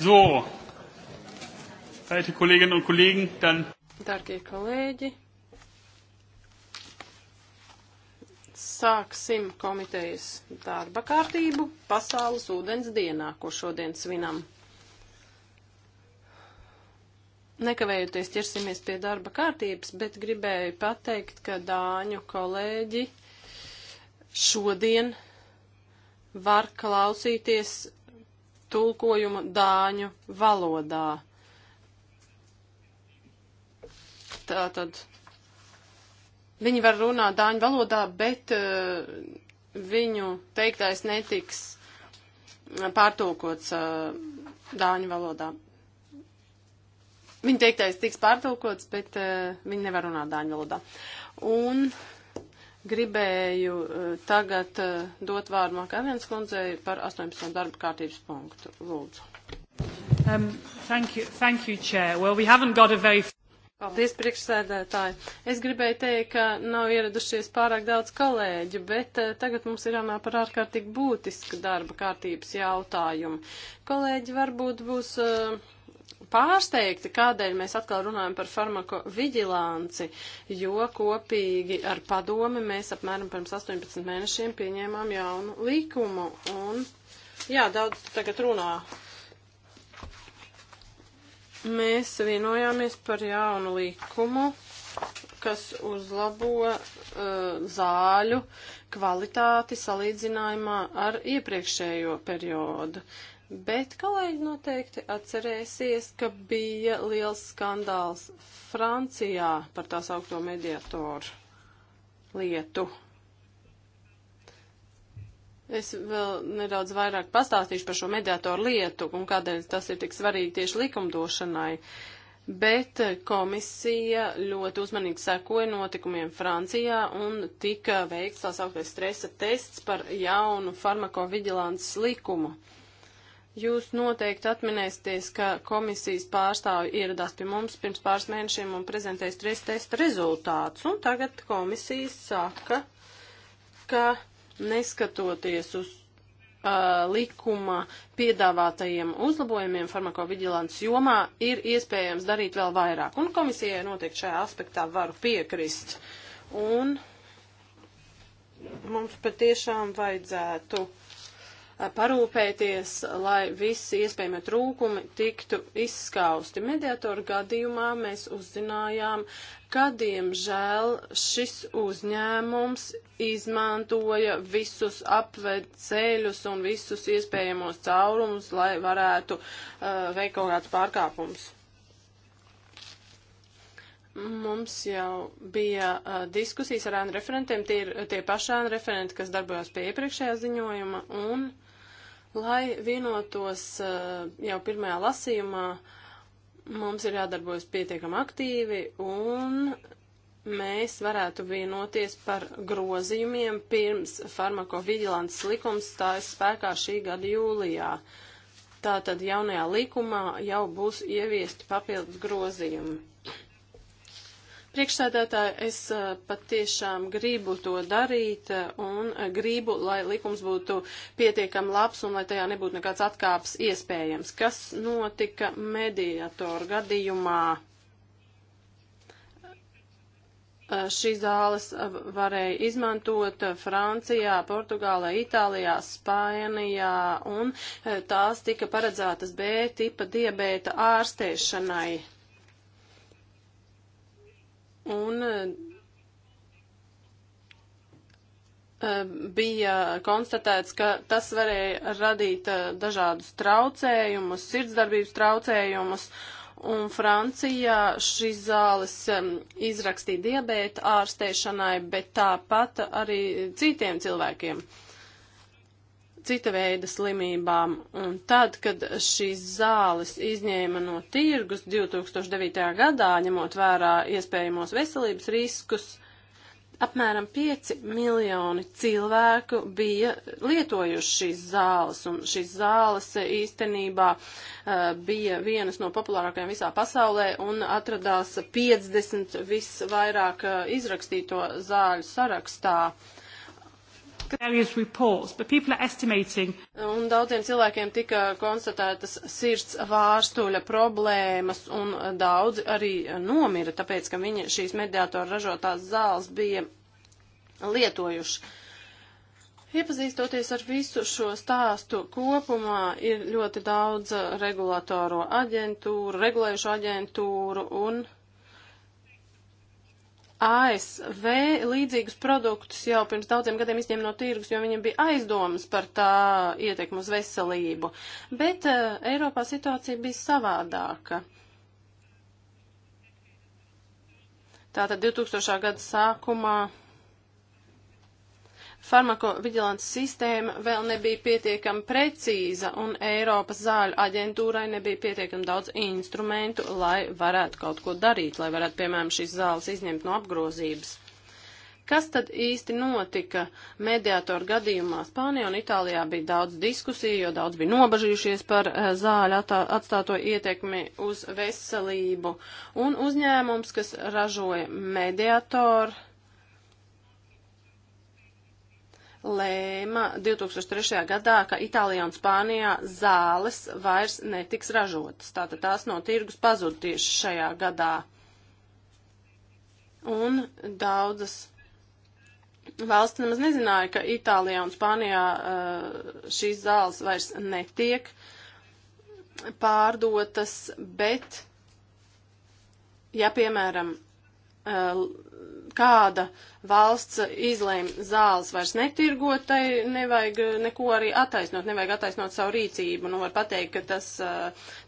So, alte Kolleginnen un Kollegen, dann. Darbie kolēģi, sāksim komitejas darba kārtību Pasaules ūdens dienā, ko šodien svinam. Nekavējoties ķersimies pie darba kārtības, bet gribēju pateikt, ka dāņu kolēģi šodien var klausīties tulkojumu dāņu valodā. Tātad viņi var runāt dāņu valodā, bet uh, viņu teiktais netiks pārtulkots uh, dāņu valodā. Viņa teiktais tiks pārtulkots, bet uh, viņi nevar runāt dāņu valodā. Un Gribēju eh, tagad eh, dot vārdu Makarienas kundzei par 18. darba kārtības punktu. Lūdzu. Um, thank you, thank you, Chair. Well, we haven't got a very... Paldies, priekšsēdētāji. Es gribēju teikt, ka nav ieradušies pārāk daudz kolēģu, bet eh, tagad mums ir jānā par ārkārtīgi būtisku darba kārtības jautājumu. Kolēģi varbūt būs uh, pārsteigti, kādēļ mēs atkal runājam par farmakoviģilanci, jo kopīgi ar padomi mēs apmēram pirms 18 mēnešiem pieņēmām jaunu likumu. Un, jā, daudz tagad runā. Mēs vienojāmies par jaunu likumu, kas uzlabo uh, zāļu kvalitāti salīdzinājumā ar iepriekšējo periodu. Uh, Bet kolēģi noteikti atcerēsies, ka bija liels skandāls Francijā par tās augto mediatoru lietu. Es vēl nedaudz vairāk pastāstīšu par šo mediatoru lietu un kādēļ tas ir tik svarīgi tieši likumdošanai. Bet komisija ļoti uzmanīgi sekoja notikumiem Francijā un tika veikts tās augtais stresa tests par jaunu farmakovigilants likumu. Uh, Jūs noteikti atminēsieties, ka komisijas pārstāvi ieradās pie mums pirms pāris mēnešiem un prezentēja stresa testa rezultātus, un tagad komisija saka, ka neskatoties uz uh, likuma piedāvātajiem uzlabojumiem farmakovigilants jomā, ir iespējams darīt vēl vairāk, un komisijai noteikti šajā aspektā varu piekrist. Un mums patiešām vajadzētu. Uh, parūpēties, lai visi iespējami trūkumi tiktu izskausti. Mediatoru gadījumā mēs uzzinājām, ka, diemžēl, šis uzņēmums izmantoja visus apvedceļus un visus iespējamos caurumus, lai varētu uh, veikt kaut kādus pārkāpumus. Mums jau bija uh, diskusijas ar ānu referentiem, tie ir tie paši ānu referenti, kas darbojās pie iepriekšējā ziņojuma, un uh, Lai vienotos eh, jau pirmajā lasījumā, mums ir jādarbojas pietiekami aktīvi un mēs varētu vienoties par grozījumiem pirms farmakovigilants likums stājas spēkā šī gada jūlijā. Tātad jaunajā likumā jau būs ieviesti papildus grozījumi. Priekšsēdētāji, es eh, patiešām gribu to darīt eh, un eh, gribu, lai likums būtu pietiekami labs un lai tajā nebūtu nekāds atkāps iespējams. Kas notika mediatoru gadījumā? Šīs zāles varēja izmantot Francijā, Portugālē, Itālijā, Spānijā un tās tika paredzētas B tipa diabēta ārstēšanai Un eh, eh, bija konstatēts, ka tas varēja radīt eh, dažādus traucējumus, sirdsdarbības traucējumus, un Francijā šīs zāles izrakstīja diabēta ārstēšanai, bet tāpat arī citiem cilvēkiem. Uh, cita veida slimībām. Un tad, kad šīs zāles izņēma no tirgus 2009. gadā, ņemot vērā iespējamos veselības riskus, apmēram 5 miljoni cilvēku bija lietojuši šīs zāles, un šīs zāles īstenībā eh, bija vienas no populārākajām visā pasaulē un atradās 50 visvairāk eh, izrakstīto zāļu sarakstā. Uh, Un daudziem cilvēkiem tika konstatētas sirds vārstuļa problēmas, un daudzi arī nomira, tāpēc, ka viņi šīs mediātora ražotās zāles bija lietojuši. Iepazīstoties ar visu šo stāstu kopumā, ir ļoti daudz regulatoro aģentūru, regulējušu aģentūru un ASV līdzīgus produktus jau pirms daudziem gadiem izņēma no tirgus, jo viņiem bija aizdomas par tā ietekmu uz veselību. Bet uh, Eiropā situācija bija savādāka. Tātad 2000. gada sākumā farmakovigilants sistēma vēl nebija pietiekami precīza un Eiropas zāļu aģentūrai nebija pietiekami daudz instrumentu, lai varētu kaut ko darīt, lai varētu, piemēram, šīs zāles izņemt no apgrozības. Kas tad īsti notika mediātoru gadījumā? Spānijā un Itālijā bija daudz diskusiju, jo daudz bija nobažījušies par eh, zāļu atstāto ietekmi uz veselību. Un uzņēmums, kas ražoja mediātoru, lēma 2003. gadā, ka Itālijā un Spānijā zāles vairs netiks ražotas. Tātad tās no tirgus pazuda tieši šajā gadā. Un daudzas valsts nemaz nezināja, ka Itālijā un Spānijā uh, šīs zāles vairs netiek pārdotas, bet, ja piemēram uh, kāda valsts izlēma zāles vairs netirgot, tai nevajag neko arī attaisnot, nevajag attaisnot savu rīcību. Nu, var pateikt, ka tas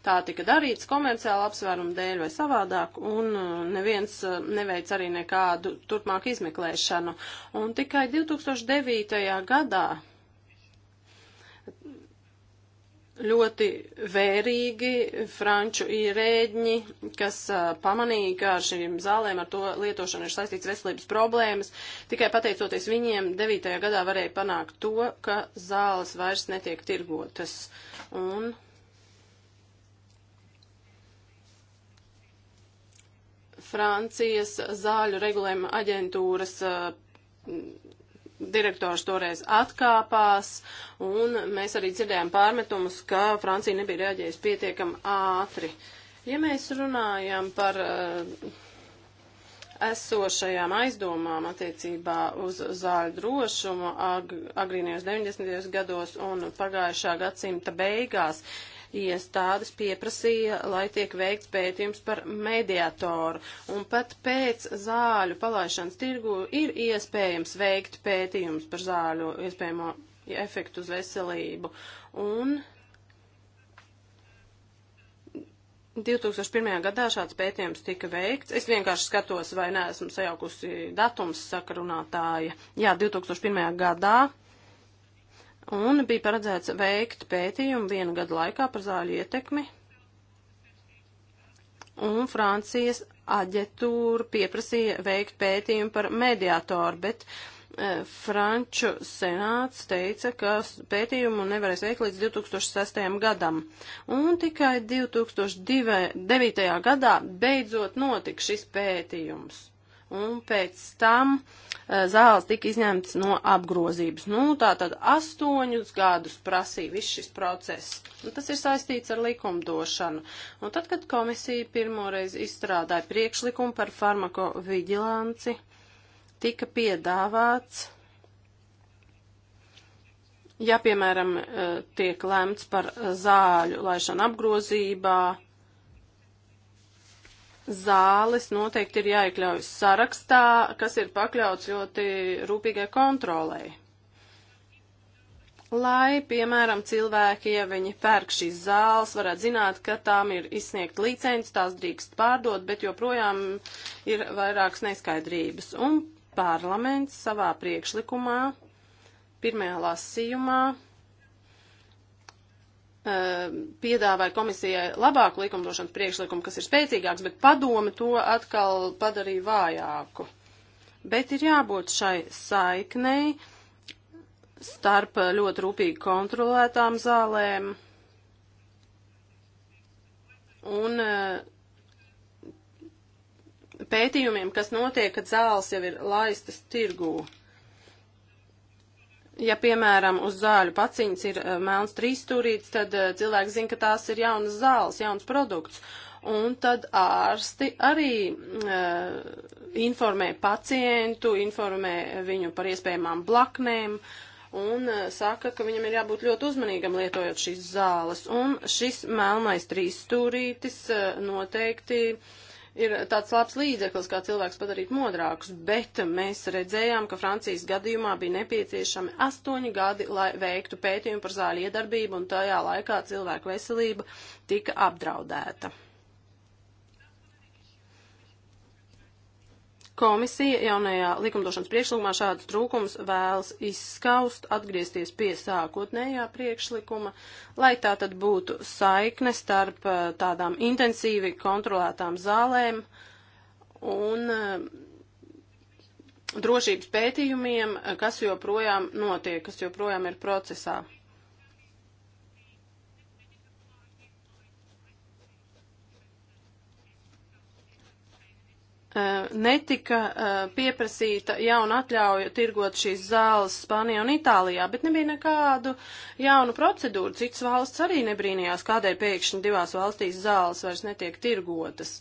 tā tika darīts komerciāli apsvērumu dēļ vai savādāk, un neviens neveic arī nekādu turpmāku izmeklēšanu. Un tikai 2009. gadā ļoti vērīgi franču ierēģi, kas uh, pamanīja, ka ar šīm zālēm, ar to lietošanu ir saistīts veselības problēmas. Tikai pateicoties viņiem, 9. gadā varēja panākt to, ka zāles vairs netiek tirgotas. Un Francijas zāļu regulējuma aģentūras uh, direktors toreiz atkāpās, un mēs arī dzirdējām pārmetumus, ka Francija nebija reaģējusi pietiekami ātri. Ja mēs runājam par uh, esošajām aizdomām attiecībā uz zāļu drošumu ag agrīnijos 90. gados un pagājušā gadsimta beigās, uh, iestādes pieprasīja, lai tiek veikts pētījums par mediatoru. Un pat pēc zāļu palaišanas tirgu ir iespējams veikt pētījums par zāļu iespējamo efektu uz veselību. Un 2001. gadā šāds pētījums tika veikts. Es vienkārši skatos, vai neesmu sajaukusi datums sakarunātāja. Jā, 2001. gadā un bija paredzēts veikt pētījumu vienu gadu laikā par zāļu ietekmi. Un Francijas aģentūra pieprasīja veikt pētījumu par mediātoru, bet e, Franču senāts teica, ka pētījumu nevarēs veikt līdz 2006. gadam. Un tikai 2009. gadā beidzot notika šis pētījums un pēc tam eh, zāles tika izņemtas no apgrozības. Nu, tā tad astoņus gadus prasīja viss šis process. Un tas ir saistīts ar likumdošanu. Un tad, kad komisija pirmoreiz izstrādāja priekšlikumu par farmakovigilanci, tika piedāvāts, ja, piemēram, eh, tiek lemts par zāļu laišanu apgrozībā, zāles noteikti ir jāiekļauj sarakstā, kas ir pakļauts ļoti rūpīgai kontrolei. Lai, piemēram, cilvēki, ja viņi pērk šīs zāles, varētu zināt, ka tām ir izsniegta licence, tās drīkst pārdot, bet joprojām ir vairākas neskaidrības. Un parlaments savā priekšlikumā, pirmajā lasījumā, Um, piedāvāja komisijai labāku likumdošanas priekšlikumu, kas ir spēcīgāks, bet padome to atkal padarīja vājāku. Bet ir jābūt šai saiknei starp ļoti rūpīgi kontrolētām zālēm un uh, pētījumiem, kas notiek, kad zāles jau ir laistas tirgū. Ja, piemēram, uz zāļu paciņas ir eh, melns trīsstūrīts, tad eh, cilvēks zina, ka tās ir jaunas zāles, jauns produkts. Un tad ārsti arī uh, informē pacientu, informē viņu par iespējamām blaknēm, uh, un saka, ka viņam ir jābūt ļoti uzmanīgam lietojot šīs zāles. Un šis melnais trīsstūrītis noteikti uh, ir tāds labs līdzeklis, kā cilvēks padarīt modrākus, bet mēs redzējām, ka Francijas gadījumā bija nepieciešami astoņi gadi, lai veiktu pētījumu par zāļu iedarbību, un tajā laikā cilvēku veselība tika apdraudēta. Komisija jaunajā likumdošanas priekšlikumā šādus trūkumus vēlas izskaust, atgriezties pie sākotnējā priekšlikuma, lai tā tad būtu saikne starp eh, tādām intensīvi kontrolētām zālēm un eh, drošības pētījumiem, kas joprojām notiek, kas joprojām ir procesā. Eh, netika eh, pieprasīta jauna atļauja tirgot šīs zāles Spānijā un Itālijā, bet nebija nekādu jaunu procedūru. Cits valsts arī nebrīnījās, kādēļ pēkšņi divās valstīs zāles vairs netiek tirgotas.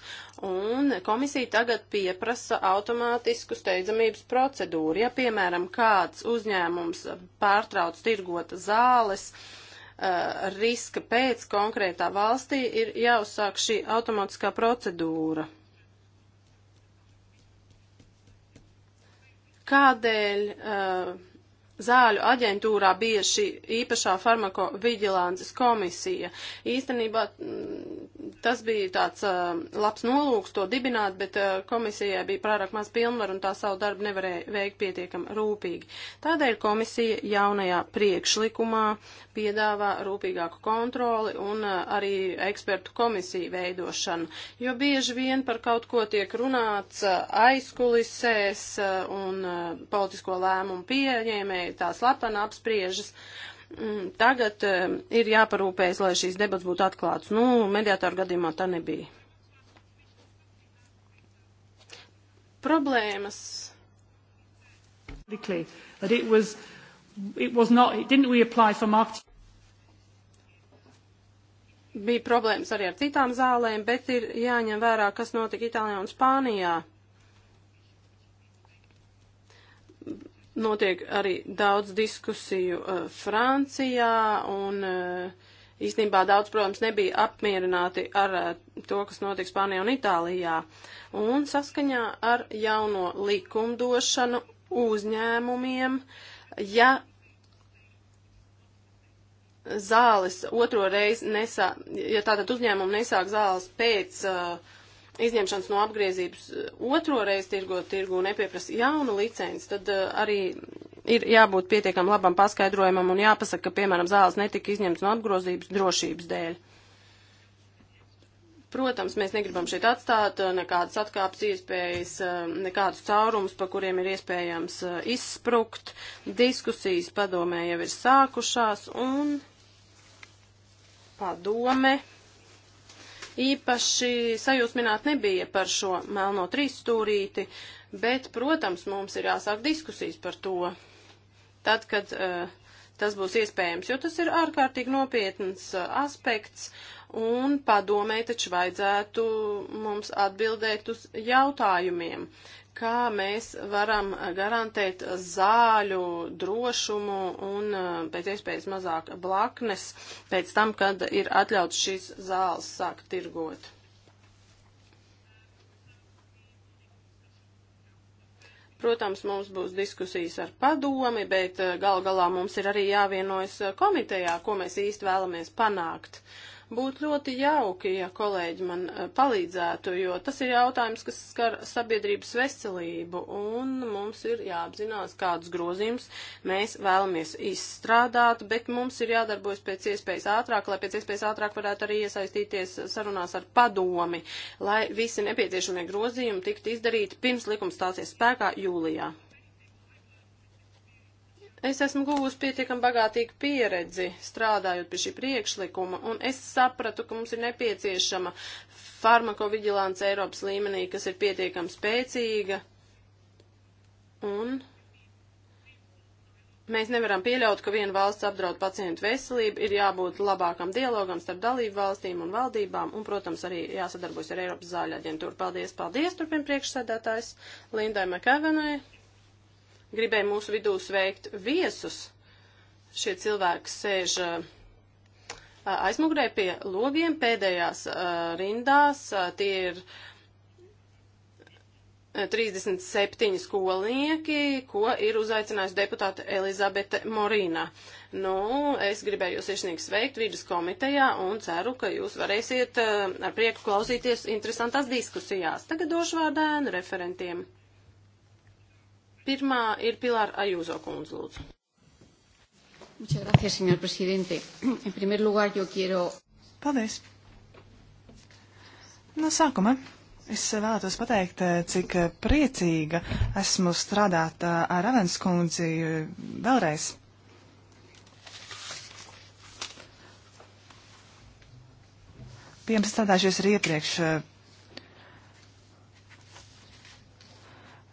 Un komisija tagad pieprasa automātisku steidzamības procedūru. Ja, piemēram, kāds uzņēmums pārtrauc tirgota zāles, eh, riska pēc konkrētā valstī ir jāuzsāk šī automātiskā procedūra. Kādēļ uh, Zāļu aģentūrā bija šī īpašā farmakoviģilānces komisija. Īstenībā mm, tas bija tāds uh, labs nolūks to dibināt, bet uh, komisijai bija pārāk maz pilnvaru un tā savu darbu nevarēja veikt pietiekam rūpīgi. Tādēļ komisija jaunajā priekšlikumā piedāvā rūpīgāku kontroli un uh, arī ekspertu komisiju veidošanu, jo bieži vien par kaut ko tiek runāts uh, aizkulisēs uh, un uh, politisko lēmumu pieņēmēji tā slepeni apspriežas. Mm, tagad eh, ir jāparūpējas, lai šīs debats būtu atklāts. Nu, mediātoru gadījumā tā nebija. Problēmas. That it was, it was not, it didn't we apply for marketing? bija problēmas arī ar citām zālēm, bet ir jāņem vērā, kas notika Itālijā un Spānijā. Notiek arī daudz diskusiju uh, Francijā un uh, īstenībā daudz, protams, nebija apmierināti ar uh, to, kas notiek Spānijā un Itālijā. Un saskaņā ar jauno likumdošanu uzņēmumiem, ja zāles otro reizi nesā, ja tātad uzņēmumi nesāk zāles pēc uh, izņemšanas no apgriezības eh, otro reizi tirgot tirgu un nepieprasa jaunu licenci, tad uh, arī ir jābūt pietiekam labam paskaidrojumam un jāpasaka, ka, piemēram, zāles netika izņemts no apgrozības drošības dēļ. Protams, mēs negribam šeit atstāt eh, nekādas atkāpes iespējas, nekādus caurumus, pa kuriem ir iespējams izsprukt. Diskusijas padomē jau ir sākušās un padome īpaši sajūsmināti nebija par šo melno trīsstūrīti, bet, protams, mums ir jāsāk diskusijas par to, tad, kad uh, tas būs iespējams, jo tas ir ārkārtīgi nopietns uh, aspekts, un padomē taču vajadzētu mums atbildēt uz jautājumiem, kā mēs varam garantēt zāļu drošumu un uh, pēc iespējas mazāk blaknes pēc tam, kad ir atļauts šīs zāles sākt tirgot. Protams, mums būs diskusijas ar padomi, bet uh, gal galā mums ir arī jāvienojas uh, komitejā, ko mēs īsti vēlamies panākt. Uh, Būtu ļoti jauki, ja kolēģi man eh, palīdzētu, jo tas ir jautājums, kas skar sabiedrības veselību, un mums ir jāapzinās, kādus grozījumus mēs vēlamies izstrādāt, bet mums ir jādarbojas pēc iespējas ātrāk, lai pēc iespējas ātrāk varētu arī iesaistīties sarunās ar padomi, lai visi nepieciešamie grozījumi tiktu izdarīti pirms likums stāsies spēkā jūlijā. Es esmu guvusi pietiekami bagātīgu pieredzi strādājot pie šī priekšlikuma, un es sapratu, ka mums ir nepieciešama farmakovigilants Eiropas līmenī, kas ir pietiekami spēcīga, un mēs nevaram pieļaut, ka viena valsts apdraud pacientu veselību, ir jābūt labākam dialogam starp dalību valstīm un valdībām, un, protams, arī jāsadarbojas ar Eiropas zāļu aģentūru. Paldies, paldies, turpin priekšsēdētājs Lindai Makavenai gribēja mūsu vidū sveikt viesus. Šie cilvēki sēž aizmugurē pie logiem pēdējās rindās. Tie ir 37 skolnieki, ko ir uzaicinājusi deputāte Elizabete Morīna. Nu, es gribēju jūs iesniegt sveikt vīdas komitejā un ceru, ka jūs varēsiet ar prieku klausīties interesantās diskusijās. Tagad došu vārdu ēnu referentiem. Pirmā ir Pilāra Ajūzo kundze, lūdzu. Muchas gracias, señor presidente. En primer lugar, yo quiero. Paldies. No sākuma es vēlētos pateikt, cik priecīga esmu strādāt eh, ar Avenskundzi eh, vēlreiz. Piem strādājušies arī iepriekš eh,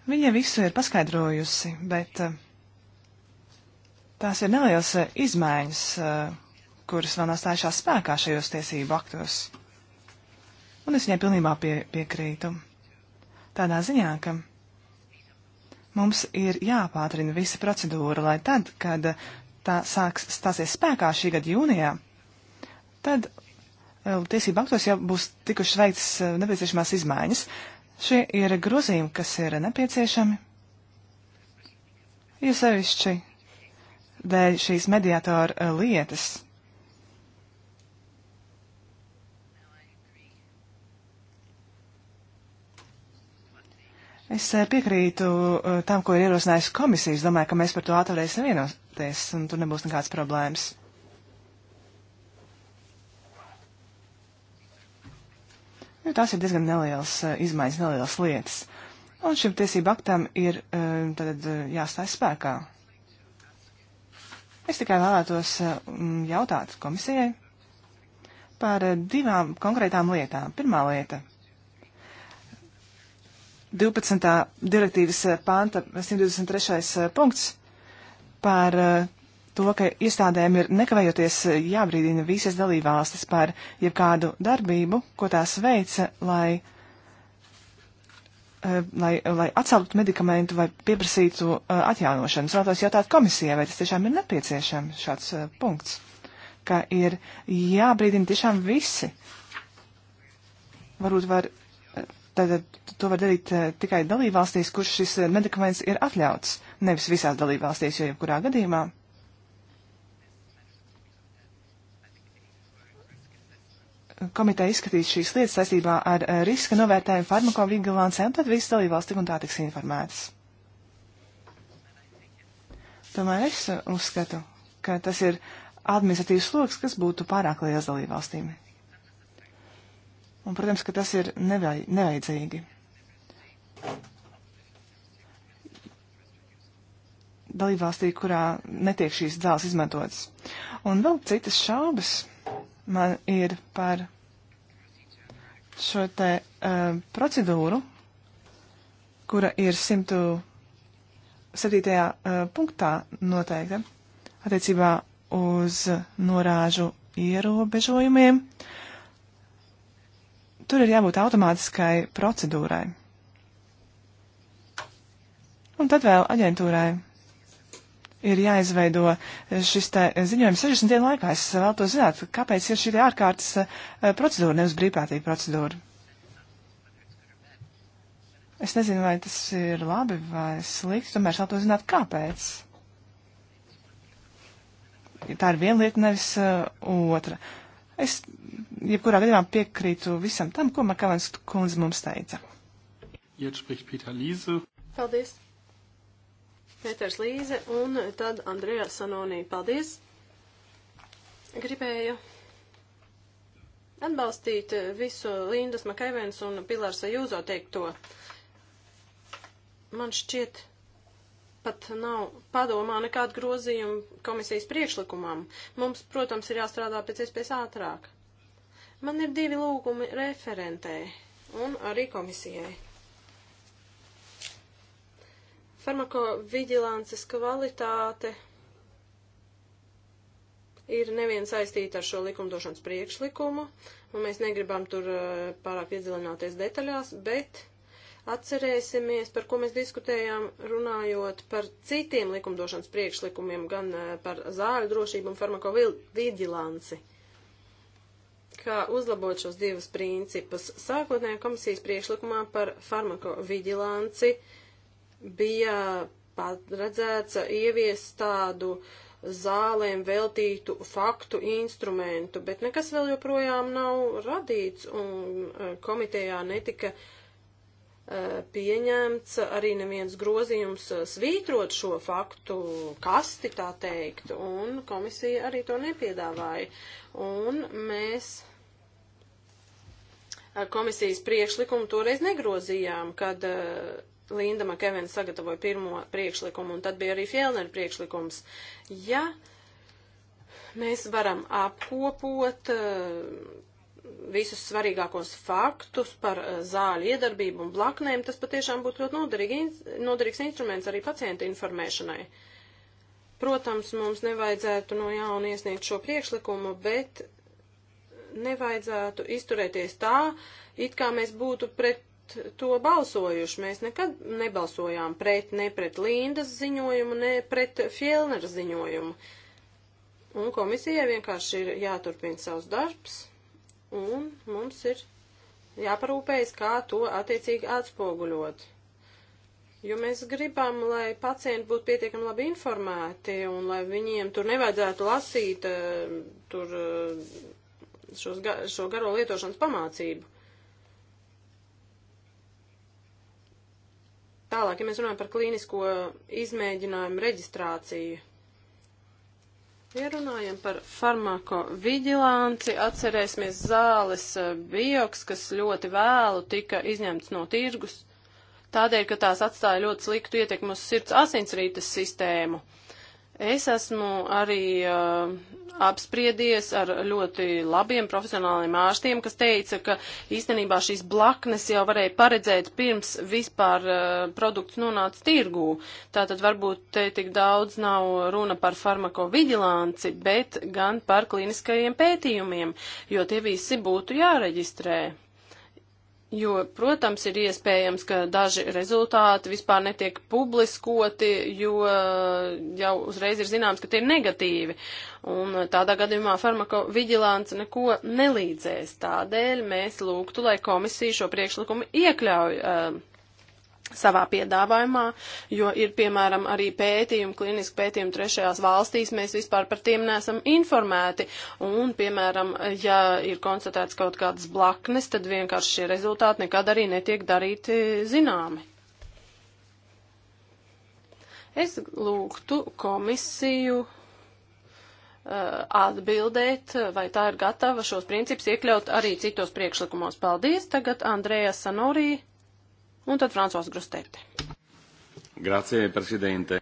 Viņa visu ir paskaidrojusi, bet eh, tās ir nelielas eh, izmaiņas, eh, kuras vēl nav stājušās spēkā šajos tiesību aktos. Un es viņai pilnībā pie, piekrītu. Tādā ziņā, ka mums ir jāpātrina visa procedūra, lai tad, kad tā sāks stāsies spēkā šī gada jūnijā, tad tiesību aktos jau būs tikušas veikts nepieciešamās izmaiņas. Šie ir grozījumi, kas ir nepieciešami. Jo sevišķi dēļ šīs mediātora lietas. Es eh, piekrītu eh, tam, ko ir ierosinājusi komisija. Es domāju, ka mēs par to ātri varēsim vienoties, un tur nebūs nekādas problēmas. jo nu, tās ir diezgan nelielas eh, izmaiņas, nelielas lietas. Un šim tiesību aktam ir eh, tad eh, jāstāj spēkā. Es tikai vēlētos mm, jautāt komisijai par divām konkrētām lietām. Pirmā lieta 12. direktīvas panta 123. punkts par to, ka iestādēm ir nekavējoties jābrīdina visas dalībvalstis par jebkādu darbību, ko tās veica, lai, eh, lai, lai atceltu medikamentu vai pieprasītu eh, atjaunošanu. Es vēlētos jautāt komisijai, vai tas tiešām ir nepieciešams šāds eh, punkts, ka ir jābrīdina tiešām visi. Varbūt var, tad to var darīt tikai dalībvalstīs, kur šis medikaments ir atļauts, nevis visās dalībvalstīs, jo jebkurā gadījumā komiteja izskatīs šīs lietas saistībā ar eh, riska novērtējumu farmakovigilancēm, tad visas dalībvalstis un tā tiks informētas. Tomēr es eh, uzskatu, ka tas ir administratīvs sloks, kas būtu pārāk liels dalībvalstīm. Un, protams, ka tas ir nevaj nevajadzīgi. Dalībvalstī, kurā netiek šīs dzēles izmantotas. Un vēl citas šaubas man ir par šo te uh, procedūru, kura ir 107. Uh, eh, punktā noteikta attiecībā uz norāžu ierobežojumiem. Tur ir jābūt automātiskai procedūrai. Un tad vēl aģentūrai ir jāizveido šis ziņojums 60 dienu laikā. Es vēl to zināt, kāpēc ir šī ārkārtas eh, procedūra, nevis brīvprātīga procedūra. Es nezinu, vai tas ir labi vai slikti, tomēr es vēl to zināt, kāpēc. Tā ir viena lieta, nevis uh, otra. Es jebkurā gadījumā piekrītu visam tam, ko Makavans kundze mums teica. Paldies! Pēters Līze un tad Andrejā Sanonī. Paldies! Gribēju atbalstīt visu Lindas Makaivens un Pilārs Ajūzo teikto. Man šķiet, pat nav padomā nekāda grozījuma komisijas priekšlikumam. Mums, protams, ir jāstrādā pēc iespējas ātrāk. Man ir divi lūgumi referentē un arī komisijai. Farmakoviģilances kvalitāte ir nevien saistīta ar šo likumdošanas priekšlikumu, un mēs negribam tur eh, pārāk iedziļināties detaļās, bet atcerēsimies, par ko mēs diskutējām, runājot par citiem likumdošanas priekšlikumiem, gan eh, par zāļu drošību un farmakoviģilanci. Kā uzlabot šos divus principus? Sākotnējā komisijas priekšlikumā par farmakoviģilanci uh, bija paredzēts ieviest tādu zālēm veltītu faktu instrumentu, bet nekas vēl joprojām nav radīts un e, komitejā netika e, pieņemts arī neviens grozījums e, svītrot šo faktu kasti, tā teikt, un komisija arī to nepiedāvāja. Un mēs komisijas priekšlikumu toreiz negrozījām, kad uh, Linda Makevena sagatavoja pirmo priekšlikumu, un tad bija arī Fjellner priekšlikums. Ja mēs varam apkopot eh, visus svarīgākos faktus par eh, zāļu iedarbību un blaknēm, tas patiešām būtu ļoti noderīgi, noderīgs instruments arī pacienta informēšanai. Protams, mums nevajadzētu no jauna iesniegt šo priekšlikumu, bet nevajadzētu izturēties tā, it kā mēs būtu pret to balsojuši. Mēs nekad nebalsojām pret, ne pret Lindas ziņojumu, ne pret Fjellnera ziņojumu. Un komisijai vienkārši ir jāturpina savs darbs, un mums ir jāparūpējas, kā to attiecīgi atspoguļot. Jo mēs gribam, lai pacienti būtu pietiekami labi informēti un lai viņiem tur nevajadzētu lasīt eh, tur, eh, šos, šo garo lietošanas pamācību. Tālāk, ja mēs runājam par klīnisko izmēģinājumu reģistrāciju, ja runājam par farmakoviģilanci, atcerēsimies zāles eh, bioks, kas ļoti vēlu tika izņemts no tirgus, tādēļ, ka tās atstāja ļoti sliktu ietekmu uz sirds asinsrītes sistēmu. Uh, Es esmu arī uh, apspriedies ar ļoti labiem profesionāliem ārstiem, kas teica, ka īstenībā šīs blaknes jau varēja paredzēt pirms vispār uh, produkts nonāca tirgū. Tātad varbūt te tik daudz nav runa par farmakoviģilanci, bet gan par kliniskajiem pētījumiem, jo tie visi būtu jāreģistrē. Jo, protams, ir iespējams, ka daži rezultāti vispār netiek publiskoti, jo uh, jau uzreiz ir zināms, ka tie ir negatīvi. Un tādā gadījumā farmakovigilants neko nelīdzēs. Tādēļ mēs lūgtu, lai komisija šo priekšlikumu iekļauj uh, savā piedāvājumā, jo ir, piemēram, arī pētījumi, kliniski pētījumi trešajās valstīs, mēs vispār par tiem neesam informēti, un, piemēram, ja ir konstatēts kaut kādas blaknes, tad vienkārši šie rezultāti nekad arī netiek darīti zināmi. Es lūgtu komisiju uh, atbildēt, vai tā ir gatava šos principus iekļaut arī citos priekšlikumos. Paldies! Tagad Andrēja Sanorija. Un tad Francos Grustete. Grazie, prezidente.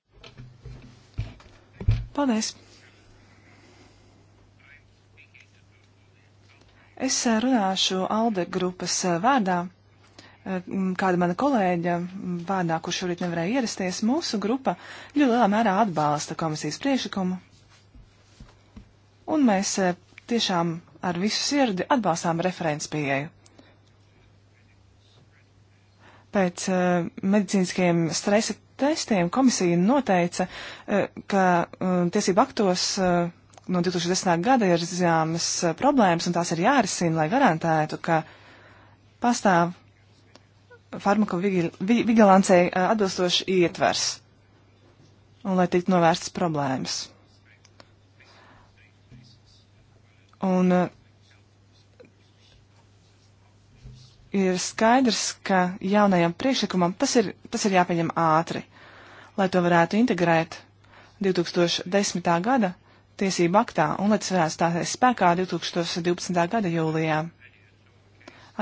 Paldies. Es eh, runāšu Alde grupas eh, vārdā, eh, kāda mana kolēģa vārdā, kurš šorīt nevarēja ierasties. Mūsu grupa ļoti lielā mērā atbalsta komisijas priekšlikumu. Un mēs tiešām ar visu sirdi atbalstām referents pieeju. Pēc uh, medicīniskajiem stresa testiem komisija noteica, uh, ka uh, tiesību aktos uh, no 2010. gada ir zināmas uh, problēmas, un tās ir jārisina, lai garantētu, ka pastāv farmakovigilancei uh, atbilstoši ietvers, un lai tiktu novērstas problēmas. Un uh, ir skaidrs, ka jaunajam priekšlikumam tas ir, tas ir jāpieņem ātri, lai to varētu integrēt 2010. gada tiesību aktā un lai tas varētu stāties spēkā 2012. gada jūlijā.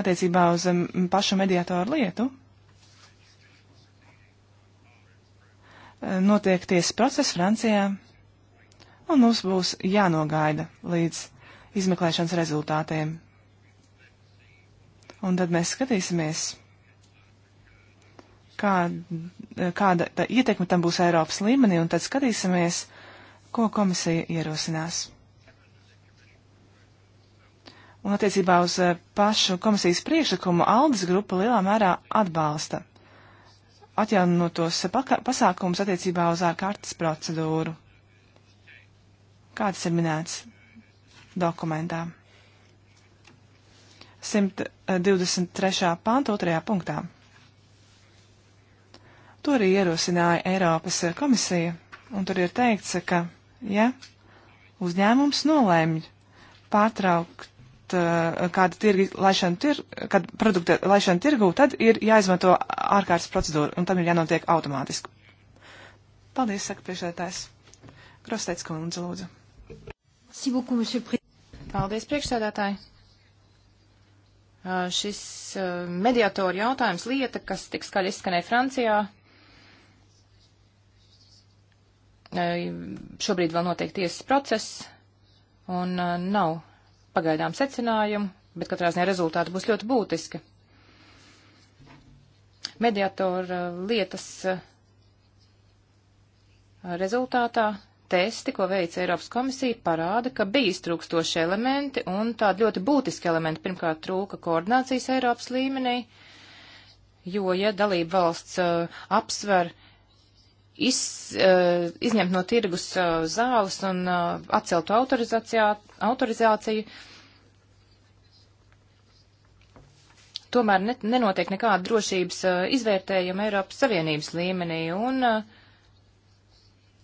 Attiecībā uz um, pašu mediātoru lietu notiek tiesas process Francijā, un mums būs jānogaida līdz izmeklēšanas rezultātiem. Un tad mēs skatīsimies, kā, kāda ietekme tam būs Eiropas līmenī, un tad skatīsimies, ko komisija ierosinās. Un attiecībā uz eh, pašu komisijas priekšlikumu Aldis grupa lielā mērā atbalsta atjaunotos pasākumus attiecībā uz ārkārtas procedūru. Kā tas ir minēts dokumentā? 123. pānta otrajā punktā. To arī ierosināja Eiropas komisija, un tur ir teikts, ka, ja uzņēmums nolēmj pārtraukt eh, kādu tirgi laišanu, tir, kādu produktu laišanu tirgu, tad ir jāizmanto ārkārtas procedūra, un tam ir jānotiek automātiski. Paldies, saka priekšsēdētājs. Grosteits kundze, lūdzu. Paldies, priekšsēdētāji. Uh, šis uh, mediatoru jautājums lieta, kas tik skaļi izskanēja Francijā, uh, šobrīd vēl notiek tiesas process un nav pagaidām secinājumu, bet katrā ziņā rezultāti būs ļoti būtiski. Mediatora lietas rezultātā testi, ko veica Eiropas komisija, parāda, ka bija iztrūkstoši elementi un tādi ļoti būtiski elementi. Pirmkārt, trūka koordinācijas Eiropas līmenī, jo, ja dalība valsts uh, apsver iz, uh, izņemt no tirgus uh, zāles un uh, atceltu autorizāciju, tomēr net, nenotiek nekāda drošības uh, izvērtējuma Eiropas Savienības līmenī. Un, uh,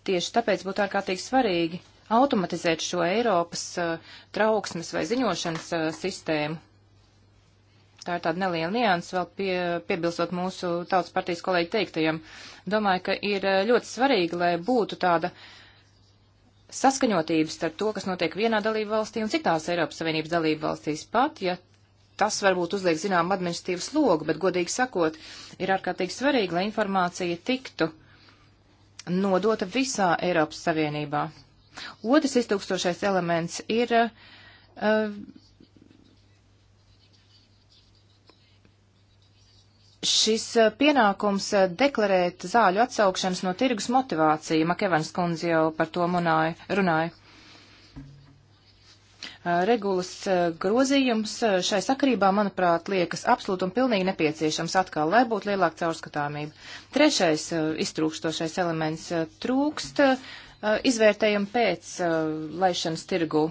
Tieši tāpēc būtu ārkārtīgi svarīgi automatizēt šo Eiropas uh, trauksmes vai ziņošanas uh, sistēmu. Tā ir tāda neliela nianses, vēl pie, piebilstot mūsu tautas partijas kolēģi teiktajam. Domāju, ka ir eh, ļoti svarīgi, lai būtu tāda saskaņotība starp to, kas notiek vienā dalību valstī un citās Eiropas Savienības dalību valstīs pat, ja tas varbūt uzliek zinām administratīvu slogu, bet, godīgi sakot, ir ārkārtīgi svarīgi, lai informācija tiktu uh, nodota visā Eiropas Savienībā. Otrs iztūkstošais elements ir uh, šis uh, pienākums uh, deklarēt zāļu atsaukšanas no tirgus motivāciju, Makevans kundze jau par to munāja, runāja. Eh, regulas eh, grozījums eh, šai sakarībā, manuprāt, liekas absolūti un pilnīgi nepieciešams atkal, lai būtu lielāka caurskatāmība. Trešais iztrūkstošais elements trūkst izvērtējumu pēc laišanas tirgu.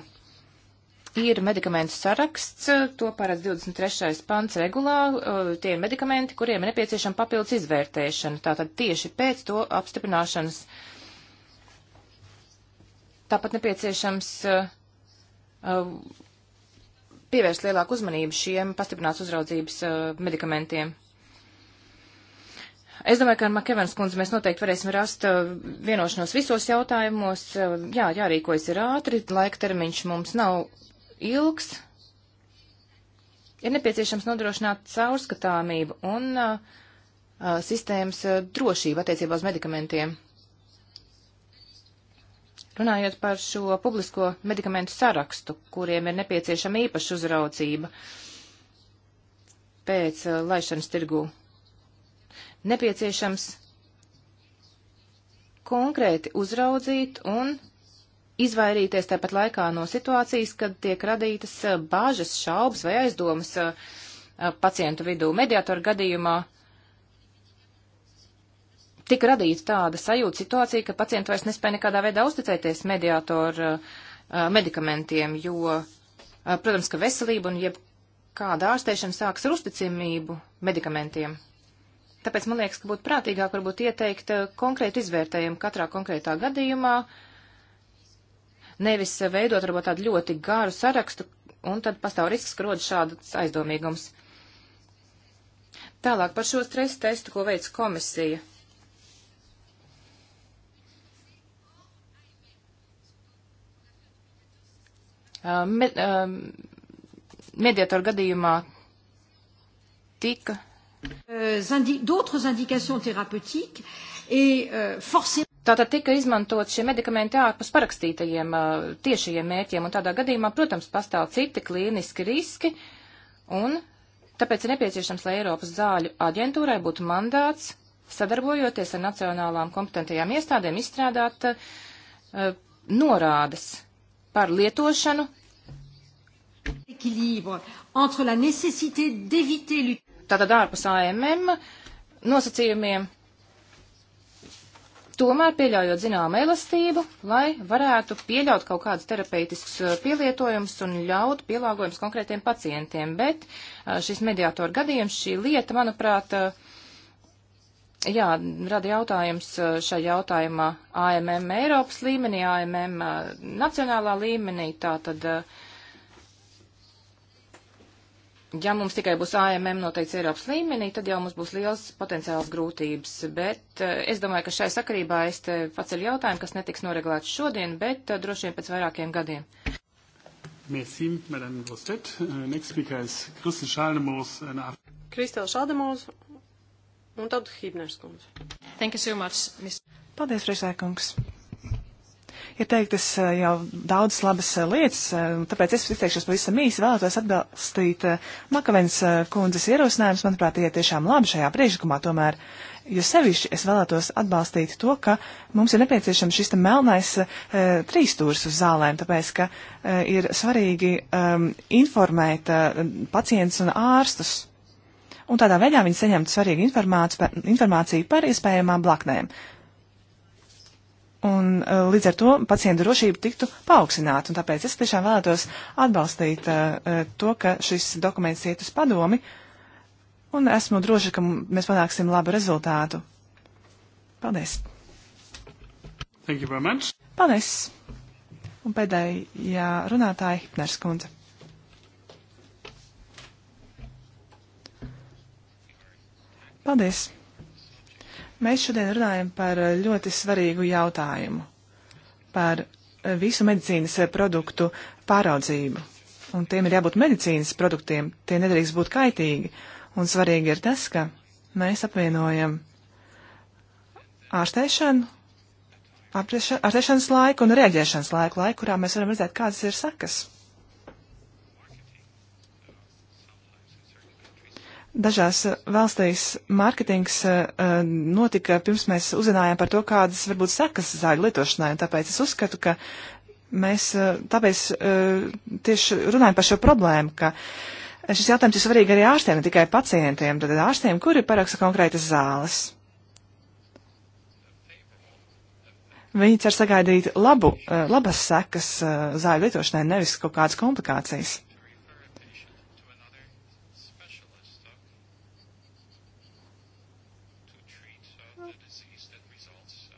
Ir medikamentu saraksts, to paredz 23. pants regulā, tie ir medikamenti, kuriem ir nepieciešama papildus izvērtēšana, tātad tieši pēc to apstiprināšanas. Tāpat nepieciešams uh, Um, pievērst lielāku uzmanību šiem pastiprināts uzraudzības uh, medikamentiem. Es domāju, ka ar Makevens kundzi mēs noteikti varēsim rast uh, vienošanos visos jautājumos. Uh, jā, jārīkojas ir ātri, laika termiņš mums nav ilgs. Ir nepieciešams nodrošināt caurskatāmību un uh, sistēmas drošību attiecībā uz medikamentiem. Runājot par šo publisko medikamentu sarakstu, kuriem ir nepieciešama īpaša uzraudzība pēc uh, laišanas tirgū, nepieciešams konkrēti uzraudzīt un izvairīties tāpat laikā no situācijas, kad tiek radītas uh, bāžas, šaubas vai aizdomas uh, pacientu vidū. Mediātoru gadījumā tika radīta tāda sajūta situācija, ka pacienti vairs nespēja nekādā veidā uzticēties mediātoru uh, medikamentiem, jo, uh, protams, ka veselība un jebkāda ārstēšana sāks ar uzticamību medikamentiem. Tāpēc man liekas, ka būtu prātīgāk varbūt ieteikt uh, konkrētu izvērtējumu katrā konkrētā gadījumā, nevis uh, veidot varbūt tādu ļoti garu sarakstu, un tad pastāv risks, ka rodas šāds aizdomīgums. Tālāk par šo stresa testu, ko veic komisija. Uh, Med, uh, mediatoru gadījumā tika. Euh, d'autres indikācijas terapeitiskas et euh, forcément. Tātad tika izmantot šie medikamenti ārpus parakstītajiem uh, tiešajiem mērķiem, un tādā gadījumā, protams, pastāv citi klīniski riski, un tāpēc ir nepieciešams, lai Eiropas zāļu aģentūrai būtu mandāts, sadarbojoties ar nacionālām kompetentajām iestādēm, izstrādāt uh, norādes par lietošanu l'équilibre entre la nécessité d'éviter Tātad ārpus AMM nosacījumiem tomēr pieļaujot zināmu elastību, lai varētu pieļaut kaut kādus terapeitiskus eh, pielietojumus un ļaut pielāgojumus konkrētiem pacientiem. Bet eh, šis mediātora gadījums, šī lieta, manuprāt, eh, jā, rada jautājums šai jautājumā AMM Eiropas līmenī, AMM nacionālā līmenī, tātad. tad ja mums tikai būs AMM noteikts Eiropas līmenī, tad jau mums būs liels potenciāls grūtības. Bet eh, es domāju, ka šai sakarībā es te paceļu jautājumu, kas netiks noregulēts šodien, bet eh, droši vien pēc vairākiem gadiem. Merci, Madame Grostet. Euh, next speaker is Kristel Šaldemūs. Kristel Šaldemūs un tad Hībners kundze. Thank you so much, Miss. Paldies, Reisēkungs ir teiktas eh, jau daudzas labas eh, lietas, eh, tāpēc es izteikšos pavisam īsi vēlētos atbalstīt Makavens kundzes ierosinājumus. Manuprāt, tie ir tiešām labi šajā priekšlikumā tomēr. Jo sevišķi es vēlētos atbalstīt to, ka mums ir nepieciešams šis melnais e, trīstūrs uz zālēm, tāpēc, ka e, ir svarīgi e, informēt e, pacients un ārstus. Un tādā veidā viņi saņemtu svarīgu informāciju par, informāciju par iespējamām blaknēm. E, un uh, līdz ar to pacientu drošība tiktu paaugstināta. Un tāpēc es tiešām vēlētos atbalstīt uh, to, ka šis dokuments iet uz padomi, un esmu droši, ka mēs panāksim labu rezultātu. Paldies! Thank you very much. Paldies! Un pēdējā runātāja Hipners kundze. Paldies! Mēs šodien runājam par eh, ļoti svarīgu jautājumu - par eh, visu medicīnas eh, produktu pāraudzību. Un tiem ir jābūt medicīnas produktiem, tie nedrīkst būt kaitīgi. Un svarīgi ir tas, ka mēs apvienojam ārstēšanu, ārstēšanas laiku un rēģēšanas laiku, laiku, kurā mēs varam redzēt, kādas ir sakas. Dažās eh, valstīs mārketings uh, notika pirms mēs uzzinājām par to, kādas varbūt sekas zāļu lietošanai, un tāpēc es uzskatu, ka mēs uh, tāpēc uh, tieši runājam par šo problēmu, ka šis jautājums ir svarīgi arī ārstiem, ne tikai pacientiem, tad ārstiem, kuri paraksta konkrētas zāles. Viņi cer sagaidīt labu, labas sekas zāļu lietošanai, nevis kaut kādas komplikācijas.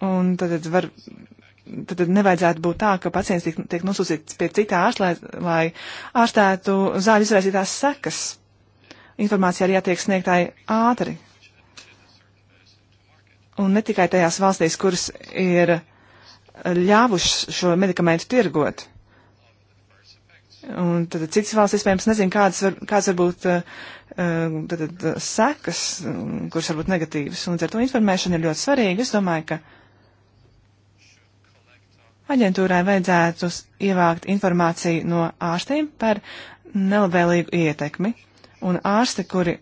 Un tad, tad var tad, tad nevajadzētu būt tā, ka pacients tiek, tiek nosūtīts pie citā ārsta, lai, lai ārstētu zāļu izraisītās sekas. Informācija arī jātiek sniegtāji ātri. Un ne tikai tajās valstīs, kuras ir ļāvušas šo medikamentu tirgot. Un tad citas valsts iespējams nezina, kādas var, kādas var būt eh, tad, tad, sekas, kuras var būt negatīvas. Un ar to informēšana ir ļoti svarīga. Es domāju, ka Aģentūrai vajadzētu ievākt informāciju no ārstiem par nelabvēlīgu ietekmi, un ārsti, kuri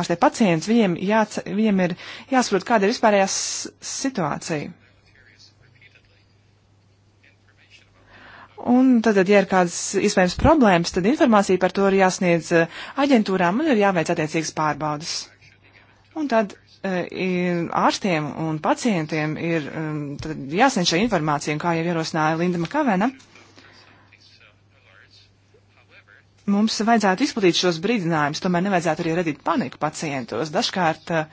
ārstē pacients, viņiem, jāc, viņiem ir jāsaprot, kāda ir vispārējā situācija. Un tad, ja ir kādas iespējams problēmas, tad informācija par to ir jāsniedz eh, aģentūrām un ir jāveic attiecīgas pārbaudas. Un tad E, ārstiem un pacientiem ir um, jāsniedz šī informācija, un kā jau ierosināja Linda Makavena, mums vajadzētu izplatīt šos brīdinājumus, tomēr nevajadzētu arī radīt paniku pacientos. Dažkārt e,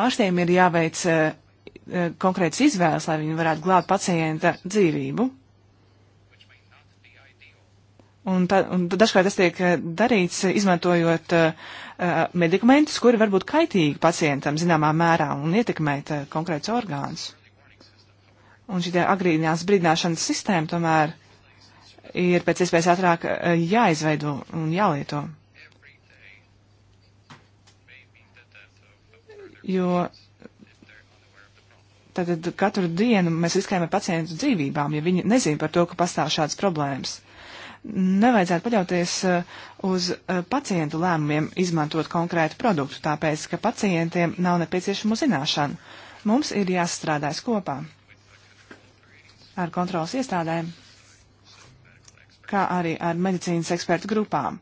ārstiem ir jāveic e, konkrētas izvēles, lai viņi varētu glābt pacienta dzīvību. Un, tā, un dažkārt tas tiek eh, darīts, eh, izmantojot uh, medikamentus, kuri var būt kaitīgi pacientam zināmā mērā un ietekmēt uh, konkrēts orgāns. Un šī agrīnās brīdināšanas sistēma tomēr ir pēc iespējas ātrāk uh, jāizveido un jālieto. Jo tātad katru dienu mēs riskējam ar pacientu dzīvībām, ja viņi nezina par to, ka pastāv šādas problēmas nevajadzētu paļauties uh, uz uh, pacientu lēmumiem izmantot konkrētu produktu, tāpēc, ka pacientiem nav nepieciešama zināšana. Mums ir jāstrādājas kopā ar kontrolas iestādēm, kā arī ar medicīnas ekspertu grupām,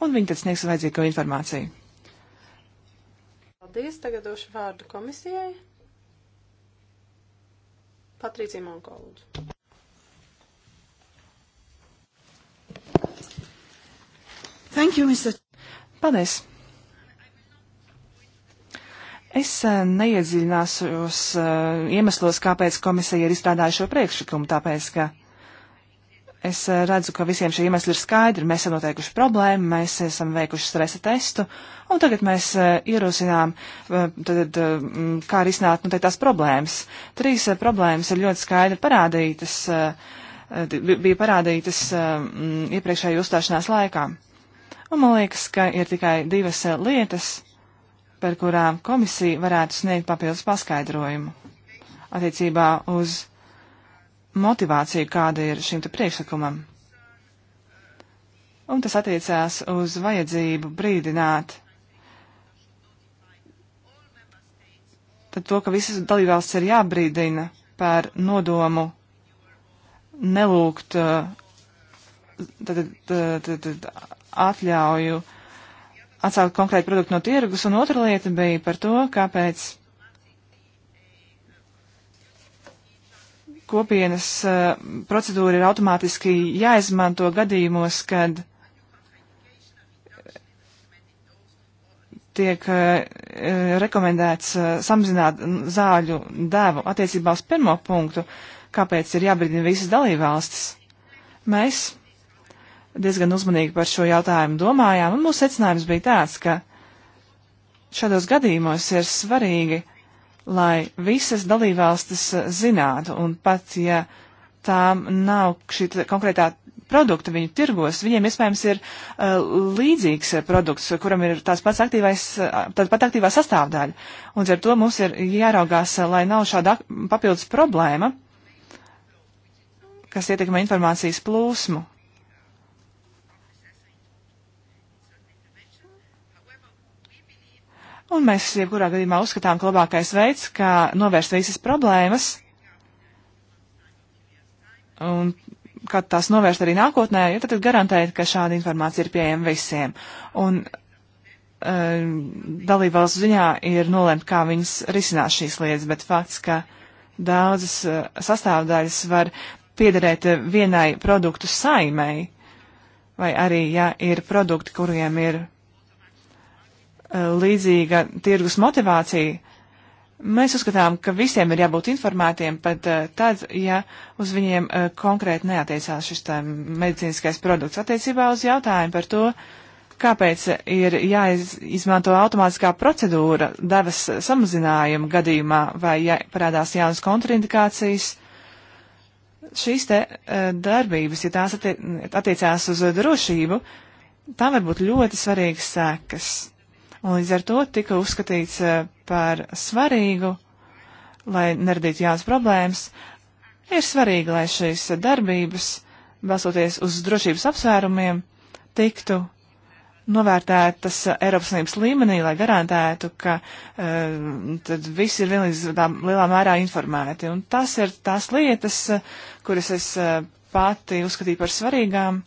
un viņi tad sniegs vajadzīgo informāciju. Paldies, tagad došu vārdu komisijai. Patrīcija Monkolūdzu. Thank you, Mr. Paldies. Es eh, neiedziļināšos eh, iemeslos, kāpēc komisija ir izstrādājusi šo priekšlikumu, tāpēc, ka es eh, redzu, ka visiem šie iemesli ir skaidri. Mēs esam noteikuši problēmu, mēs esam veikuši stresa testu, un tagad mēs ierosinām, tad, kā arī iznākt nu, tās problēmas. Trīs problēmas ir ļoti skaidri parādītas, bija parādītas iepriekšēju uzstāšanās laikā. Un man liekas, ka ir tikai divas eh, lietas, par kurām komisija varētu sniegt papildus paskaidrojumu attiecībā uz motivāciju, kāda ir šim te priekšlikumam. Un tas attiecās uz vajadzību brīdināt tad to, ka visas dalībvalsts ir jābrīdina par nodomu nelūgt uh, tad, tad, tad, atļauju atsaukt konkrētu produktu no tirgus, un otra lieta bija par to, kāpēc kopienas uh, procedūra ir automātiski jāizmanto gadījumos, kad tiek uh, rekomendēts uh, samazināt zāļu devu attiecībā uz pirmo punktu, kāpēc ir jābrīdina visas dalībvalstis. Mēs diezgan uzmanīgi par šo jautājumu domājām, un mūsu secinājums bija tāds, ka šādos gadījumos ir svarīgi, lai visas dalībvalstis zinātu, un pat ja tām nav šī konkrētā produkta viņu tirgos, viņiem iespējams ir uh, līdzīgs produkts, kuram ir tās pats aktīvais, uh, tāda pat aktīvā sastāvdaļa. Un ar to mums ir jāraugās, uh, lai nav šāda papildus problēma, kas ietekmē informācijas plūsmu. Un mēs jebkurā gadījumā uzskatām, ka labākais veids, kā novērst visas problēmas un kā tās novērst arī nākotnē, ja tad, tad garantēt, ka šāda informācija ir pieejama visiem. Un uh, dalībvalsts ziņā ir nolēmt, kā viņas risinās šīs lietas, bet fakts, ka daudzas uh, sastāvdaļas var piederēt eh, vienai produktu saimei, vai arī, ja ir produkti, kuriem ir Eh, līdzīga tirgus motivācija. Mēs uzskatām, ka visiem ir jābūt informētiem pat eh, tad, ja uz viņiem eh, konkrēti neatiecās šis medicīniskais produkts. Attiecībā uz jautājumu par to, kāpēc ir jāizmanto automātiskā procedūra devas samazinājuma gadījumā vai ja parādās jaunas kontraindikācijas, šīs te darbības, ja tās attiecās uz drošību, tam var būt ļoti svarīgas sekas un līdz ar to tika uzskatīts eh, par svarīgu, lai neradītu jaunas problēmas, ir svarīgi, lai šīs darbības, balsoties uz drošības apsvērumiem, tiktu novērtētas Eiropas Savienības līmenī, lai garantētu, ka uh, visi ir lielā, lielā mērā informēti. Un tas ir tās lietas, kuras es uh, pati uzskatīju par svarīgām,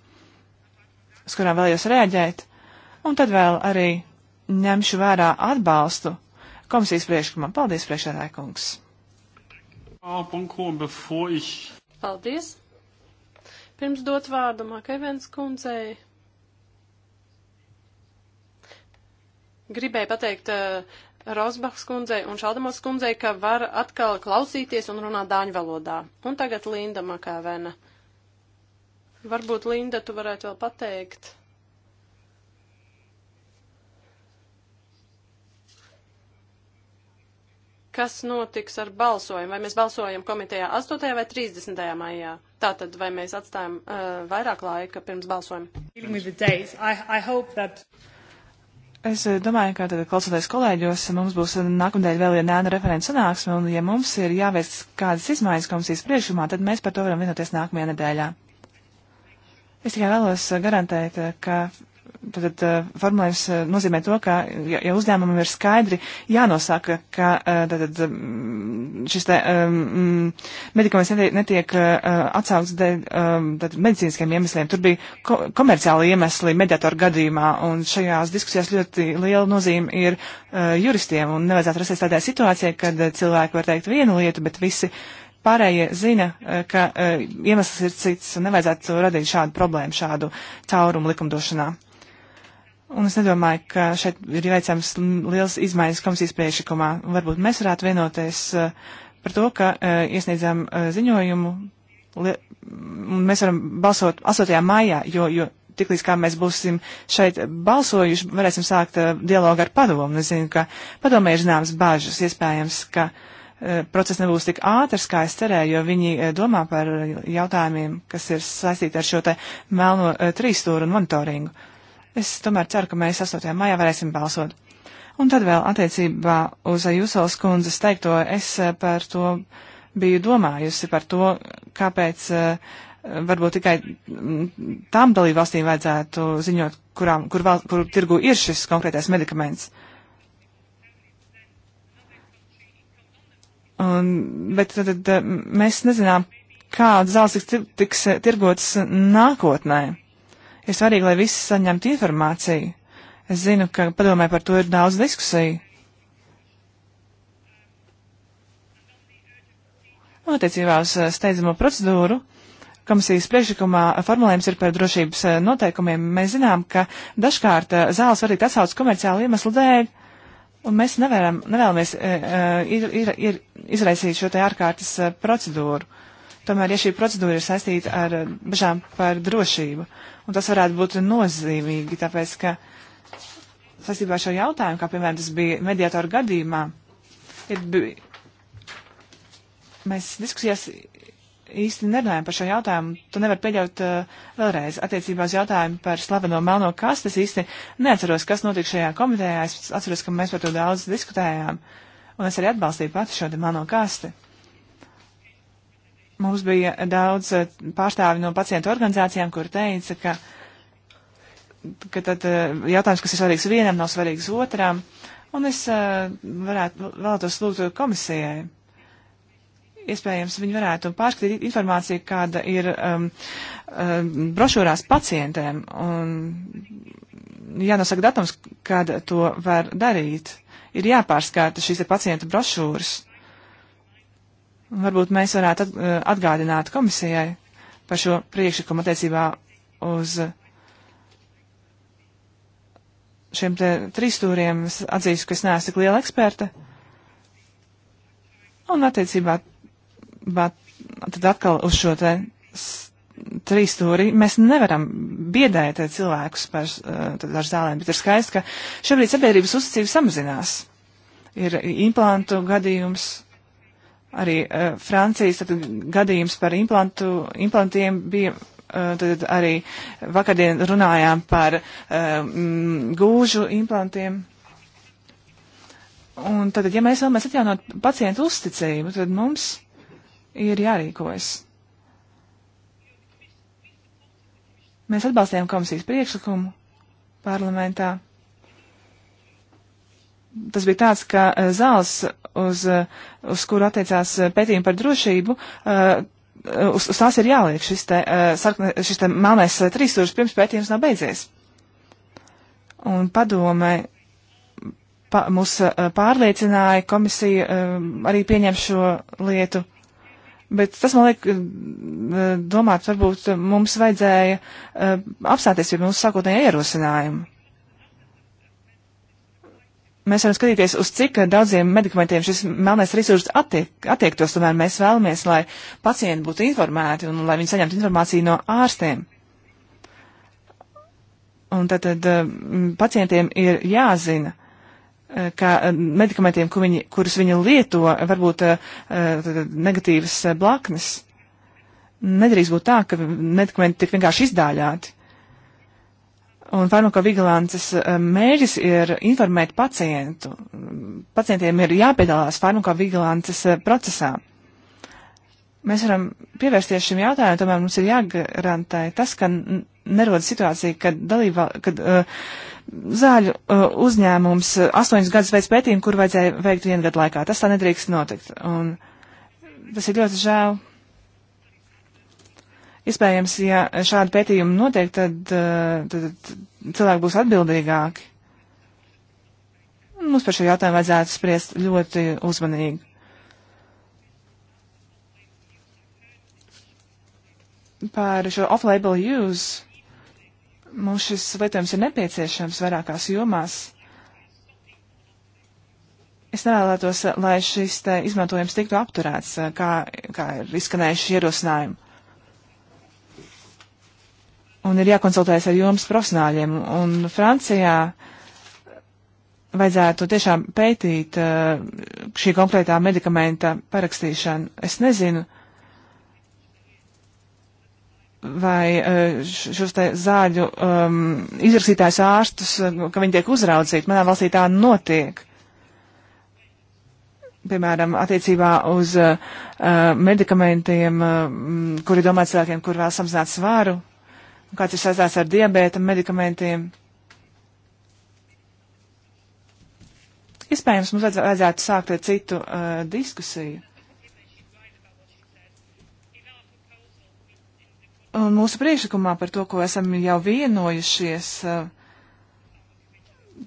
uz kurām vēlējos rēģēt. Un tad vēl arī ņemšu vērā atbalstu komisijas priekšlikumam. Paldies, priekšsēdētāj kungs! Paldies! Pirms dot vārdu Makavens kundzei, gribēju pateikt uh, Rosbachs kundzei un Šaldamos kundzei, ka var atkal klausīties un runāt dāņu valodā. Un tagad Linda Makavena. Varbūt Linda, tu varētu vēl pateikt. kas notiks ar balsojumu. Vai mēs balsojam komitejā 8. vai 30. maijā? Tātad, vai mēs atstājam uh, vairāk laika pirms balsojuma? Es eh, domāju, ka tad, klausoties kolēģos, mums būs eh, nākamnedēļ vēl viena ēna referents sanāksme, un ja mums ir jāveic kādas izmaiņas komisijas priekšumā, tad mēs par to varam vienoties nākamajā nedēļā. Es tikai vēlos garantēt, ka tad, eh, formulējums eh, nozīmē to, ka ja, ja uzņēmumam ir skaidri jānosaka, ka eh, tad, mm, šis te, um, medikaments netiek, netiek uh, atsaukts dēļ um, medicīniskiem iemesliem. Tur bija ko komerciāli iemesli mediatoru gadījumā, un šajās diskusijās ļoti liela nozīme ir uh, juristiem, un nevajadzētu rasties tādā situācijā, kad cilvēki var teikt vienu lietu, bet visi pārējie zina, ka uh, iemesls ir cits un nevajadzētu radīt šādu problēmu, šādu caurumu likumdošanā. Un es nedomāju, ka šeit ir veicams liels izmaiņas komisijas priekšlikumā. Varbūt mēs varētu vienoties eh, par to, ka eh, iesniedzām eh, ziņojumu, un mēs varam balsot 8. maijā, jo, jo tiklīdz kā mēs būsim šeit balsojuši, varēsim sākt dialogu ar padomu. Es zinu, ka padomē ir zināmas bažas, iespējams, ka process nebūs tik ātrs, kā es cerēju, jo viņi domā par jautājumiem, kas ir saistīti ar šo te melno trīsstūru un monitoringu. Es tomēr ceru, ka mēs 8. maijā varēsim balsot. Un tad vēl attiecībā uz Jūsals kundzes teikto, es eh, par to biju domājusi, par to, kāpēc eh, varbūt tikai mm, tām dalībvalstīm vajadzētu ziņot, kurām, kur, val, kur tirgu ir šis konkrētais medikaments. Un, bet tad, tad eh, mēs nezinām, kādas zāles tiks, tiks tirgotas nākotnē. Ir svarīgi, lai visi saņemtu informāciju. Es zinu, ka padomē par to ir daudz diskusiju. Un attiecībā uz eh, steidzamo procedūru komisijas priekšlikumā formulējums ir par drošības eh, noteikumiem. Mēs zinām, ka dažkārt eh, zāles var tikt atsauc komerciālu iemeslu dēļ, un mēs nevaram, nevēlamies ir, ir, ir izraisīt šo te ārkārtas procedūru. Tomēr, ja šī procedūra ir saistīta ar eh, bažām par drošību, un tas varētu būt nozīmīgi, tāpēc, ka saistībā ar šo jautājumu, kā piemēram tas bija mediātoru gadījumā, ir, bij... mēs diskusijās īsti nerunājam par šo jautājumu. To nevar pieļaut uh, vēlreiz. Attiecībā uz jautājumu par slaveno melno kastu es īsti neatceros, kas notika šajā komitejā. Es atceros, ka mēs par to daudz diskutējām. Un es arī atbalstīju pati šo melno kasti mums bija daudz eh, pārstāvi no pacientu organizācijām, kur teica, ka, ka tad eh, jautājums, kas ir svarīgs vienam, nav svarīgs otram. Un es eh, varētu, vēlētos lūgt komisijai. Iespējams, viņi varētu pārskatīt informāciju, kāda ir um, um, brošūrās pacientiem. Un jānosaka datums, kad to var darīt. Ir jāpārskata šīs pacientu brošūras Varbūt mēs varētu eh, atgādināt komisijai par šo priekšlikumu attiecībā uz šiem te trīsstūriem. Es atzīstu, ka es neesmu tik liela eksperta. Un attiecībā bet, tad atkal uz šo te trīsstūri mēs nevaram biedēt cilvēkus par, par eh, zālēm, bet ir skaisti, ka šobrīd sabiedrības uzticība samazinās. Ir implantu gadījums arī uh, Francijas tad, gadījums par implantu, implantiem bija. Uh, tad arī vakardien runājām par um, gūžu implantiem. Un tad, ja mēs vēlamies atjaunot pacientu uzticību, tad mums ir jārīkojas. Mēs atbalstījām komisijas priekšlikumu parlamentā tas bija tāds, ka e, zāles, uz, e, uz kuru attiecās e, pētījumi par drošību, uz, uz tās ir jāliek šis te, sarkne, šis te melnais trīsstūris pirms pētījums nav beidzies. Un padome pa, mūs pārliecināja, komisija arī pieņem šo lietu. Bet tas man liek domāt, varbūt mums vajadzēja apstāties pie mūsu sākotnējā ierosinājuma mēs varam skatīties, uz cik daudziem medikamentiem šis melnais resurss attiek, attiektos. Tomēr mēs vēlamies, lai pacienti būtu informēti un lai viņi saņemtu informāciju no ārstiem. Un tad, tad mm, pacientiem ir jāzina, eh, ka eh, medikamentiem, kur viņi, kurus viņi lieto, varbūt eh, negatīvas blaknes. Nedrīkst būt tā, ka medikamenti tik vienkārši izdāļāti. Un farmakovigilances nu eh, mērķis ir informēt pacientu. Pacientiem ir jāpiedalās farmakovigilances nu eh, procesā. Mēs varam pievērsties šim jautājumam, tomēr mums ir jāgarantē tas, ka nerodas situācija, kad, dalībā, kad uh, zāļu uh, uzņēmums astoņus gadus veids pētījumu, kur vajadzēja veikt vienu gadu laikā. Tas tā nedrīkst notikt. Un tas ir ļoti žēl. Iespējams, ja šādi pētījumi notiek, tad, eh, tad, tad cilvēki būs atbildīgāki. Mums par šo jautājumu vajadzētu spriest ļoti uzmanīgi. Par šo off-label use mums šis lietojums ir nepieciešams vairākās jomās. Es nevēlētos, lai šis izmantojums tiktu apturēts, eh, kā, kā ir izskanējuši ierosinājumi un ir jākonsultējas ar jomas profesionāļiem. Un Francijā vajadzētu tiešām pētīt eh, šī konkrētā medikamenta parakstīšanu. Es nezinu, vai eh, šos te zāļu um, izrakstītājs ārstus, eh, ka viņi tiek uzraudzīti. Manā valstī tā notiek piemēram, attiecībā uz uh, medikamentiem, uh, kuri domā cilvēkiem, kur vēl samazināt svāru kā tas saistās ar diabēta medikamentiem. Iespējams, mums vajadzētu sākt ar citu uh, diskusiju. Un mūsu priekšlikumā par to, ko esam jau vienojušies, uh,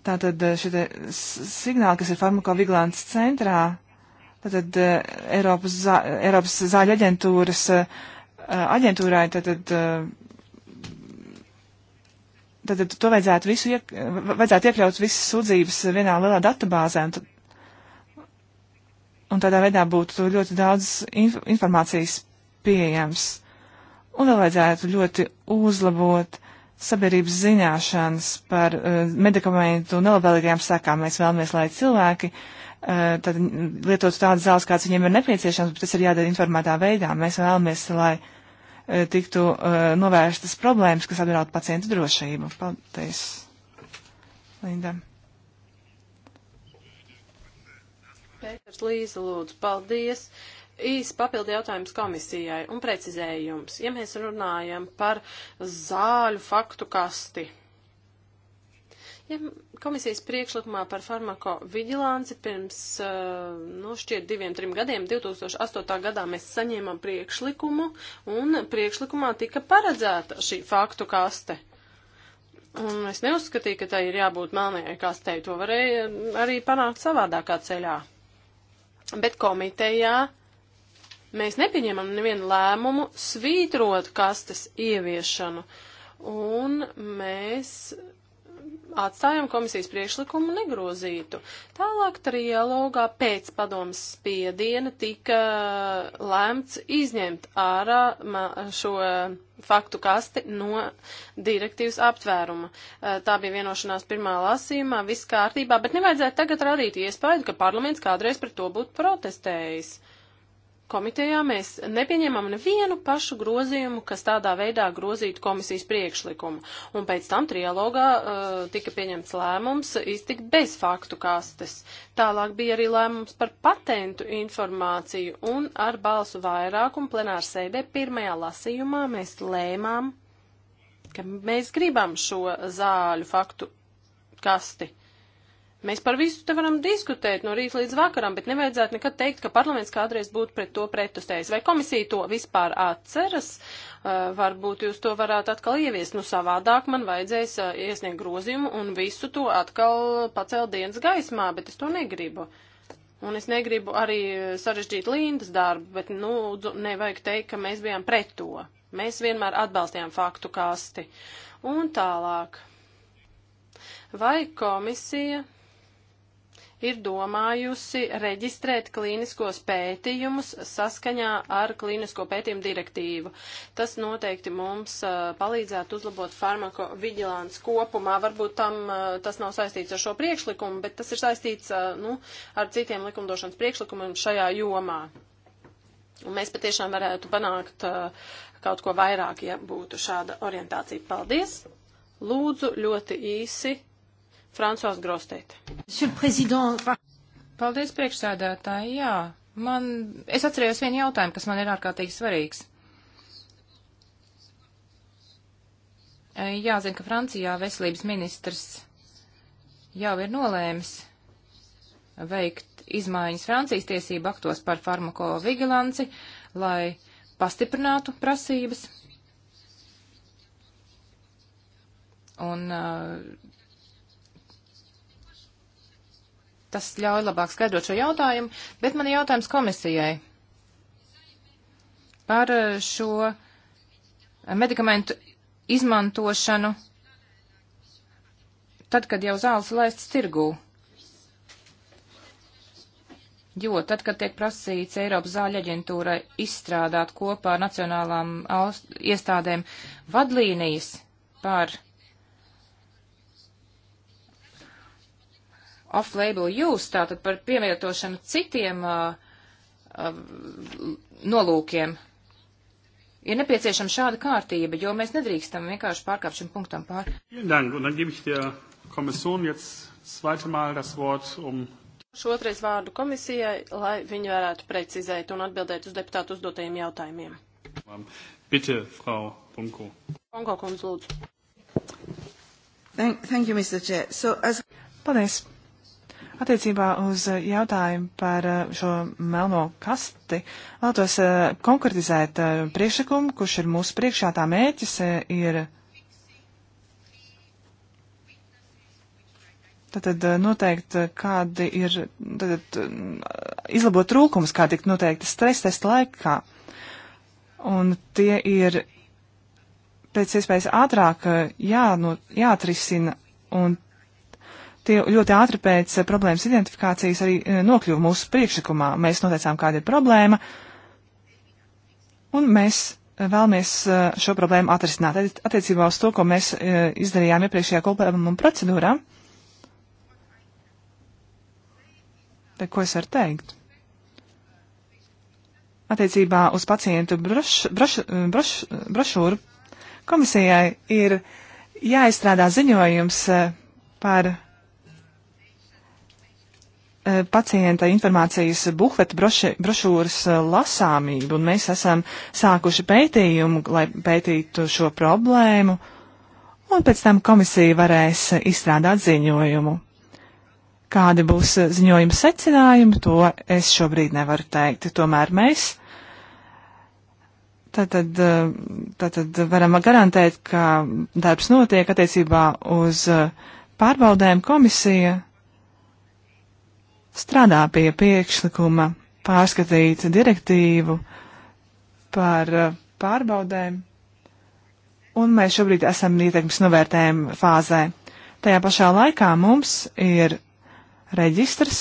tātad uh, šie signāli, kas ir farmakovigilants centrā, tātad uh, Eiropas, zā, Eiropas zāļu aģentūras uh, uh, aģentūrai, tātad. Uh, tad to vajadzētu, visu iek, vajadzētu iekļaut visas sūdzības vienā lielā datubāzē. Un, tad, un tādā veidā būtu ļoti daudz inf informācijas pieejams. Un vēl vajadzētu ļoti uzlabot sabiedrības zināšanas par uh, medikamentu nelabvēlīgajām sekām. Mēs vēlamies, lai cilvēki uh, tad lietotu tādas zāles, kāds viņiem ir nepieciešams, bet tas ir jādara informētā veidā. Mēs vēlamies, lai uh, E, tiktu e, novērstas problēmas, kas apdraud pacientu drošību. Paldies, Linda. Pēters Līza, lūdzu, paldies. Īsi papildi jautājums komisijai un precizējums. Ja mēs runājam par zāļu faktu kasti, Ja komisijas priekšlikumā par farmako vigilanci pirms, eh, nu, šķiet diviem, trim gadiem, 2008. gadā mēs saņēmām priekšlikumu, un priekšlikumā tika paredzēta šī faktu kaste. Un es neuzskatīju, ka tai ir jābūt melnējai kastei, to varēja mm, arī panākt savādākā ceļā. Bet komitejā mēs nepieņemam nevienu lēmumu svītrot kastes ieviešanu, un mēs atstājam komisijas priekšlikumu negrozītu. Tālāk trijalogā pēc padomas spiediena tika lēmts izņemt ārā šo faktu kasti no direktīvas aptvēruma. Eh, tā bija vienošanās pirmā lasījumā, viss kārtībā, bet nevajadzētu tagad radīt iespēju, ka parlaments kādreiz par to būtu protestējis komitejā mēs nepieņemam nevienu pašu grozījumu, kas tādā veidā grozītu komisijas priekšlikumu. Un pēc tam trialogā uh, tika pieņemts lēmums iztikt bez faktu kastes. Tālāk bija arī lēmums par patentu informāciju un ar balsu vairākumu plenāru sēdē pirmajā lasījumā mēs lēmām, ka mēs gribam šo zāļu faktu kasti. Mēs par visu te varam diskutēt no rīta līdz vakaram, bet nevajadzētu nekad teikt, ka parlaments kādreiz būtu pret to pretustējis. Vai komisija to vispār atceras? Uh, varbūt jūs to varētu atkal ieviest. Nu, savādāk man vajadzēs uh, iesniegt grozījumu un visu to atkal pacelt dienas gaismā, bet es to negribu. Un es negribu arī uh, sarežģīt Lindas darbu, bet, nu, nevajag teikt, ka mēs bijām pret to. Mēs vienmēr atbalstījām faktu kasti. Un tālāk. Vai komisija ir domājusi reģistrēt klīniskos pētījumus saskaņā ar klīnisko pētījumu direktīvu. Tas noteikti mums uh, palīdzētu uzlabot farmako vigilants kopumā. Varbūt tam uh, tas nav saistīts ar šo priekšlikumu, bet tas ir saistīts uh, nu, ar citiem likumdošanas priekšlikumiem šajā jomā. Un mēs patiešām varētu panākt uh, kaut ko vairāk, ja būtu šāda orientācija. Paldies! Lūdzu, ļoti īsi Fransos Grostēt. Paldies, priekšsēdētāji. Jā, man, es atceros vienu jautājumu, kas man ir ārkārtīgi svarīgs. E, jāzina, ka Francijā veselības ministrs jau ir nolēmis veikt izmaiņas Francijas tiesību aktos par farmakovigilanci, lai pastiprinātu prasības. Un uh, tas ļauj labāk skaidrot šo jautājumu, bet man ir jautājums komisijai par eh, šo eh, medikamentu izmantošanu tad, kad jau zāles laists tirgū. Jo tad, kad tiek prasīts Eiropas zāļu aģentūrai izstrādāt kopā ar nacionālām iestādēm vadlīnijas par off-label use, tātad par piemietošanu citiem uh, uh, nolūkiem. Ir nepieciešama šāda kārtība, jo mēs nedrīkstam vienkārši pārkāpt šim punktam pāri. Um Šotreiz vārdu komisijai, lai viņi varētu precizēt un atbildēt uz deputātu uzdotajiem jautājumiem. Um, bitte, Frau Bunko. Bunko, kundz, lūdzu. Thank, thank you, Mr. Chair. So, as... Paldies. Attiecībā uz eh, jautājumu par eh, šo melno kasti vēlētos eh, konkretizēt priekšlikumu, kurš ir mūsu priekšā tā mērķis, ir Tātad noteikti kādi ir, tātad izlabot trūkums, kā tikt noteikti stresa testa laikā. Un tie ir pēc iespējas ātrāk jāno, jāatrisina, un tie ļoti ātri pēc eh, problēmas identifikācijas arī eh, nokļuva mūsu priekšlikumā. Mēs noteicām, kāda ir problēma, un mēs eh, vēlamies šo problēmu atrisināt. Attiecībā uz to, ko mēs izdarījām iepriekšējā kopējuma procedūrā, Te, ko es varu teikt? Attiecībā uz pacientu broš, broš, broš, brošūru komisijai ir jāizstrādā ziņojums par Eh, pacienta informācijas buhletu broši, brošūras eh, lasāmību, un mēs esam sākuši pētījumu, lai pētītu šo problēmu, un pēc tam komisija varēs eh, izstrādāt ziņojumu. Kādi būs ziņojuma secinājumi, to es šobrīd nevaru teikt. Tomēr mēs tātad, tātad varam garantēt, ka darbs notiek attiecībā uz pārbaudēm komisija strādā pie priekšlikuma pārskatīt direktīvu par uh, pārbaudēm, un mēs šobrīd esam ietekmes novērtējuma fāzē. Tajā pašā laikā mums ir reģistrs,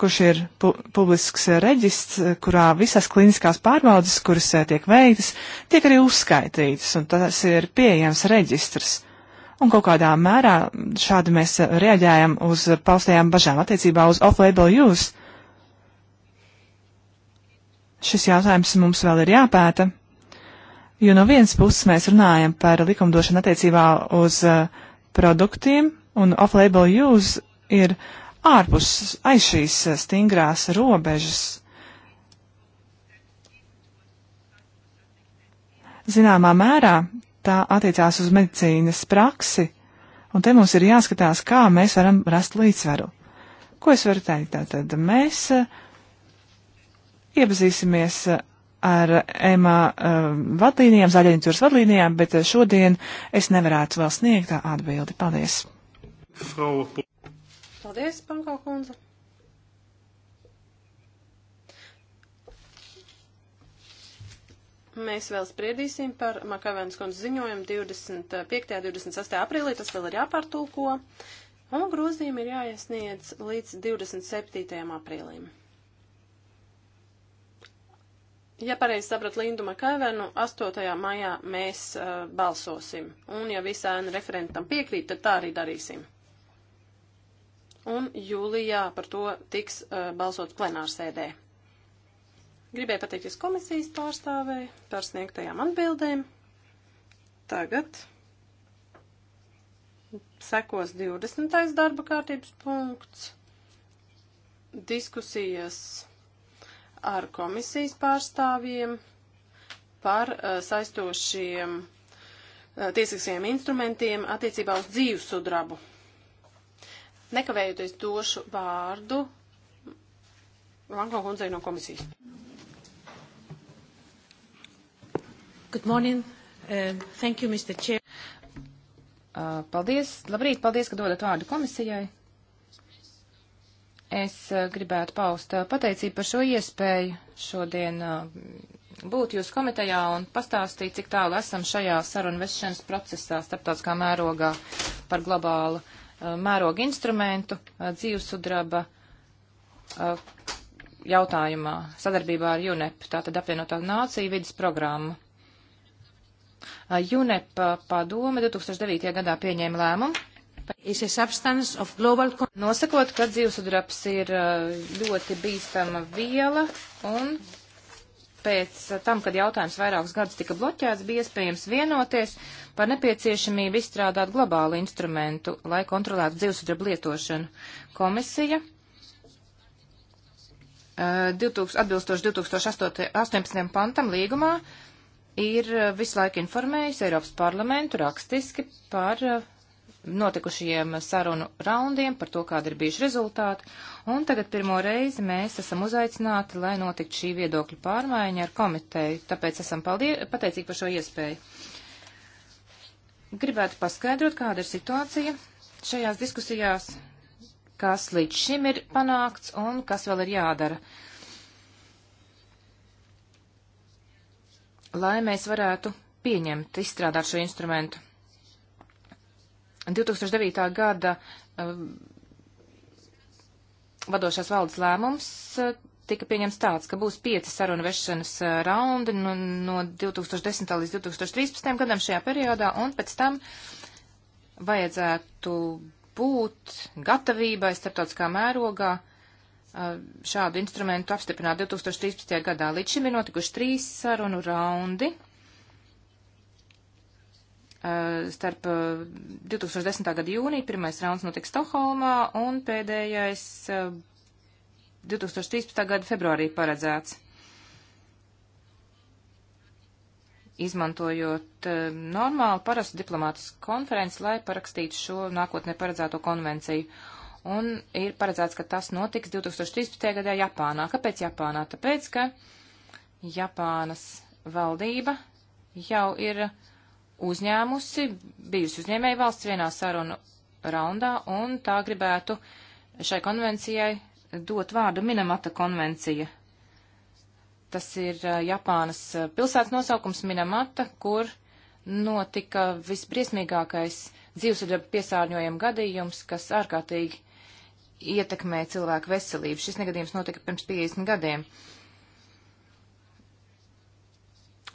kurš ir pu publisks reģists, kurā visas kliniskās pārbaudas, kuras uh, tiek veiktas, tiek arī uzskaitītas, un tas ir pieejams reģistrs. Un kaut kādā mērā šādi mēs reaģējam uz paustajām bažām attiecībā uz off-label use. Šis jautājums mums vēl ir jāpēta, jo no vienas puses mēs runājam par likumdošanu attiecībā uz uh, produktiem, un off-label use ir ārpus aiz šīs uh, stingrās robežas. Zināmā mērā tā attiecās uz medicīnas praksi, un te mums ir jāskatās, kā mēs varam rast līdzsvaru. Ko es varu teikt? Tātad mēs eh, iepazīsimies eh, ar EMA eh, vadlīnijām, zaļaģentūras vadlīnijām, bet šodien es nevarētu vēl sniegt tā atbildi. Paldies! Frau. Paldies, Pankau kundze! Mēs vēl spriedīsim par Makavēnas kundzes ziņojumu 25. un 28. aprīlī, tas vēl ir jāpārtulko, un grozījumi ir jāiesniedz līdz 27. aprīlim. Ja pareizi saprat Lindu Makavēnu, 8. maijā mēs uh, balsosim, un ja visā ēna referentam piekrīt, tad tā arī darīsim. Un jūlijā par to tiks uh, balsots plenārsēdē. Gribēju pateikties komisijas pārstāvēji par sniegtajām atbildēm. Tagad sekos 20. darba kārtības punkts. Diskusijas ar komisijas pārstāvjiem par uh, saistošiem uh, tiesiskajiem instrumentiem attiecībā uz dzīves sudrabu. Nekavējoties došu vārdu Lanko kundzei no komisijas. Good morning. Uh, thank you, Mr. Chair. Uh, paldies. Labrīt, paldies, ka dodat vārdu komisijai. Es uh, gribētu paust uh, pateicību par šo iespēju šodien uh, būt jūsu komitejā un pastāstīt, cik tālu esam šajā sarunu vešanas procesā starptautiskā mērogā par globālu uh, mērogu instrumentu uh, dzīvesudraba uh, jautājumā sadarbībā ar UNEP, tātad apvienotā nācija vidas programma. UNEP padome 2009. gadā pieņēma lēmumu. Global... Nosakot, ka dzīvesudraps ir ļoti bīstama viela un pēc tam, kad jautājums vairākus gadus tika bloķēts, bija iespējams vienoties par nepieciešamību izstrādāt globālu instrumentu, lai kontrolētu dzīvesudrabu lietošanu. Komisija 2000, atbilstoši 2018. pantam līgumā ir eh, visu laiku informējusi Eiropas parlamentu rakstiski par eh, notikušajiem sarunu raundiem, par to, kāda ir bijuši rezultāti, un tagad pirmo reizi mēs esam uzaicināti, lai notiktu šī viedokļa pārmaiņa ar komiteju, tāpēc esam paldie, pateicīgi par šo iespēju. Gribētu paskaidrot, kāda ir situācija šajās diskusijās, kas līdz šim ir panākts un kas vēl ir jādara. Uh, lai mēs varētu pieņemt, izstrādāt šo instrumentu. 2009. gada um, vadošās valdes lēmums uh, tika pieņemts tāds, ka būs pieci sarunu vešanas uh, raundi nu, no, no 2010. līdz 2013. gadam šajā periodā, un pēc tam vajadzētu būt gatavībai starptautiskā mērogā uh, Uh, šādu instrumentu apstiprināt 2013. gadā. Līdz šim ir notikuši trīs sarunu raundi uh, starp 2010. Uh, gada jūniju, pirmais rauns notiks Stokholmā un pēdējais 2013. gada februārī paredzēts. Izmantojot normālu parastu diplomātisku konferenci, lai parakstītu šo nākotnē paredzēto konvenciju un ir paredzēts, ka tas notiks 2013. gadā Japānā. Kāpēc Japānā? Tāpēc, ka Japānas valdība jau ir uzņēmusi, bijusi uzņēmēja valsts vienā sarunu raundā, un tā gribētu šai konvencijai dot vārdu Minamata konvencija. Tas ir uh, Japānas uh, pilsētas nosaukums Minamata, kur notika visbriesmīgākais dzīvesvedu piesārņojuma gadījums, kas ārkārtīgi ietekmē cilvēku veselību. Šis negadījums notika pirms 50 gadiem.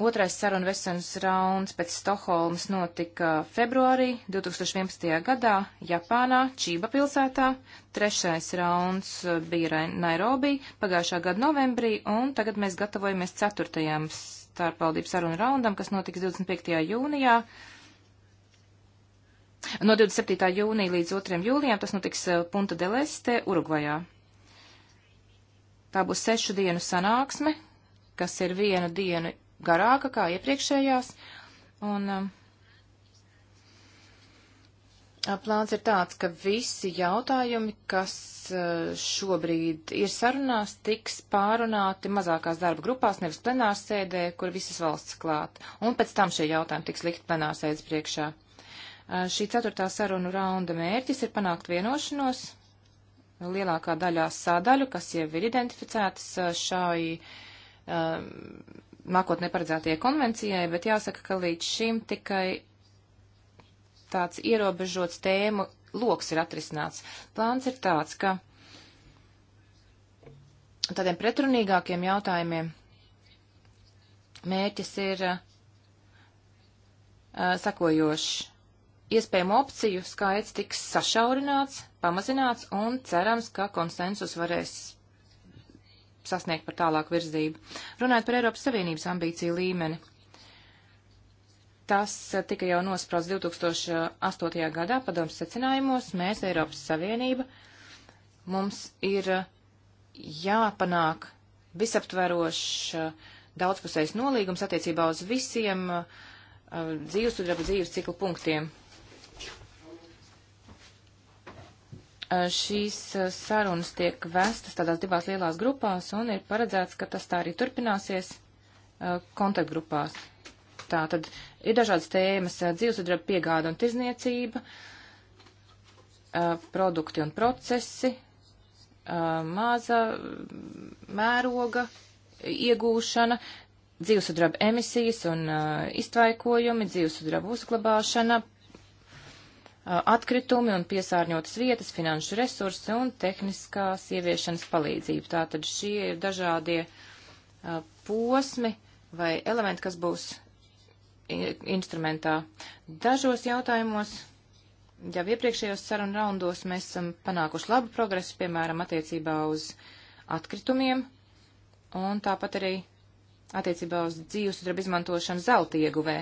Otrais saruna vesenas rauns pēc Stokholmas notika februārī 2011. gadā Japānā, Čība pilsētā. Trešais rauns bija Nairobi pagājušā gada novembrī, un tagad mēs gatavojamies ceturtajam starpvaldības saruna raundam, kas notiks 25. jūnijā. Uh, No 27. jūnija līdz 2. jūlijam tas notiks eh, Punta Deleste, Urugvajā. Tā būs sešu dienu sanāksme, kas ir vienu dienu garāka kā iepriekšējās. Un, um, Plāns ir tāds, ka visi jautājumi, kas eh, šobrīd ir sarunās, tiks pārunāti mazākās darba grupās, nevis plenārsēdē, kur visas valsts klāt. Un pēc tam šie jautājumi tiks likt plenārsēdes priekšā. Šī ceturtā sarunu raunda mērķis ir panākt vienošanos lielākā daļā sādaļu, kas jau ir identificētas šai um, nākotnē paredzētajai konvencijai, bet jāsaka, ka līdz šim tikai tāds ierobežots tēmu loks ir atrisināts. Plāns ir tāds, ka tādiem pretrunīgākiem jautājumiem mērķis ir uh, sakojošs iespējamo opciju skaits tiks sašaurināts, pamazināts un cerams, ka konsensus varēs sasniegt par tālāku virzību. Runājot par Eiropas Savienības ambīciju līmeni, tas tika jau nosprauts 2008. gadā padomus secinājumos. Mēs, Eiropas Savienība, mums ir jāpanāk visaptverošs daudzpusējs nolīgums attiecībā uz visiem uh, dzīvesudraba dzīves ciklu punktiem. šīs sarunas tiek vestas tādās divās lielās grupās un ir paredzēts, ka tas tā arī turpināsies kontaktgrupās. Tā tad ir dažādas tēmas - dzīvesudraba piegāda un tirzniecība, produkti un procesi, maza mēroga iegūšana, dzīvesudraba emisijas un iztvaikojumi, dzīvesudraba uzglabāšana, Uh, atkritumi un piesārņotas vietas, finanšu resursi un tehniskās ieviešanas palīdzība. Tātad šie ir dažādie uh, posmi vai elementi, kas būs instrumentā. Dažos jautājumos jau iepriekšējos sarunu raundos mēs esam panākuši labu progresu, piemēram, attiecībā uz atkritumiem un tāpat arī attiecībā uz dzīvesudraba izmantošanu zelta ieguvē,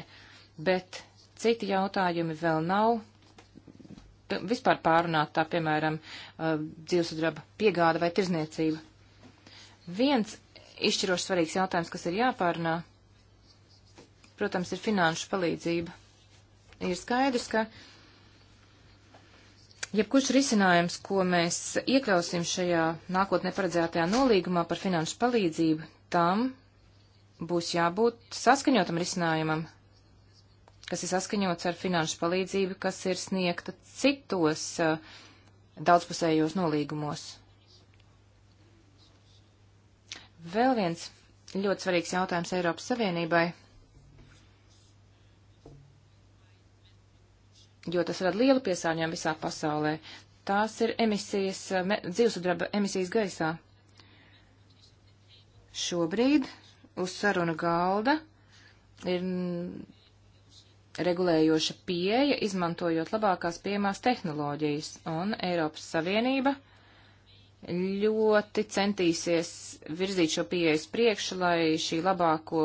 bet citi jautājumi vēl nav vispār pārunāt, tā piemēram, uh, dzīvesudraba piegāda vai tirzniecība. Viens izšķiroši svarīgs jautājums, kas ir jāpārunā, protams, ir finanšu palīdzība. Ir skaidrs, ka jebkurš risinājums, ko mēs iekļausim šajā nākotnē paredzētajā nolīgumā par finanšu palīdzību, tam būs jābūt saskaņotam risinājumam kas ir saskaņots ar finanšu palīdzību, kas ir sniegta citos uh, daudzpusējos nolīgumos. Vēl viens ļoti svarīgs jautājums Eiropas Savienībai, jo tas rada lielu piesārņojumu visā pasaulē. Tās ir emisijas, eh, dzīvesudraba emisijas gaisā. Šobrīd uz sarunu galda ir regulējoša pieeja, izmantojot labākās pieejamās tehnoloģijas, un Eiropas Savienība ļoti centīsies virzīt šo pieeju uz priekšu, lai šī labāko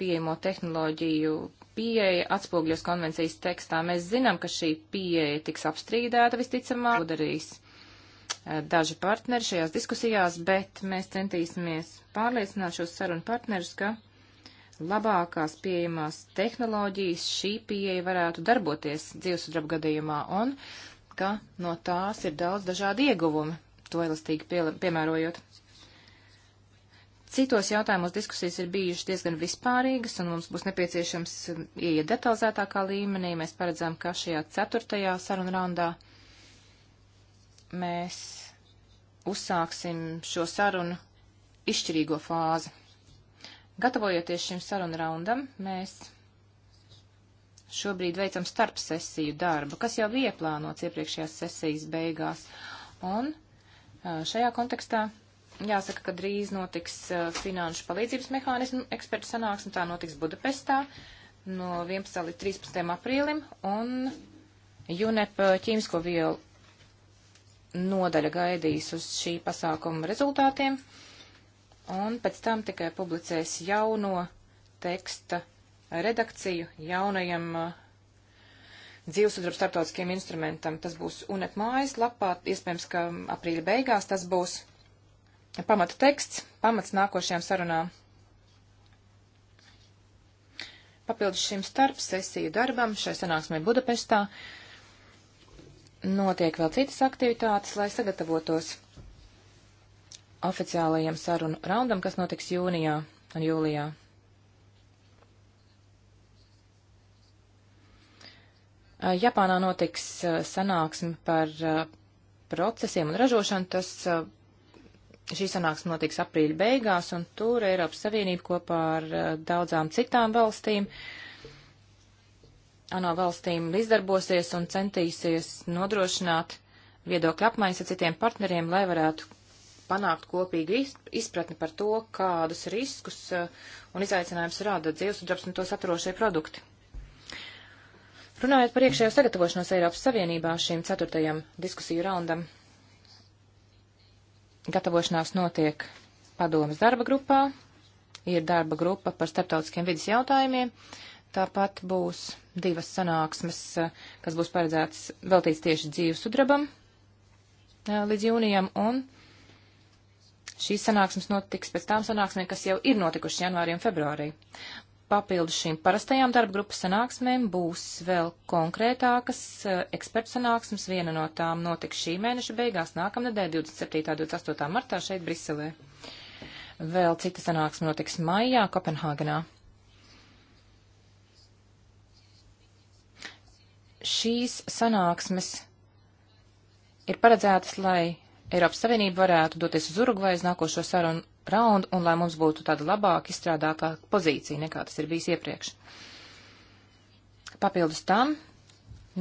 pieejamo tehnoloģiju pieeja atspogļos konvencijas tekstā. Mēs zinām, ka šī pieeja tiks apstrīdēta visticamāk, padarīs daži partneri šajās diskusijās, bet mēs centīsimies pārliecināt šos sarunu partnerus, ka labākās pieejamās tehnoloģijas šī pieeja varētu darboties dzīvesudraba gadījumā un ka no tās ir daudz dažādi ieguvumi, to elastīgi pie, piemērojot. Citos jautājumos diskusijas ir bijušas diezgan vispārīgas, un mums būs nepieciešams ieiet detalizētākā līmenī. Mēs paredzam, ka šajā ceturtajā sarunu raundā mēs uzsāksim šo sarunu izšķirīgo fāzi. Gatavojoties šim sarunu raundam, mēs šobrīd veicam starpsesiju darbu, kas jau bija plānots iepriekšējās sesijas beigās. Un šajā kontekstā jāsaka, ka drīz notiks finanšu palīdzības mehānismu ekspertu sanāksme, tā notiks Budapestā no 11. līdz 13. aprīlim, un UNEP ķīmisko vielu nodaļa gaidīs uz šī pasākuma rezultātiem. Uh, un pēc tam tikai publicēs jauno teksta redakciju jaunajam uh, dzīvesudraba starptautiskiem instrumentam. Tas būs UNET mājas lapā, iespējams, ka aprīļa beigās tas būs pamata teksts, pamats nākošajām sarunām. Papildus šim starp sesiju darbam šai sanāksmē Budapestā notiek vēl citas aktivitātes, lai sagatavotos oficiālajiem sarunu raundam, kas notiks jūnijā un jūlijā. Japānā notiks sanāksme par procesiem un ražošanu. Tas, šī sanāksme notiks aprīļa beigās, un tur Eiropas Savienība kopā ar daudzām citām valstīm, ANO valstīm izdarbosies un centīsies nodrošināt viedokļu apmaiņas ar citiem partneriem, lai varētu panākt kopīgu izpratni par to, kādus riskus eh, un izaicinājums rada dzīvesudarbs un tos atrošie produkti. Runājot par iekšējo sagatavošanos Eiropas Savienībā šīm ceturtajam diskusiju raundam, gatavošanās notiek padomas darba grupā, ir darba grupa par starptautiskiem vidas jautājumiem, tāpat būs divas sanāksmes, eh, kas būs paredzētas veltīts tieši dzīves sudrabam eh, līdz jūnijam, un Šīs sanāksmes notiks pēc tām sanāksmēm, kas jau ir notikušas janvārī un februārī. Papildus šīm parastajām darba grupas sanāksmēm būs vēl konkrētākas eh, ekspertu sanāksmes. Viena no tām notiks šī mēneša beigās, nākamnedēļ, 27. un 28. martā šeit Briselē. Vēl cita sanāksme notiks maijā Kopenhāgenā. Šīs sanāksmes ir paredzētas, lai Eiropas Savienība varētu doties uz Urugvaju uz nākošo sarunu raundu un lai mums būtu tāda labāka, izstrādātāka pozīcija nekā tas ir bijis iepriekš. Papildus tam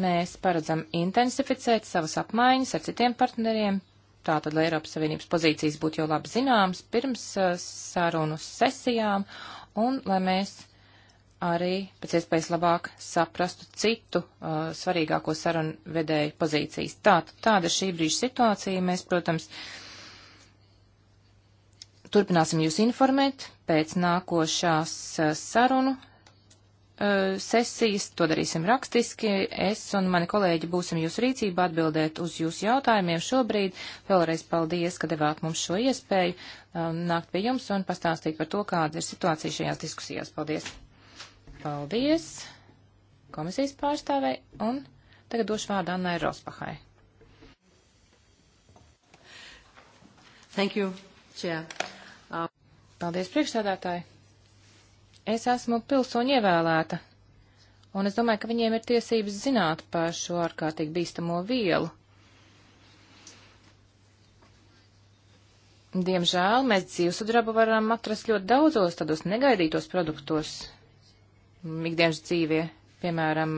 mēs paredzam intensificēt savas apmaiņas ar citiem partneriem, tātad, lai Eiropas Savienības pozīcijas būtu jau labi zināmas pirms uh, sarunu sesijām un lai mēs arī pēc iespējas labāk saprastu citu uh, svarīgāko sarunu vedēju pozīcijas. Tā, tāda šī brīža situācija. Mēs, protams, turpināsim jūs informēt pēc nākošās uh, sarunu uh, sesijas. To darīsim rakstiski. Es un mani kolēģi būsim jūsu rīcībā atbildēt uz jūsu jautājumiem šobrīd. Vēlreiz paldies, ka devāt mums šo iespēju uh, nākt pie jums un pastāstīt par to, kāda ir situācija šajās diskusijās. Paldies! Paldies komisijas pārstāvei un tagad došu vārdu Annai Rospahai. Thank you, Chair. Uh... Paldies, priekšsēdētāji. Es esmu pilsoņu ievēlēta, un es domāju, ka viņiem ir tiesības zināt par šo ārkārtīgi bīstamo vielu. Diemžēl mēs dzīvesudrabu varam atrast ļoti daudzos tādos negaidītos produktos, ikdienas dzīvē, piemēram,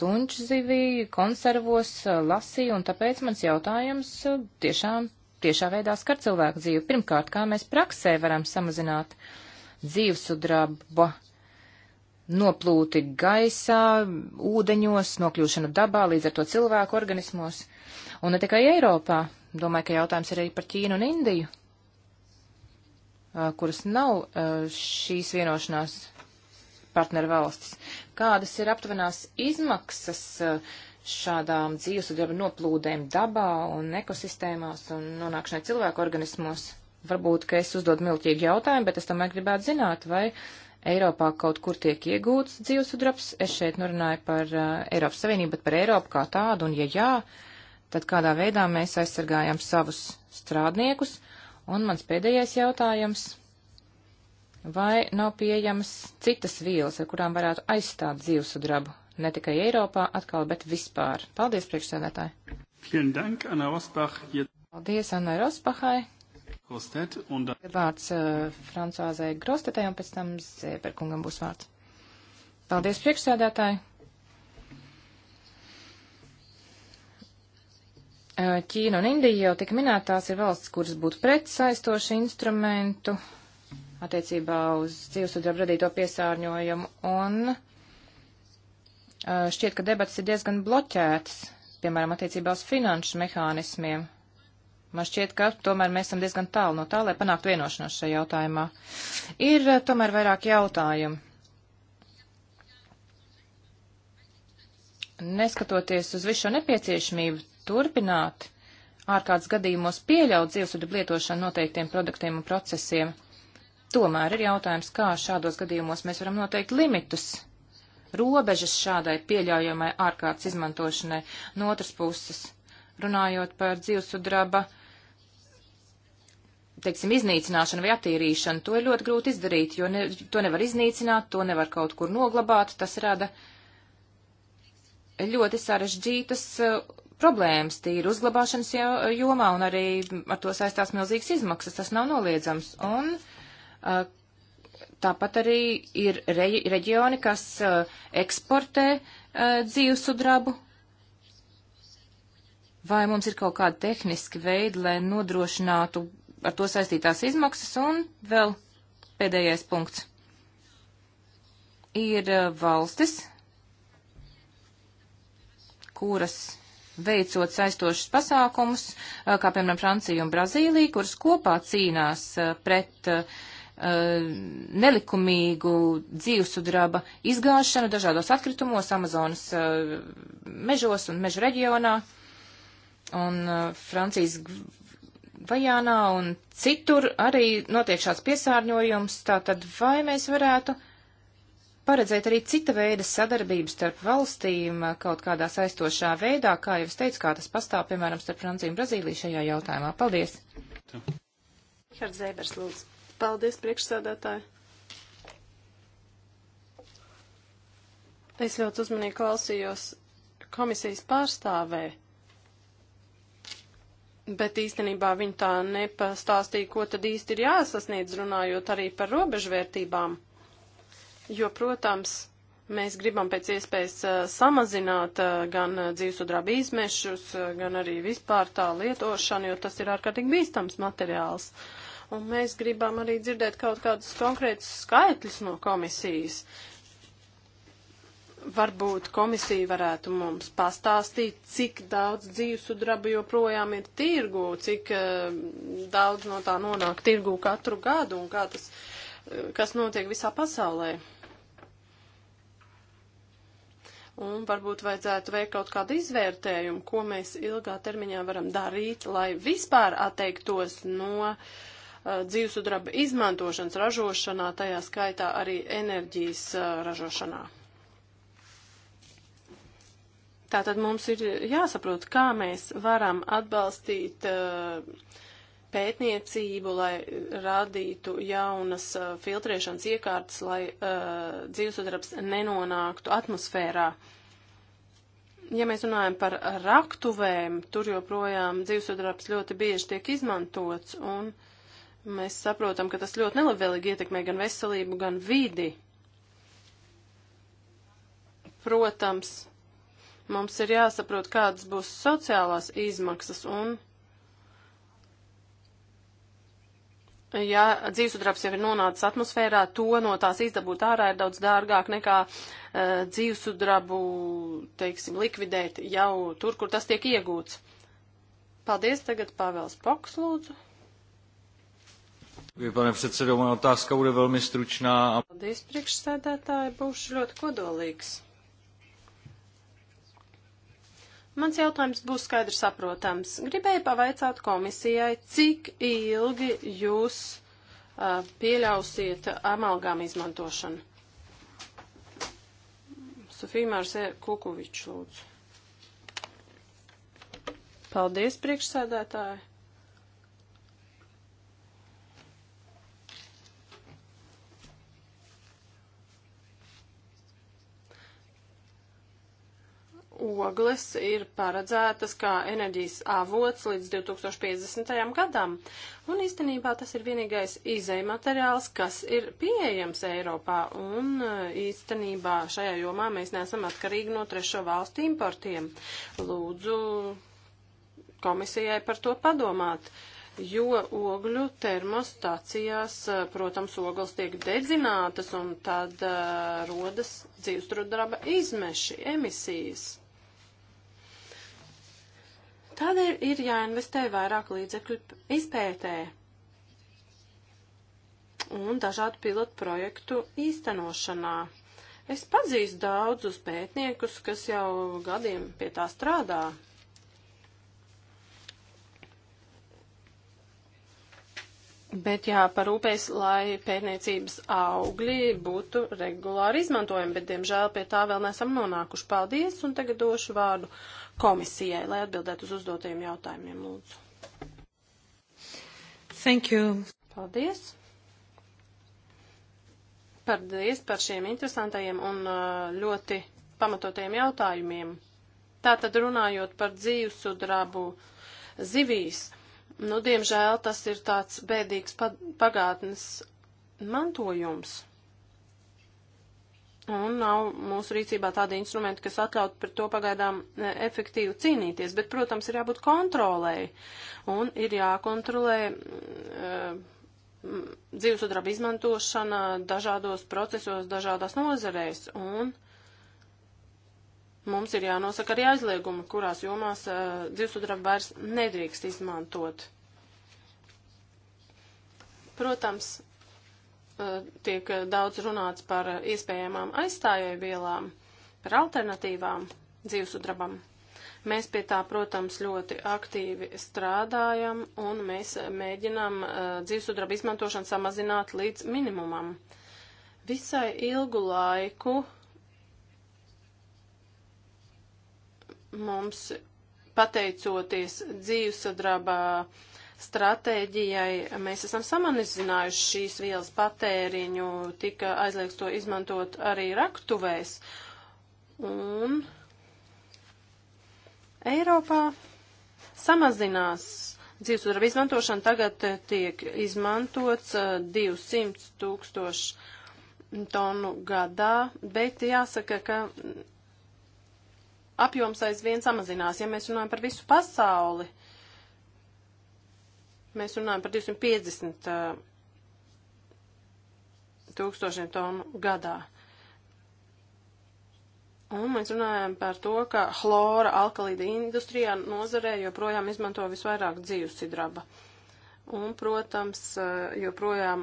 tunčzivī, konservos, lasīju, un tāpēc mans jautājums uh, tiešām tiešā veidā skar cilvēku dzīvi. Pirmkārt, kā mēs praksē varam samazināt dzīvesudraba noplūti gaisā, ūdeņos, nokļūšanu dabā, līdz ar to cilvēku organismos. Un ne tikai Eiropā, domāju, ka jautājums ir arī par Ķīnu un Indiju, uh, kuras nav uh, šīs vienošanās partneru valstis. Kādas ir aptuvenās izmaksas eh, šādām dzīves un darba noplūdēm dabā un ekosistēmās un nonākšanai cilvēku organismos? Varbūt, ka es uzdodu miltīgi jautājumu, bet es tomēr gribētu zināt, vai Eiropā kaut kur tiek iegūts dzīvesudrabs. Es šeit norunāju par uh, Eiropas Savienību, bet par Eiropu kā tādu, un ja jā, tad kādā veidā mēs aizsargājam savus strādniekus. Un mans pēdējais jautājums vai nav pieejamas citas vielas, ar kurām varētu aizstāt dzīvesudrabu, ne tikai Eiropā atkal, bet vispār. Paldies, priekšsēdētāji! Dank, Anna Rosbach, Paldies Anna Rosbachai! Grostet, un... Vārds uh, francāzai Grostetai un pēc tam Zēberkungam būs vārds. Paldies, priekšsēdētāji! Uh, Ķīna un Indija jau tika minētās ir valsts, kuras būtu pret saistošu instrumentu attiecībā uz dzīvesudrabu radīto piesārņojumu, un šķiet, ka debats ir diezgan bloķētas, piemēram, attiecībā uz finanšu mehānismiem. Man šķiet, ka tomēr mēs esam diezgan tālu no tā, lai panāktu vienošanos šajā jautājumā. Ir tomēr vairāk jautājumu. Neskatoties uz visu šo nepieciešamību turpināt ārkārtas gadījumos pieļaut dzīvesudrabu lietošanu noteiktiem produktiem un procesiem, Tomēr ir jautājums, kā šādos gadījumos mēs varam noteikt limitus, robežas šādai pieļaujamai ārkārtas izmantošanai. No otras puses, runājot par dzīvesudraba, teiksim, iznīcināšanu vai attīrīšanu, to ir ļoti grūti izdarīt, jo ne, to nevar iznīcināt, to nevar kaut kur noglabāt, tas rada ļoti sarežģītas uh, problēmas tīri uzglabāšanas jomā un arī ar to saistās milzīgas izmaksas, tas nav noliedzams. Un Tāpat arī ir reģioni, kas eksportē dzīvesudrabu. Vai mums ir kaut kādi tehniski veidi, lai nodrošinātu ar to saistītās izmaksas? Un vēl pēdējais punkts. Ir valstis, kuras veicot saistošus pasākumus, kā piemēram Francija un Brazīlija, kuras kopā cīnās pret uh, Eh, nelikumīgu dzīvesudraba izgāšanu dažādos atkritumos Amazonas eh, mežos un mežu reģionā un eh, Francijas Vajānā un citur arī notiek šāds piesārņojums, tātad vai mēs varētu paredzēt arī cita veida sadarbības starp valstīm kaut kādā saistošā veidā, kā jau es teicu, kā tas pastāv, piemēram, starp Franciju un Brazīliju šajā jautājumā. Paldies! Rihards Zēbers, lūdzu. Paldies, priekšsēdētāji. Es ļoti uzmanīgi klausījos komisijas pārstāvē, bet īstenībā viņa tā nepastāstīja, ko tad īsti ir jāsasniedz, runājot arī par robežvērtībām. Jo, protams, mēs gribam pēc iespējas uh, samazināt uh, gan uh, dzīvesudraba izmešus, uh, gan arī vispār tā lietošanu, jo tas ir ārkārtīgi bīstams materiāls. Uh, Un mēs gribam arī dzirdēt kaut kādus konkrētus skaitļus no komisijas. Varbūt komisija varētu mums pastāstīt, cik daudz dzīvesudraba joprojām ir tirgū, cik uh, daudz no tā nonāk tirgū katru gadu un kā tas, eh, kas notiek visā pasaulē. Un varbūt vajadzētu veikt kaut kādu izvērtējumu, ko mēs ilgā termiņā varam darīt, lai vispār atteiktos no uh, Uh, dzīvesudraba izmantošanas ražošanā, tajā skaitā arī enerģijas uh, ražošanā. Tātad mums ir jāsaprot, kā mēs varam atbalstīt uh, pētniecību, lai radītu jaunas uh, filtrēšanas iekārtas, lai uh, dzīvesudrabs nenonāktu atmosfērā. Ja mēs runājam par raktuvēm, tur joprojām dzīvesudrabs ļoti bieži tiek izmantots, un uh, Mēs saprotam, ka tas ļoti nelabvēlīgi ietekmē gan veselību, gan vidi. Protams, mums ir jāsaprot, kādas būs sociālās izmaksas un, ja dzīvesudraps jau ir nonācis atmosfērā, to no tās izdabūt ārā ir daudz dārgāk nekā uh, dzīvesudrabu, teiksim, likvidēt jau tur, kur tas tiek iegūts. Paldies, tagad Pāvēls Poks lūdzu. Pane předsedo, moja otázka bude velmi stručná. Paldies, priekšsēdētāji, būšu ļoti kodolīgs. Mans jautājums būs skaidrs saprotams. Gribēju pavaicāt komisijai, cik ilgi jūs uh, pieļausiet amalgām izmantošanu. Sofija Mārsē Kukuvičs lūdzu. Paldies, priekšsēdētāji. ogles ir paredzētas kā enerģijas avots līdz 2050. gadam, un īstenībā tas ir vienīgais izēja materiāls, kas ir pieejams Eiropā, un uh, īstenībā šajā jomā mēs neesam atkarīgi no trešo valstu importiem. Lūdzu komisijai par to padomāt jo ogļu termostacijās, uh, protams, ogles tiek dedzinātas un tad uh, rodas dzīvestrudraba izmeši, emisijas. Tādēļ ir jāinvestē vairāk līdzekļu izpētē un dažādu pilotu projektu īstenošanā. Es pazīstu daudzus pētniekus, kas jau gadiem pie tā strādā. Bet jāparūpēs, lai pētniecības augļi būtu regulāri izmantojami, bet, diemžēl, pie tā vēl nesam nonākuši. Paldies, un tagad došu vārdu komisijai, lai atbildētu uz uzdotajiem jautājumiem, lūdzu. Thank you. Paldies. Paldies par šiem interesantajiem un uh, ļoti pamatotajiem jautājumiem. Tātad runājot par dzīvesudrabu zivīs, nu, diemžēl tas ir tāds bēdīgs pagātnes mantojums un nav mūsu rīcībā tādi instrumenti, kas atļautu par to pagaidām e, efektīvi cīnīties, bet, protams, ir jābūt kontrolēji un ir jākontrolē uh, mm, e, mm, dzīvesudraba izmantošana dažādos procesos, dažādās nozarēs, un mums ir jānosaka arī aizliegumi, kurās jomās uh, e, dzīvesudraba vairs nedrīkst izmantot. Protams, Eh, tiek daudz runāts par iespējamām aizstājēju vielām, par alternatīvām dzīvesudrabam. Mēs pie tā, protams, ļoti aktīvi strādājam un mēs mēģinām uh, eh, dzīvesudrabu izmantošanu samazināt līdz minimumam. Visai ilgu laiku mums pateicoties dzīvesudrabā uh, stratēģijai mēs esam samanizinājuši šīs vielas patēriņu, tika aizliegts to izmantot arī raktuvēs. Un Eiropā samazinās dzīvesudraba izmantošana, tagad eh, tiek izmantots 200 eh, tūkstoši tonu gadā, bet jāsaka, ka apjoms aizvien samazinās, ja mēs runājam par visu pasauli Mēs runājam par 250 tūkstošiem tonu gadā. Un mēs runājam par to, ka hlora alkalīda industrijā nozarē joprojām izmanto visvairāk dzīvsidraba. Un, protams, joprojām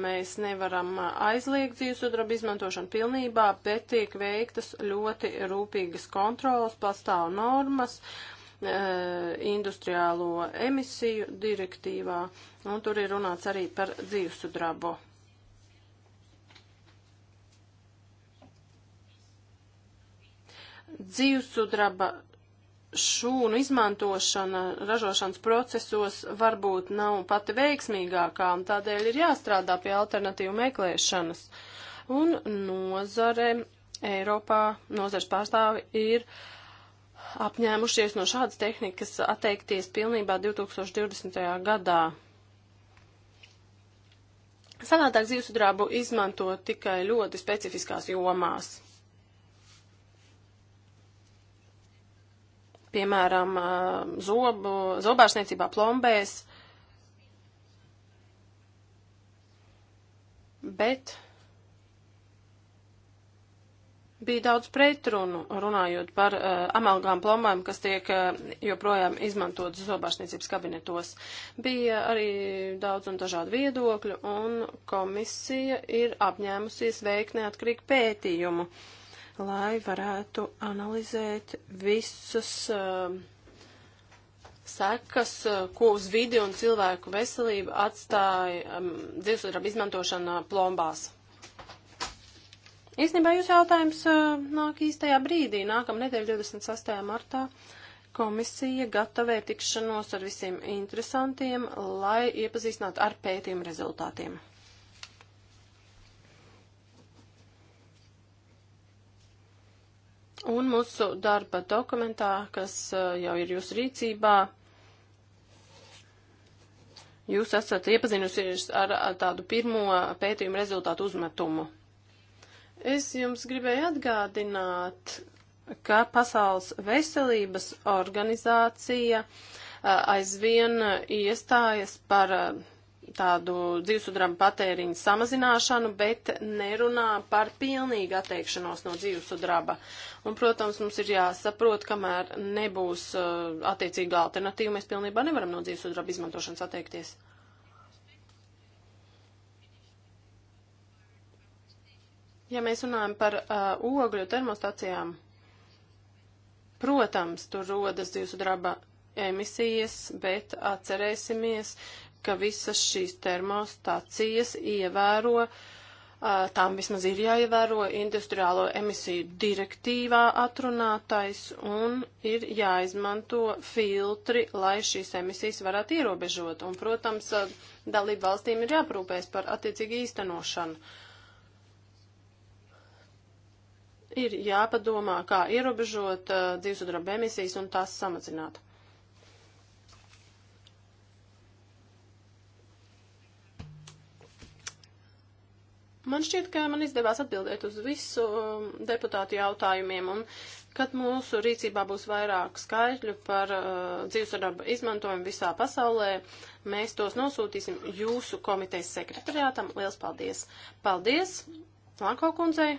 mēs nevaram aizliegt dzīvesudrabu izmantošanu pilnībā, bet tiek veiktas ļoti rūpīgas kontrolas, pastāv normas. Uh, E, industriālo emisiju direktīvā, un tur ir runāts arī par dzīvesudrabu. Dzīvesudraba šūnu izmantošana ražošanas procesos varbūt nav pati veiksmīgākā, un tādēļ ir jāstrādā pie alternatīvu meklēšanas. Un nozare Eiropā, nozars pārstāvi ir uh, apņēmušies no šādas tehnikas atteikties pilnībā 2020. gadā. Sanātāk zīvesudrabu izmanto tikai ļoti specifiskās jomās. Piemēram, zobu, zobārstniecībā plombēs, bet Bija daudz pretrunu runājot par uh, amalgām plombām, kas tiek uh, joprojām izmantotas zobārstniecības kabinetos. Bija arī daudz un dažādu viedokļu, un komisija ir apņēmusies veikt neatkarīgu pētījumu, lai varētu analizēt visas. Uh, sekas, ko uz vidi un cilvēku veselību atstāja um, mm, dzīvesudraba izmantošana plombās. Īstenībā jūsu jautājums uh, nāk īstajā brīdī. Nākamā nedēļa, 28. martā, komisija gatavē tikšanos ar visiem interesantiem, lai iepazīstinātu ar pētījumu rezultātiem. Un mūsu darba dokumentā, kas uh, jau ir jūsu rīcībā, jūs esat iepazinusies ar tādu pirmo pētījumu rezultātu uzmetumu. Es jums gribēju atgādināt, ka Pasaules veselības organizācija aizvien iestājas par tādu dzīvesudraba patēriņu samazināšanu, bet nerunā par pilnīgu atteikšanos no dzīvesudraba. Un, protams, mums ir jāsaprot, kamēr nebūs uh, attiecīga alternatīva, mēs pilnībā nevaram no dzīvesudraba izmantošanas atteikties. Uh, Ja mēs runājam par uh, ogļu termostacijām, protams, tur rodas divsudraba emisijas, bet atcerēsimies, ka visas šīs termostacijas ievēro uh, tām vismaz ir jāievēro industriālo emisiju direktīvā atrunātais un ir jāizmanto filtri, lai šīs emisijas varētu ierobežot. Un, protams, uh, dalību valstīm ir jāprūpēs par attiecīgu īstenošanu ir jāpadomā, kā ierobežot uh, dzīvesudraba emisijas un tās samazināt. Man šķiet, ka man izdevās atbildēt uz visu um, deputātu jautājumiem, un kad mūsu rīcībā būs vairāk skaitļu par uh, dzīvesudraba izmantojumu visā pasaulē, mēs tos nosūtīsim jūsu komitejas sekretariātam. Liels paldies! Paldies! Lanko kundzei!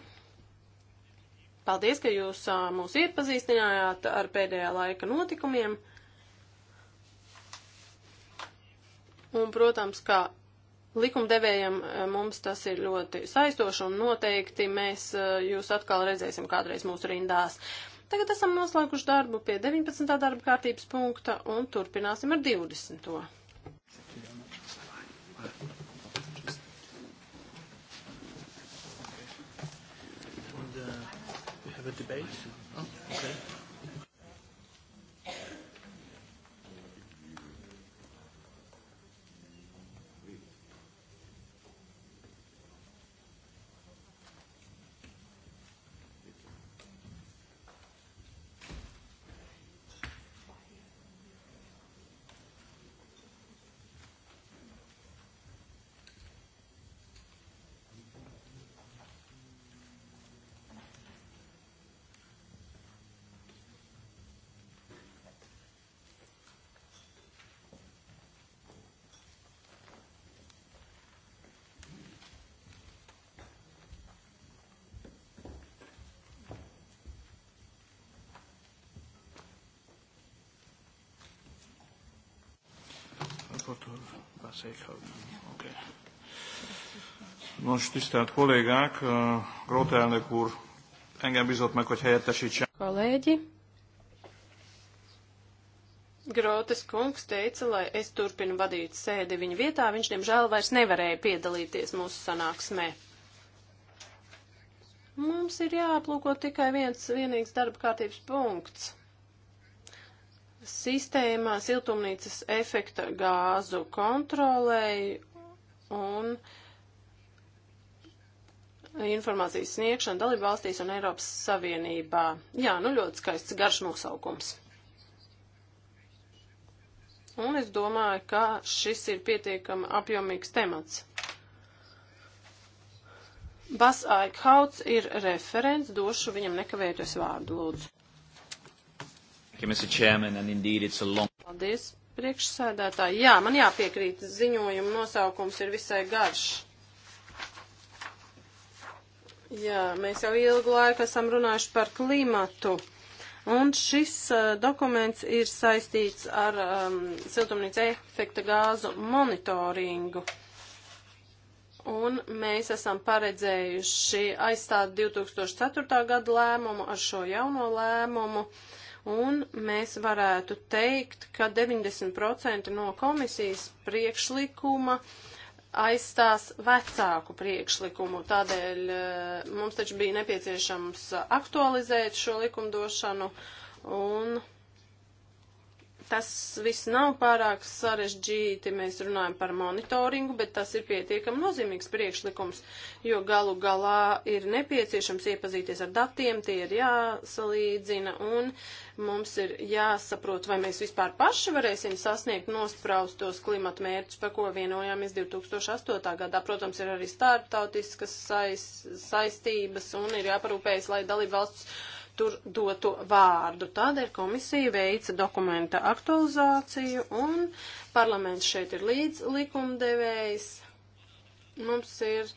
Paldies, ka jūs mūs iepazīstinājāt ar pēdējā laika notikumiem. Un, protams, kā likumdevējiem mums tas ir ļoti saistoši un noteikti mēs jūs atkal redzēsim kādreiz mūsu rindās. Tagad esam noslēguši darbu pie 19. darba kārtības punkta un turpināsim ar 20. have a debate? Oh, okay. raportőr beszélhet. Oké. Okay. Nos, tisztelt kollégák, Gróta elnök úr engem bizott meg, hogy helyettesítsem. Kolēģi, Grotas kungs teica, lai es turpinu vadīt sēdi viņa vietā, viņš diemžēl vairs nevarēja piedalīties mūsu sanāksmē. Mums ir jāaplūko tikai viens vienīgs darba kārtības punkts sistēmā siltumnīcas efekta gāzu kontrolēji un informācijas sniegšanu dalību valstīs un Eiropas Savienībā. Jā, nu ļoti skaists garš nosaukums. Un es domāju, ka šis ir pietiekami apjomīgs temats. Bas Aikhauts ir referents, došu viņam nekavējoties vārdu, lūdzu. Thank you, Mr. Chairman, and indeed it's a long... Paldies, priekšsēdētāji. Jā, man jāpiekrīt, ziņojuma nosaukums ir visai garš. Jā, mēs jau ilgu laiku esam runājuši par klimatu. Un šis uh, dokuments ir saistīts ar um, siltumnīca efekta gāzu monitoringu. Un mēs esam paredzējuši aizstāt 2004. gada lēmumu ar šo jauno lēmumu. Uh, un mēs varētu teikt, ka 90% no komisijas priekšlikuma aizstās vecāku priekšlikumu. Tādēļ eh, mums taču bija nepieciešams aktualizēt šo likumdošanu un Tas viss nav pārāk sarežģīti, mēs runājam par monitoringu, bet tas ir pietiekami nozīmīgs priekšlikums, jo galu galā ir nepieciešams iepazīties ar datiem, tie ir jāsalīdzina un mums ir jāsaprot, vai mēs vispār paši varēsim sasniegt nospraustos klimata mērķus, par ko vienojāmies 2008. gadā. Protams, ir arī starptautiskas sais, saistības un ir jāparūpējas, lai dalību valsts tur doto vārdu. Tādēļ komisija veica dokumenta aktualizāciju un parlaments šeit ir līdz likumdevējs. Mums ir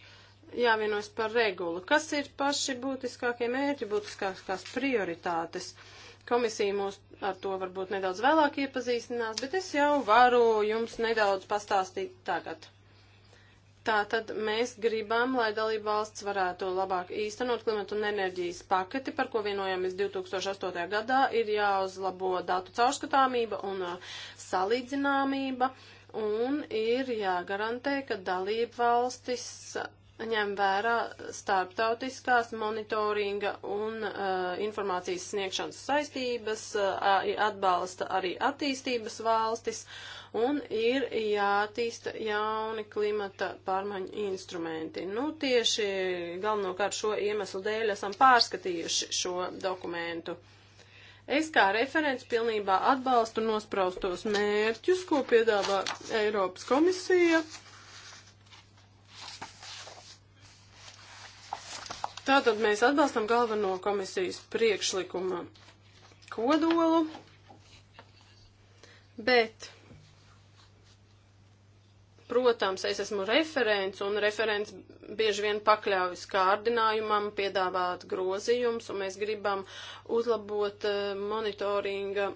jāvienojas par regulu. Kas ir paši būtiskākie mērķi, būtiskākās prioritātes? Komisija mūs ar to varbūt nedaudz vēlāk iepazīstinās, bet es jau varu jums nedaudz pastāstīt tagad. Tā tad mēs gribam, lai dalība valsts varētu labāk īstenot klimatu un enerģijas paketi, par ko vienojamies 2008. gadā, ir jāuzlabo datu caurskatāmība un uh, salīdzināmība un ir jāgarantē, ka dalība valstis ņem vērā starptautiskās monitoringa un uh, informācijas sniegšanas saistības, uh, atbalsta arī attīstības valstis un ir jātīsta jauni klimata pārmaiņu instrumenti. Nu, tieši galvenokārt šo iemeslu dēļ esam pārskatījuši šo dokumentu. Es kā referents pilnībā atbalstu nospraustos mērķus, ko piedāvā Eiropas komisija. Uh, Tātad mēs atbalstam galveno komisijas priekšlikuma kodolu, bet Protams, es esmu referents, un referents bieži vien pakļaujas kārdinājumam, piedāvāt grozījums, un mēs gribam uzlabot eh, monitoringa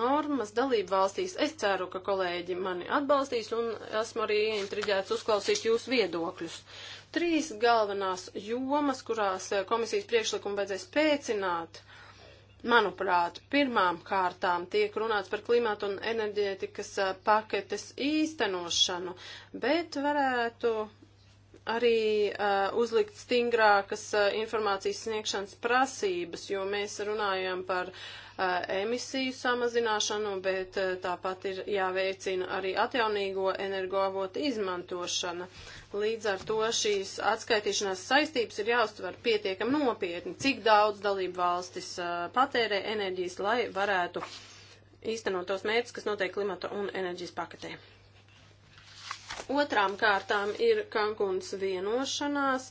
normas dalību valstīs. Es ceru, ka kolēģi mani atbalstīs, un esmu arī intriģēts uzklausīt jūsu viedokļus. Trīs galvenās jomas, kurās eh, komisijas priekšlikumu vajadzēs pēcināt. Uh, Manuprāt, pirmām kārtām tiek runāts par klimatu un enerģētikas paketes īstenošanu, bet varētu arī uh, uzlikt stingrākas uh, informācijas sniegšanas prasības, jo mēs runājam par uh, emisiju samazināšanu, bet tāpat ir jāveicina arī atjaunīgo energoavotu izmantošana. Līdz ar to šīs atskaitīšanās saistības ir jāuztver pietiekam nopietni, cik daudz dalību valstis patērē enerģijas, lai varētu īstenot tos mērķus, kas notiek klimata un enerģijas paketē. Otrām kārtām ir Kankunas vienošanās,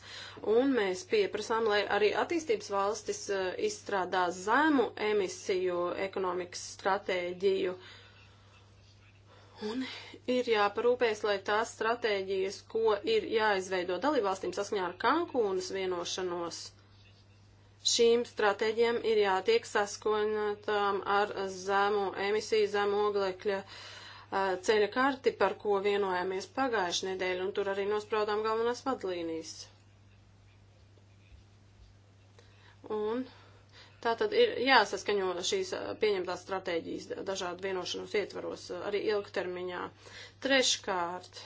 un mēs pieprasām, lai arī attīstības valstis eh, izstrādā zemu emisiju ekonomikas stratēģiju. Un ir jāparūpēs, lai tās stratēģijas, ko ir jāizveido dalībvalstīm saskaņā ar Kankūnas vienošanos, šīm stratēģiem ir jātiek saskaņotām ar zemu emisiju, zemu oglekļa uh, ceļa karti, par ko vienojāmies pagājušajā nedēļā, un tur arī nospraudām galvenās vadlīnijas. Un tā tad ir jāsaskaņo šīs pieņemtās stratēģijas dažādu vienošanos ietvaros arī ilgtermiņā. Treškārt,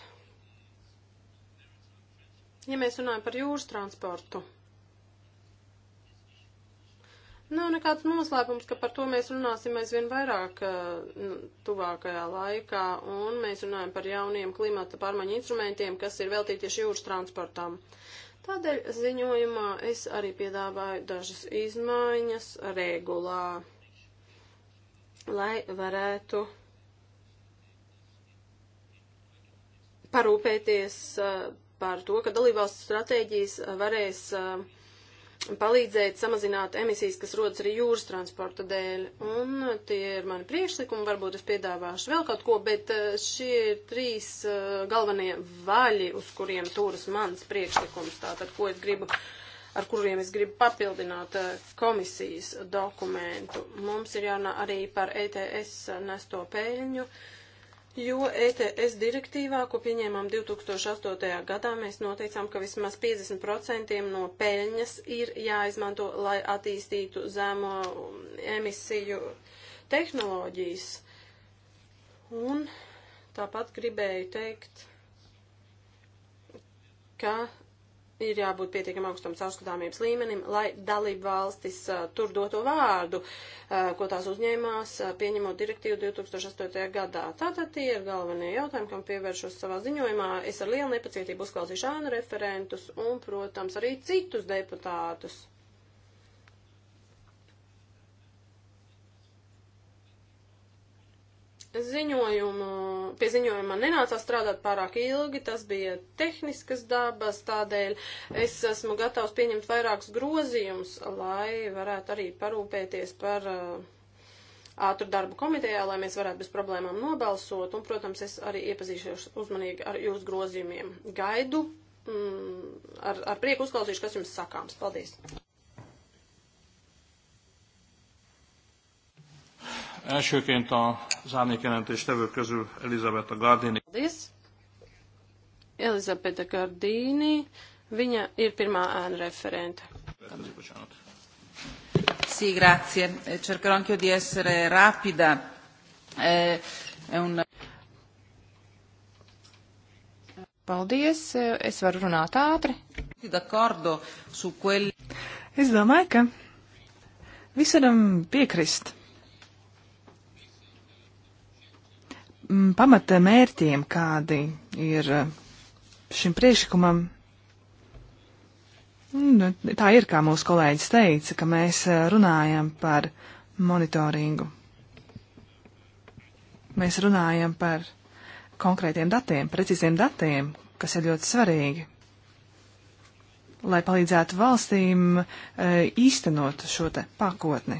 ja mēs runājam par jūras transportu. Nav nekāds noslēpums, ka par to mēs runāsim aizvien vairāk uh, tuvākajā laikā, un mēs runājam par jauniem klimata pārmaiņu instrumentiem, kas ir veltīti tieši jūras transportam. Tādēļ ziņojumā es arī piedāvāju dažas izmaiņas regulā, lai varētu parūpēties uh, par to, ka dalībvalstu stratēģijas varēs uh, palīdzēt samazināt emisijas, kas rodas arī jūras transporta dēļ. Un tie ir mani priekšlikumi, varbūt es piedāvāšu vēl kaut ko, bet eh, šie ir trīs eh, galvenie vaļi, uz kuriem turas mans priekšlikums, tātad, ko es gribu, ar kuriem es gribu papildināt eh, komisijas dokumentu. Mums ir jārunā arī par ETS nesto peļņu. Uh, Jo ETS direktīvā, ko pieņēmām 2008. gadā, mēs noteicām, ka vismaz 50% no peļņas ir jāizmanto, lai attīstītu zemo emisiju tehnoloģijas. Un tāpat gribēju teikt, ka ir jābūt pietiekam augstam caurskatāmības līmenim, lai dalību valstis uh, tur doto vārdu, uh, ko tās uzņēmās, uh, pieņemot direktīvu 2008. gadā. Tātad tie ir galvenie jautājumi, kam pievēršos savā ziņojumā. Es ar lielu nepacietību uzklausīšu ānu referentus un, protams, arī citus deputātus. ziņojumu, pie ziņojuma nenācās strādāt pārāk ilgi, tas bija tehniskas dabas, tādēļ es esmu gatavs pieņemt vairākus grozījumus, lai varētu arī parūpēties par uh, ātru darbu komitejā, lai mēs varētu bez problēmām nobalsot, un, protams, es arī iepazīšos uzmanīgi ar jūsu grozījumiem. Gaidu, mm, ar, ar prieku uzklausīšu, kas jums sakāms. Paldies! Elsőként az árnyékjelentés tevők közül Elizabeth Gardini. Paldies! Elizabeta Gardini, viņa ir pirmā ēna referente. Sì, grazie. Eh, cercherò anch'io di essere rapida. Eh, è un... Paldies, eh, es varu runāt ātri. Es domāju, ka visaram piekrist pamata mērķiem, kādi ir e, šim priekšlikumam, nu, tā ir, kā mūsu kolēģis teica, ka mēs e, runājam par monitoringu. Mēs runājam par konkrētiem datiem, precīziem datiem, kas ir ļoti svarīgi, lai palīdzētu valstīm e, īstenot šo te pakotni.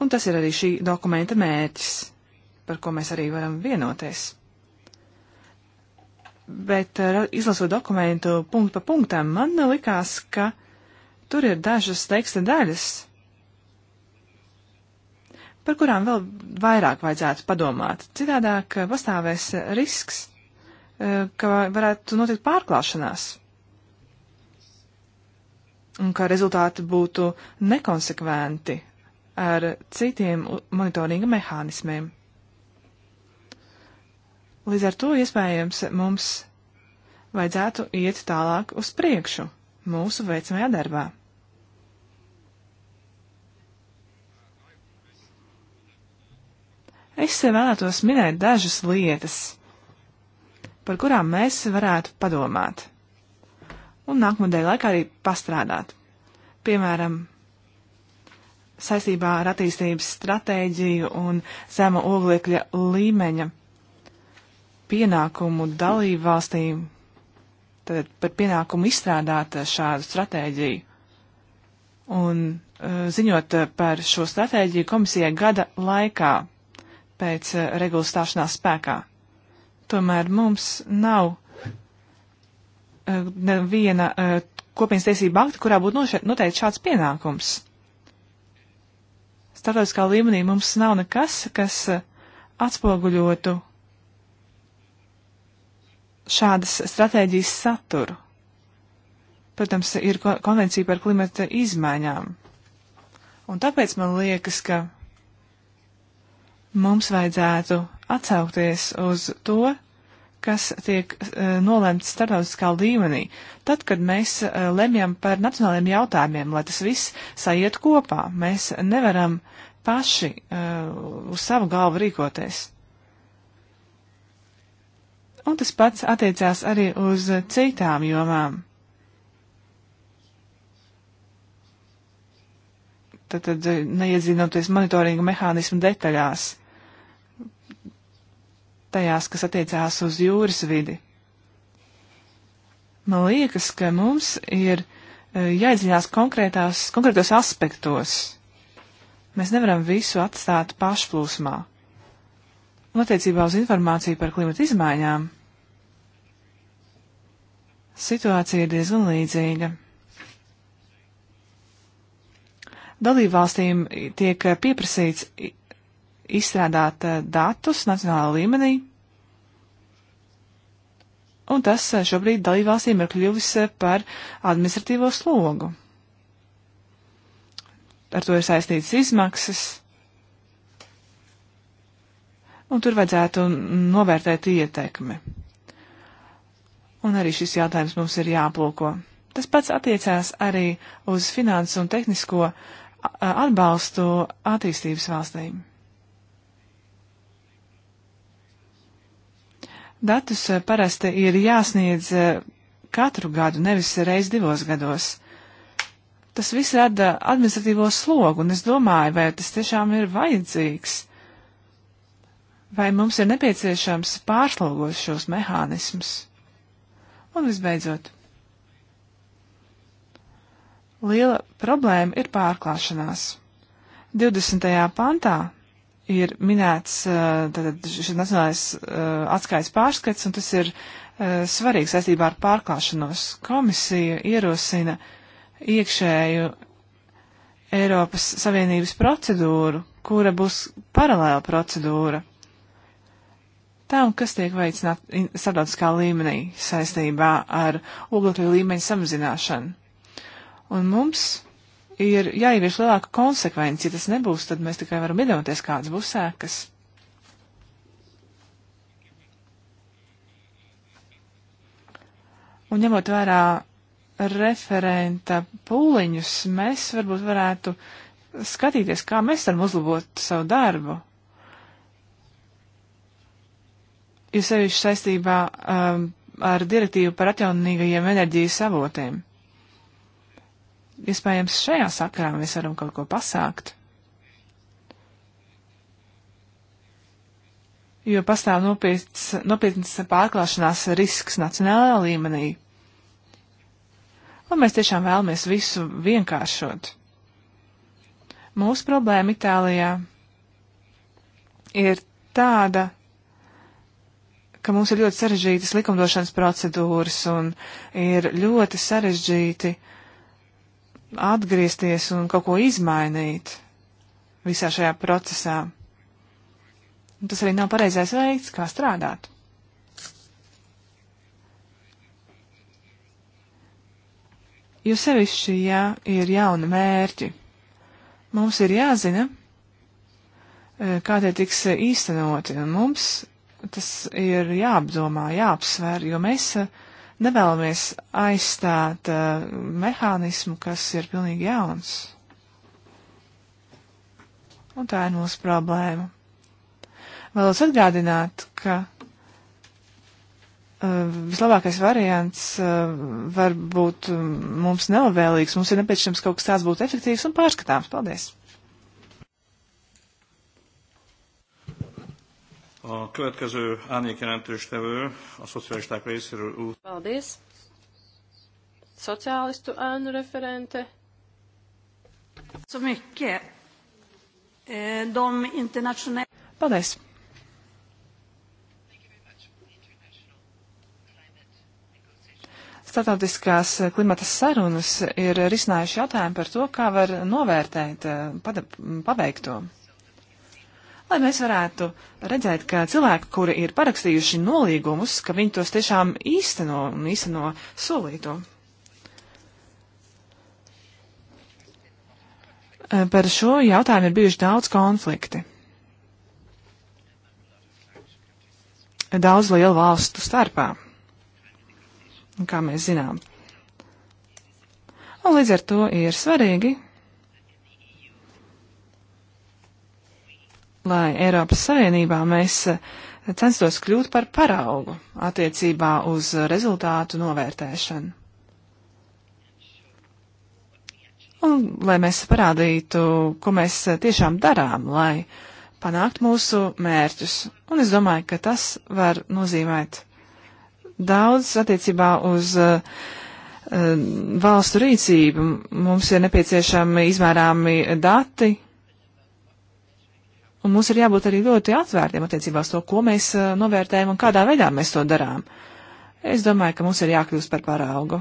Un tas ir arī šī dokumenta mērķis par ko mēs arī varam vienoties. Bet eh, izlasot dokumentu punktu pa punktam, man likās, ka tur ir dažas teksta daļas, par kurām vēl vairāk vajadzētu padomāt. Citādāk eh, pastāvēs risks, eh, ka varētu notikt pārklāšanās un ka rezultāti būtu nekonsekventi ar citiem monitoringa mehānismiem. Līdz ar to iespējams mums vajadzētu iet tālāk uz priekšu mūsu veicamajā darbā. Es vēlētos minēt dažas lietas, par kurām mēs varētu padomāt un nākamnedēļ laikā arī pastrādāt. Piemēram, saistībā ar attīstības stratēģiju un zema oglekļa līmeņa pienākumu dalību valstīm, tad par pienākumu izstrādāt eh, šādu stratēģiju. Un eh, ziņot eh, par šo stratēģiju komisijai gada laikā pēc regulas stāšanās spēkā. Tomēr mums nav neviena kopienas tiesība akta, kurā būtu noteikti šāds pienākums. Startautiskā līmenī mums nav nekas, kas atspoguļotu šādas stratēģijas saturu. Protams, ir konvencija par klimata izmaiņām. Un tāpēc man liekas, ka mums vajadzētu atsaukties uz to, kas tiek uh, nolēmts starptautiskā līmenī, tad, kad mēs uh, lemjam par nacionāliem jautājumiem, lai tas viss sajiet kopā. Mēs nevaram paši uh, uz savu galvu rīkoties. Un tas pats attiecās arī uz citām jomām. Tad, tad eh, neiedzinoties monitoringa mehānismu detaļās, tajās, kas attiecās uz jūras vidi. Man liekas, ka mums ir eh, jāiedziļinās konkrētos aspektos. Mēs nevaram visu atstāt pašplūsmā. Un attiecībā uz informāciju par klimatu izmaiņām situācija ir diezgan līdzīga. Dalībvalstīm tiek pieprasīts izstrādāt eh, datus nacionālā līmenī, un tas eh, šobrīd dalībvalstīm ir kļuvis eh, par administratīvo slogu. Ar to ir saistītas izmaksas un tur vajadzētu novērtēt ietekmi. Un arī šis jautājums mums ir jāplūko. Tas pats attiecās arī uz finansu un tehnisko atbalstu attīstības valstīm. Datus parasti ir jāsniedz katru gadu, nevis reiz divos gados. Tas viss rada administratīvo slogu, un es domāju, vai tas tiešām ir vajadzīgs vai mums ir nepieciešams pārslogos šos mehānismus. Un visbeidzot, liela problēma ir pārklāšanās. 20. pantā ir minēts tātad, šis nacionālais atskaits pārskats, un tas ir svarīgs saistībā ar pārklāšanos. Komisija ierosina iekšēju Eiropas Savienības procedūru, kura būs paralēla procedūra tam, kas tiek veicināt starptautiskā līmenī saistībā ar oglekļa līmeņa samazināšanu. Un mums ir jāievieš lielāka konsekvence, ja tas nebūs, tad mēs tikai varam iedomāties, kādas būs sēkas. Un ņemot vērā referenta pūliņus, mēs varbūt varētu skatīties, kā mēs varam uzlabot savu darbu. jo sevišķi saistībā um, ar direktīvu par atjaunīgajiem enerģijas avotiem. Iespējams, šajā sakarā mēs varam kaut ko pasākt. Jo pastāv nopietns, nopietns pārklāšanās risks nacionālajā līmenī. Un mēs tiešām vēlamies visu vienkāršot. Mūsu problēma Itālijā ir tāda, ka mums ir ļoti sarežģītas likumdošanas procedūras un ir ļoti sarežģīti atgriezties un kaut ko izmainīt visā šajā procesā. Un tas arī nav pareizais veids, kā strādāt. Jo sevišķi, ja ir jauni mērķi, mums ir jāzina, eh, kā tie tiks eh, īstenoti, un mums tas ir jāapdomā, jāapsver, jo mēs eh, nevēlamies aizstāt uh, mehānismu, kas ir pilnīgi jauns. Un tā ir mūsu problēma. Vēlos atgādināt, ka uh, vislabākais variants uh, var būt mm, mums nelabvēlīgs. Mums ir nepieciešams kaut kas tāds būtu efektīvs un pārskatāms. Paldies! A következő árnyékjelentőstevő a szocialisták részéről úr. Paldies. Szocialistu árnu referente. Så mycket. Eh, de internationella... Paldies. Startautiskās klimata sarunas ir risinājuši jautājumu par to, kā var novērtēt eh, paveikto. Pa lai mēs varētu redzēt, ka cilvēki, kuri ir parakstījuši nolīgumus, ka viņi tos tiešām īsteno un īsteno solīto. Eh, par šo jautājumu ir bijuši daudz konflikti. Daudz lielu valstu starpā, kā mēs zinām. Un līdz ar to ir svarīgi lai Eiropas Savienībā mēs eh, censtos kļūt par paraugu attiecībā uz rezultātu novērtēšanu. Un lai mēs parādītu, ko mēs eh, tiešām darām, lai panāktu mūsu mērķus. Un es domāju, ka tas var nozīmēt daudz attiecībā uz uh, valstu rīcību. Mums ir nepieciešami izmērāmi dati, Un mums ir jābūt arī ļoti atvērtiem attiecībā uz to, ko mēs uh, novērtējam un kādā veidā mēs to darām. Es domāju, ka mums ir jākļūst par paraugu.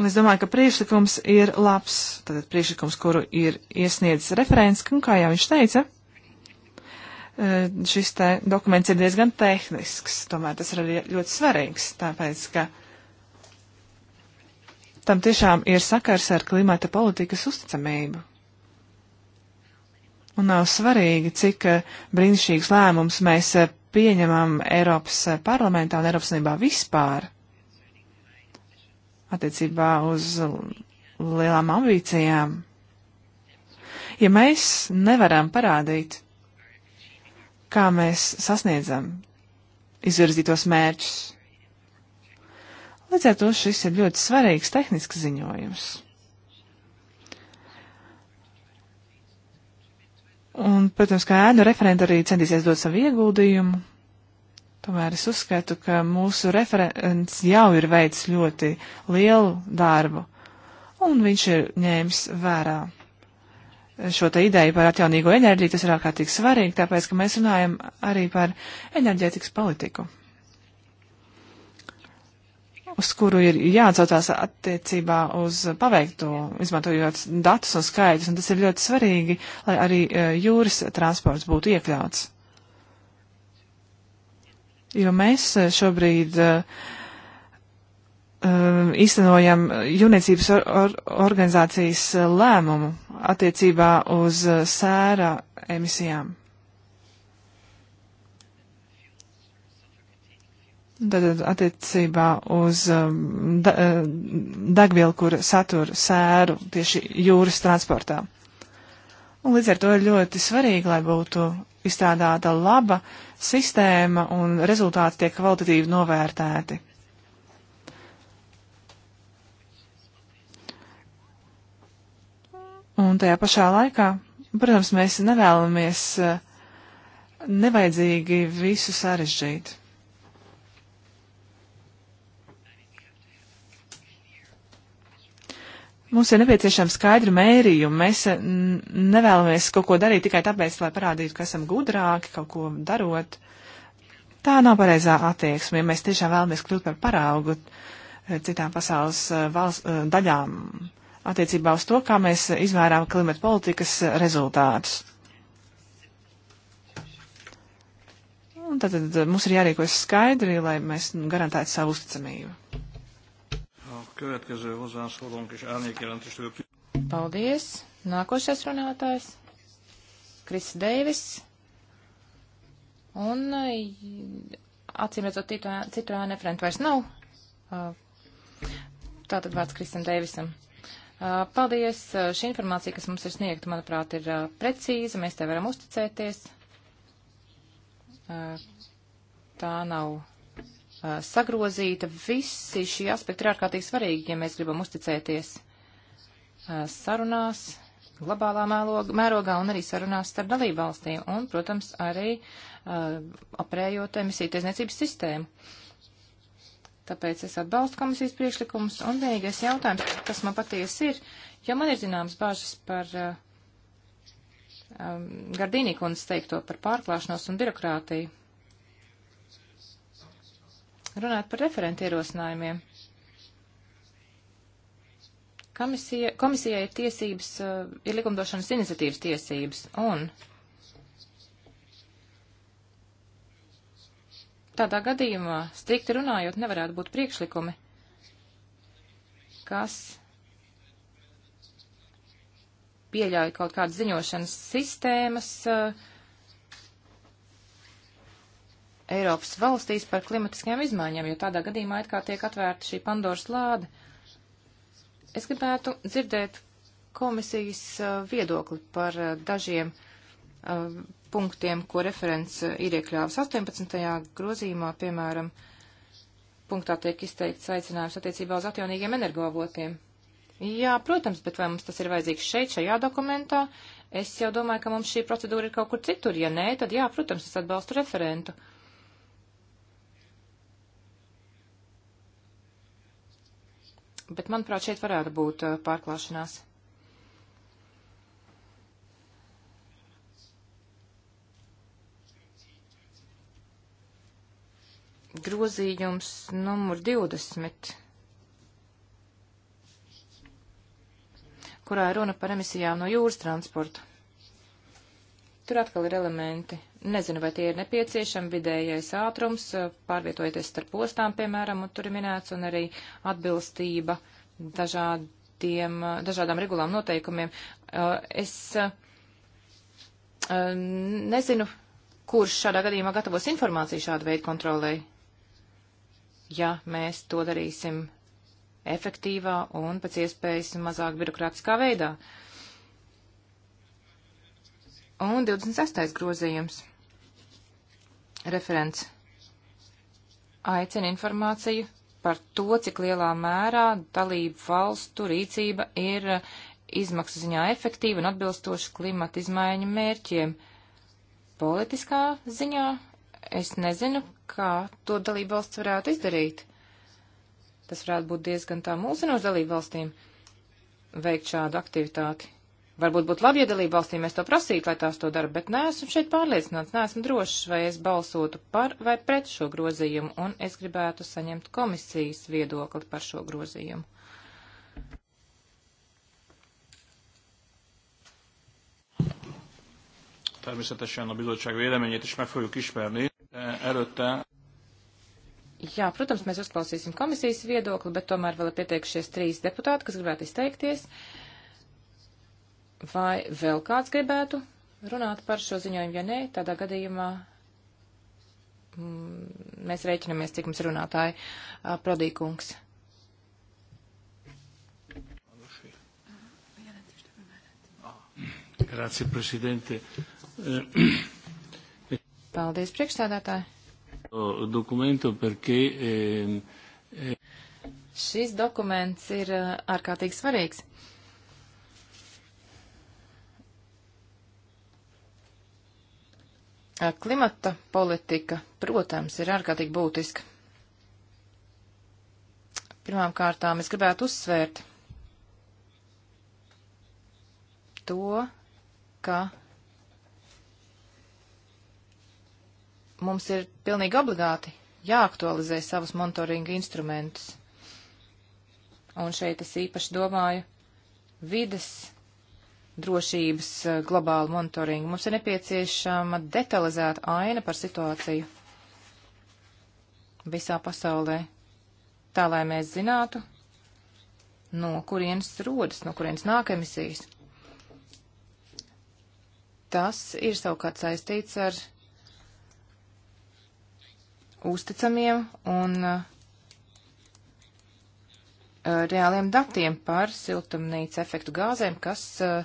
Un es domāju, ka priekšlikums ir labs. Tātad priekšlikums, kuru ir iesniedzis referents, un kā jau viņš teica, eh, šis te dokuments ir diezgan tehnisks, tomēr tas ir arī ļoti svarīgs, tāpēc, ka tam tiešām ir sakars ar klimata politikas uzticamību. Un nav svarīgi, cik eh, brīnišķīgs lēmums mēs eh, pieņemam Eiropas eh, parlamentā un Eiropas Unībā vispār attiecībā uz lielām ambīcijām. Ja mēs nevaram parādīt, kā mēs sasniedzam izvirzītos mērķus, līdz ar to šis ir ļoti svarīgs tehnisks ziņojums. Un, protams, kā ēnu referenta arī centīsies dot savu ieguldījumu. Tomēr es uzskatu, ka mūsu referents jau ir veids ļoti lielu darbu, un viņš ir ņēmis vērā šo te ideju par atjaunīgo enerģiju. Tas ir ārkārtīgi svarīgi, tāpēc, ka mēs runājam arī par enerģētikas politiku uz kuru ir jāatsaucās attiecībā uz paveikto, izmantojot datus un skaidrus, un tas ir ļoti svarīgi, lai arī e, jūras transports būtu iekļauts. Jo mēs e, šobrīd uh, īstenojam jūrniecības or, or, organizācijas lēmumu attiecībā uz sēra emisijām. Tātad attiecībā uz um, da, eh, degvielu, kur satur sēru tieši jūras transportā. Un līdz ar to ir ļoti svarīgi, lai būtu izstrādāta laba sistēma un rezultāti tiek kvalitatīvi novērtēti. Un tajā pašā laikā, protams, mēs nevēlamies eh, nevajadzīgi visu sarežģīt. Mums ir nepieciešama skaidra mērījuma. Mēs eh, nevēlamies kaut ko darīt tikai tāpēc, lai parādītu, ka esam gudrāki kaut ko darot. Tā nav pareizā attieksme. Ja mēs tiešām vēlamies kļūt par paraugu eh, citām pasaules eh, valsts daļām attiecībā uz to, kā mēs izvērām klimata politikas rezultātus. Un tad, tad mums ir jārīkojas skaidri, lai mēs nu, garantētu savu uzticamību. Következő hozzászólónk és árnyékjelentéstől. Paldies. Nākošais runātājs - Kris Deivis. Un eh, acīm redzot, citu ēnu referentu vairs nav. Eh, tātad vārds Krisam Deivisam. Eh, paldies. Šī informācija, kas mums ir sniegta, manuprāt, ir precīza. Mēs te varam uzticēties. Tā nav Uh, sagrozīta. Visi šie aspekti ir ārkārtīgi svarīgi, ja mēs gribam uzticēties uh, sarunās globālā mēloga, mērogā un arī sarunās starp dalībvalstīm un, protams, arī uh, aprējot emisiju tiesniecības sistēmu. Tāpēc es atbalstu komisijas priekšlikumus un vienīgais jautājums, kas man patiesi ir, jo man ir zināmas bāžas par uh, um, Gardīnī kundzes teikto par pārklāšanos un birokrātiju. Runāt par referentu ierosinājumiem. Komisija, komisijai ir tiesības, eh, ir likumdošanas iniciatīvas tiesības, un tādā gadījumā, strikti runājot, nevarētu būt priekšlikumi, kas pieļauj kaut kādas ziņošanas sistēmas, uh, Eiropas valstīs par klimatiskajām izmaiņām, jo tādā gadījumā it kā tiek atvērta šī Pandoras lāde. Es gribētu dzirdēt komisijas uh, viedokli par uh, dažiem uh, punktiem, ko referents ir iekļāvis 18. grozījumā, piemēram, punktā tiek izteikts aicinājums attiecībā uz atjaunīgiem energoavotiem. Jā, protams, bet vai mums tas ir vajadzīgs šeit, šajā dokumentā? Es jau domāju, ka mums šī procedūra ir kaut kur citur. Ja nē, tad jā, protams, es atbalstu referentu. bet manuprāt, šeit varētu būt uh, pārklāšanās. Grozījums numur 20, kurā runa par emisijām no jūras transporta. Tur atkal ir elementi. Nezinu, vai tie ir nepieciešami, vidējais ātrums, pārvietojoties starp ostām, piemēram, un tur ir minēts, un arī atbilstība dažādiem, dažādām regulām noteikumiem. Es nezinu, kurš šādā gadījumā gatavos informāciju šādu veidu kontrolē. Ja mēs to darīsim efektīvā un pēc iespējas mazāk birokrātiskā veidā. Uh, Un 28. grozījums. Referents aicina informāciju par to, cik lielā mērā dalību valstu rīcība ir izmaksu ziņā efektīva un atbilstoša klimata izmaiņu mērķiem. Politiskā ziņā es nezinu, kā to dalību valsts varētu izdarīt. Tas varētu būt diezgan tā mūsinoši dalību valstīm veikt šādu aktivitāti. Varbūt būtu labi, ja dalību valstīm mēs to prasītu, lai tās to dara, bet neesmu šeit pārliecināts, neesmu drošs, vai es balsotu par vai pret šo grozījumu, un es gribētu saņemt komisijas viedokli par šo grozījumu. Természetesen a bizottság véleményét is meg fogjuk ismerni. Előtte Jā, protams, mēs uzklausīsim komisijas viedokli, bet tomēr vēl ir pieteikušies trīs deputāti, kas gribētu izteikties. Uh, Vai vēl kāds gribētu runāt par šo ziņojumu? Ja nē, tādā gadījumā mm, mēs rēķinamies, cik mums runātāji prodīkungs. Grazie, prezidente. Paldies, priekšstādātāji. Eh, oh, Dokumentu, perché, e, e... Šis dokuments ir ārkārtīgi svarīgs. Klimata politika, protams, ir ārkārtīgi būtiska. Pirmām kārtām es gribētu uzsvērt to, ka mums ir pilnīgi obligāti jāaktualizē savus monitoringa instrumentus. Un šeit es īpaši domāju vides drošības eh, globālu monitoringu. Mums ir nepieciešama detalizēta aina par situāciju visā pasaulē, tā lai mēs zinātu, no kurienes rodas, no kurienes nāk emisijas. Tas ir savukārt saistīts ar uzticamiem un uh, reāliem datiem par siltumnīca efektu gāzēm, kas uh,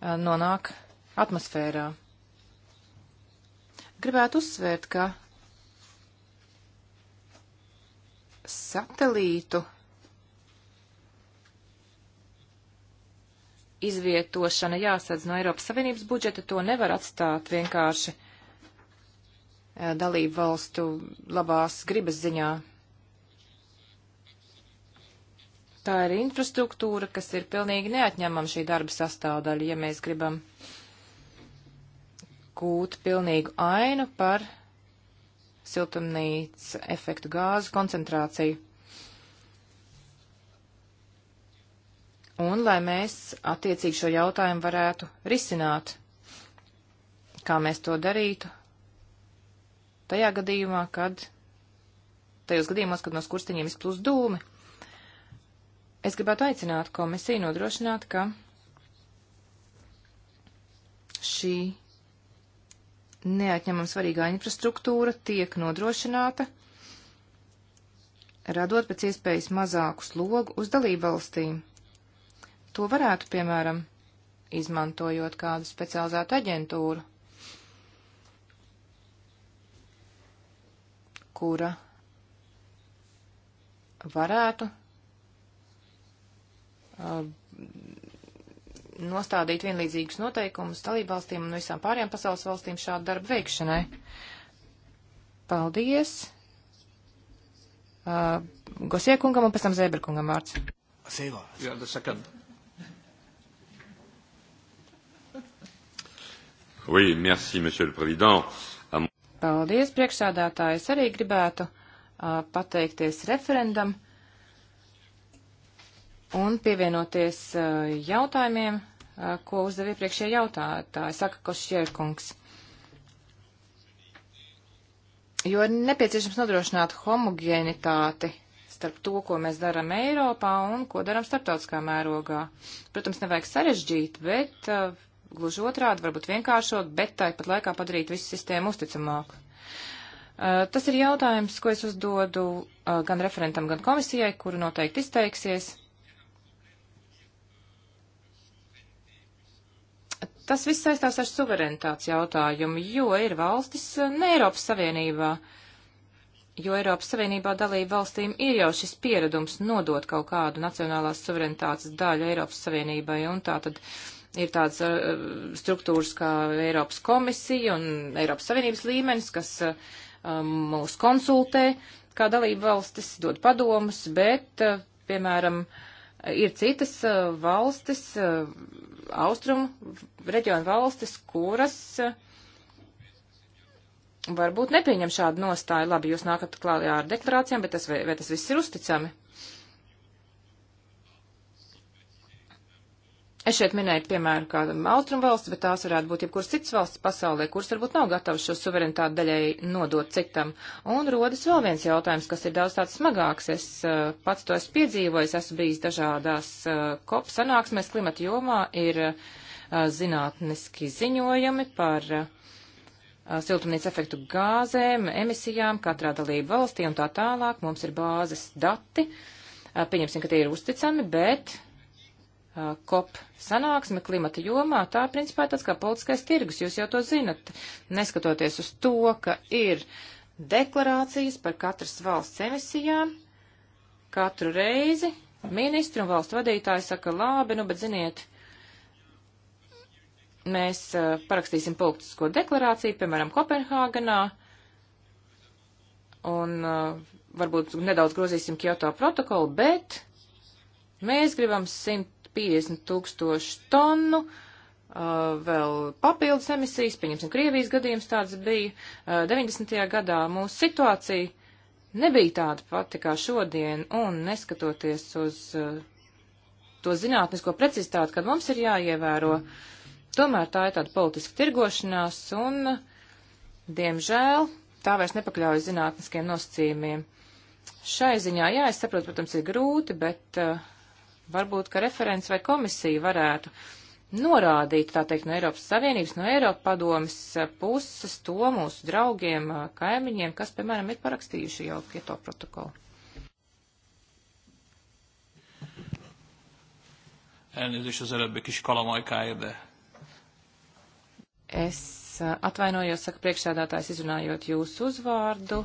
nonāk atmosfērā. Gribētu uzsvērt, ka satelītu izvietošana jāsadz no Eiropas Savienības budžeta, to nevar atstāt vienkārši dalību valstu labās gribas ziņā. Tā ir infrastruktūra, kas ir pilnīgi neatņemama šī darba sastāvdaļa, ja mēs gribam gūt pilnīgu ainu par siltumnīca efektu gāzu koncentrāciju. Un lai mēs attiecīgi šo jautājumu varētu risināt, kā mēs to darītu, tajā gadījumā, kad, tajos gadījumos, kad no skursteņiem izplūst dūmi. Es gribētu aicināt komisiju nodrošināt, ka šī neatņemam svarīgā infrastruktūra tiek nodrošināta, radot pēc iespējas mazāku slogu uz dalību valstīm. To varētu, piemēram, izmantojot kādu specializētu aģentūru, kura varētu Uh, nostādīt vienlīdzīgus noteikumus dalībvalstīm un visām pārējām pasaules valstīm šādu darbu veikšanai. Paldies! Uh, Gosie kungam un pēc tam Zēber kungam vārds. Sīvā. Jā, tas sakam. Oui, merci, monsieur le président. Am... Paldies, priekšsādātāji. Es arī gribētu uh, pateikties referendam. Uh, un pievienoties eh, jautājumiem, eh, ko uzdev iepriekšējie jautātāji, saka Košķierkungs. Jo ir nepieciešams nodrošināt homogēnitāti starp to, ko mēs darām Eiropā un ko darām starptautiskā mērogā. Protams, nevajag sarežģīt, bet uh, gluži otrādi varbūt vienkāršot, bet tāpat laikā padarīt visu sistēmu uzticamāku. Uh, tas ir jautājums, ko es uzdodu uh, gan referentam, gan komisijai, kuru noteikti izteiksies. Uh, Tas viss saistās ar suverenitātes jautājumu, jo ir valstis eh, ne Eiropas Savienībā, jo Eiropas Savienībā dalību valstīm ir jau šis pieredums nodot kaut kādu nacionālās suverenitātes daļu Eiropas Savienībai, un tā tad ir tādas uh, eh, struktūras kā Eiropas komisija un Eiropas Savienības līmenis, kas uh, mūs konsultē, kā dalību valstis dod padomus, bet, uh, piemēram, ir citas valstis, austrumu reģionu valstis, kuras eh, varbūt nepieņem šādu nostāju. Labi, jūs nākat klājā ar deklarācijām, bet tas, vai, vai tas viss ir uzticami? Es šeit minēju, piemēram, kādu austrumu valsts, bet tās varētu būt jebkuras citas valsts pasaulē, kuras varbūt nav gatavas šo suverenitāti daļai nodot citam. Un rodas vēl viens jautājums, kas ir daudz tāds smagāks. Es uh, pats to esmu piedzīvojis, esmu bijis dažādās uh, kop sanāksmēs klimata jomā, ir uh, zinātniski ziņojumi par. Uh, siltumnīca efektu gāzēm, emisijām katrā dalību valstī un tā tālāk. Mums ir bāzes dati. Pieņemsim, ka tie ir uzticami, bet COP sanāksme klimata jomā, tā principā ir tāds kā politiskais tirgus, jūs jau to zinat, neskatoties uz to, ka ir deklarācijas par katras valsts emisijām, katru reizi ministri un valstu vadītāji saka, labi, nu, bet ziniet, mēs uh, parakstīsim politisko deklarāciju, piemēram, Kopenhāganā, un uh, varbūt nedaudz grozīsim Kyoto protokolu, bet mēs gribam simt 50 tūkstošu tonnu, Uh, vēl papildus emisijas, pieņemsim, Krievijas gadījums tāds bija. Uh, 90. gadā mūsu situācija nebija tāda pati kā šodien, un neskatoties uz uh, to zinātnisko precizitāti, kad mums ir jāievēro, tomēr tā ir tāda politiska tirgošanās, un, uh, diemžēl, tā vairs nepakļaujas zinātniskiem nosacījumiem. Šai ziņā, jā, es saprotu, protams, ir grūti, bet uh, Varbūt, ka referents vai komisija varētu norādīt, tā teikt, no Eiropas Savienības, no Eiropa padomas puses to mūsu draugiem, kaimiņiem, kas, piemēram, ir parakstījuši jau Kieto protokolu. Elnézést az előbbi kis kalamajkáért, de... Es atvainojos, saka priekšsēdātājs, izrunājot jūsu uzvārdu.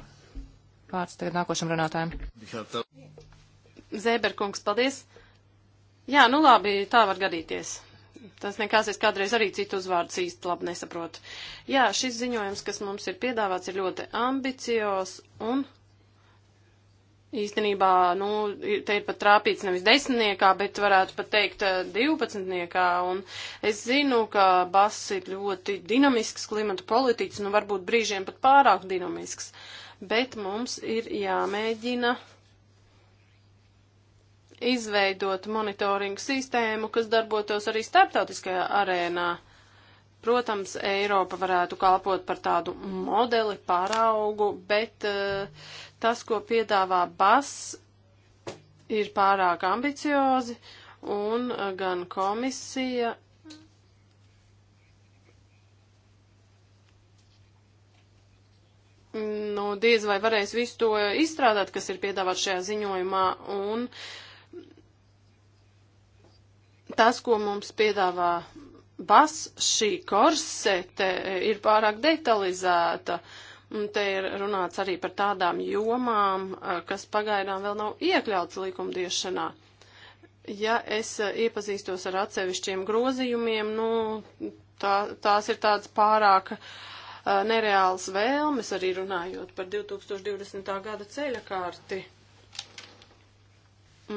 Vārds tagad nākošam runātājam. Zēberkungs, paldies! Jā, nu labi, tā var gadīties. Tas nekās es kādreiz arī citu uzvārdus īsti labi nesaprotu. Jā, šis ziņojums, kas mums ir piedāvāts, ir ļoti ambicios un īstenībā, nu, te ir pat trāpīts nevis desmitniekā, bet varētu pat teikt eh, divpadsmitniekā, un es zinu, ka Bass ir ļoti dinamisks klimata politiķis, nu, varbūt brīžiem pat pārāk dinamisks, bet mums ir jāmēģina uh, izveidot monitoringu sistēmu, kas darbotos arī starptautiskajā arēnā. Protams, Eiropa varētu kalpot par tādu modeli, paraugu, bet uh, tas, ko piedāvā BAS, ir pārāk ambiciozi, un uh, gan komisija, nu, diez vai varēs visu to izstrādāt, kas ir piedāvāts šajā ziņojumā, un tas, ko mums piedāvā bas, šī korsete ir pārāk detalizēta. Un te ir runāts arī par tādām jomām, kas pagaidām vēl nav iekļauts likumdiešanā. Ja es iepazīstos ar atsevišķiem grozījumiem, nu, tā, tās ir tādas pārāk uh, nereāls vēlmes, arī runājot par 2020. gada ceļa kārti.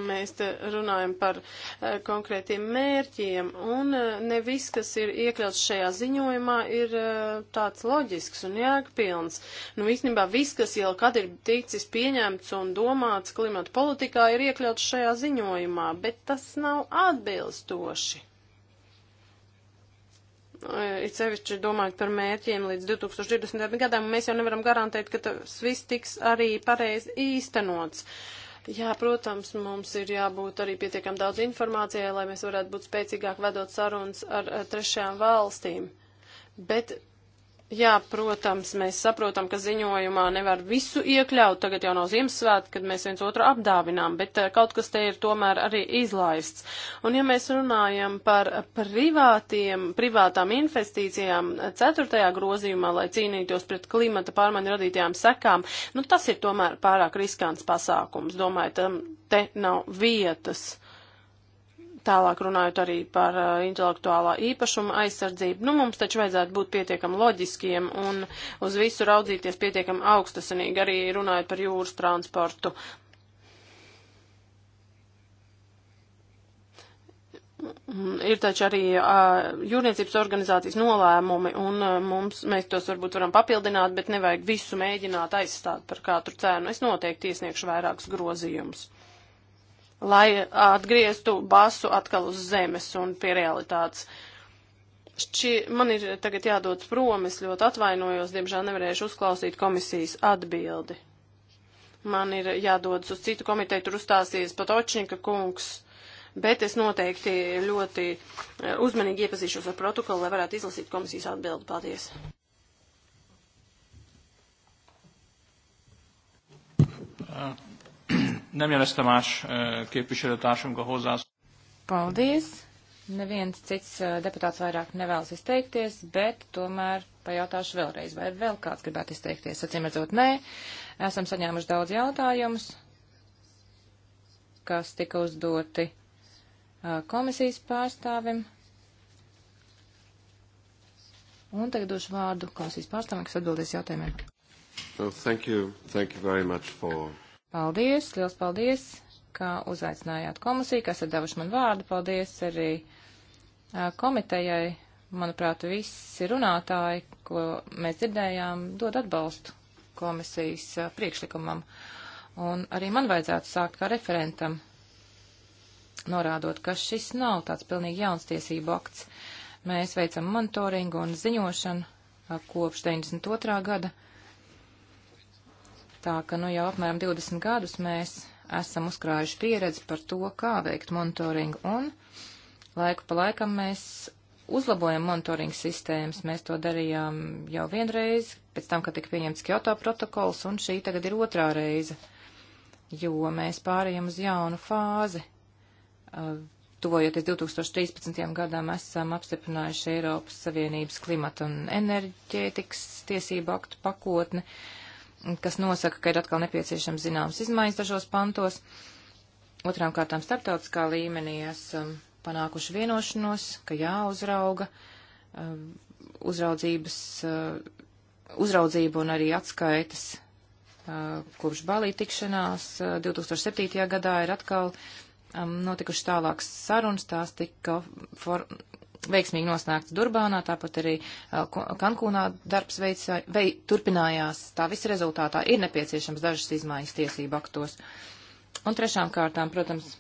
Mēs te runājam par uh, konkrētiem mērķiem, un uh, ne viss, kas ir iekļauts šajā ziņojumā, ir uh, tāds loģisks un jēgpilns. Nu, īstenībā viss, kas jau kad ir ticis pieņemts un domāts klimata politikā, ir iekļauts šajā ziņojumā, bet tas nav atbilstoši. Ir sevišķi domājot par mērķiem līdz 2020. gadam, mēs jau nevaram garantēt, ka tas viss tiks arī pareizi īstenots. Uh, Jā, protams, mums ir jābūt arī pietiekam daudz informācijai, lai mēs varētu būt spēcīgāk vedot sarunas ar, ar trešajām valstīm. Bet Jā, protams, mēs saprotam, ka ziņojumā nevar visu iekļaut. Tagad jau nav Ziemassvētka, kad mēs viens otru apdāvinām, bet eh, kaut kas te ir tomēr arī izlaists. Un ja mēs runājam par privātiem, privātām investīcijām eh, ceturtajā grozījumā, lai cīnītos pret klimata pārmaiņu radītajām sekām, nu tas ir tomēr pārāk riskants pasākums. Domāju, tam te nav vietas. Tālāk runājot arī par uh, intelektuālā īpašuma aizsardzību, nu mums taču vajadzētu būt pietiekam loģiskiem un uz visu raudzīties pietiekam augstasinīgi, arī runājot par jūras transportu. Ir taču arī uh, jūrniecības organizācijas nolēmumi, un uh, mums, mēs tos varbūt varam papildināt, bet nevajag visu mēģināt aizstāt par katru cēnu. Es noteikti iesniegšu vairākus grozījumus lai atgrieztu basu atkal uz zemes un pie realitātes. Šķi, man ir tagad jādod prom, es ļoti atvainojos, diemžēl nevarēšu uzklausīt komisijas atbildi. Man ir jādodas uz citu komiteju, tur uzstāsies Patočņika kungs, bet es noteikti ļoti eh, uzmanīgi iepazīšos ar protokolu, lai varētu izlasīt komisijas atbildi. Paldies! Uh. Nem jelezte más eh, képviselőtársunk a hozzász. Paldies! Neviens cits eh, deputāts vairāk nevēlas izteikties, bet tomēr pajautāšu vēlreiz, vai vēl kāds gribētu izteikties. Acīmredzot, nē, esam saņēmuši daudz jautājumus, kas tika uzdoti eh, komisijas pārstāvim. Un tagad došu vārdu komisijas pārstāvim, kas atbildēs jautājumiem. Well, thank you. Thank you very much for Paldies, liels paldies, ka uzaicinājāt komisiju, kas ir devuši man vārdu. Paldies arī komitejai. Manuprāt, visi runātāji, ko mēs dzirdējām, dod atbalstu komisijas priekšlikumam. Un arī man vajadzētu sākt kā referentam, norādot, ka šis nav tāds pilnīgi jauns tiesību akts. Mēs veicam monitoringu un ziņošanu kopš 92. gada Tā ka, nu, jau apmēram 20 gadus mēs esam uzkrājuši pieredzi par to, kā veikt monitoringu, un laiku pa laikam mēs uzlabojam monitoringu sistēmas. Mēs to darījām jau vienreiz, pēc tam, kad tika pieņemts Kyoto protokols, un šī tagad ir otrā reize, jo mēs pārējām uz jaunu fāzi. Uh, tuvojoties 2013. gadam, esam apstiprinājuši Eiropas Savienības klimata un enerģētikas tiesību aktu pakotni. Uh, kas nosaka, ka ir atkal nepieciešams zināms izmaiņas dažos pantos. Otrām kārtām starptautiskā līmenī esam panākuši vienošanos, ka jāuzrauga um, uzraudzības, uh, uzraudzība un arī atskaitas uh, kopš Balī tikšanās 2007. Uh, gadā ir atkal um, notikuši tālākas sarunas, tās tika for, veiksmīgi nosnākts Durbānā, tāpat arī uh, Kankūnā darbs veic, vei, turpinājās. Tā visa rezultātā ir nepieciešams dažas izmaiņas tiesību aktos. Un trešām kārtām, protams,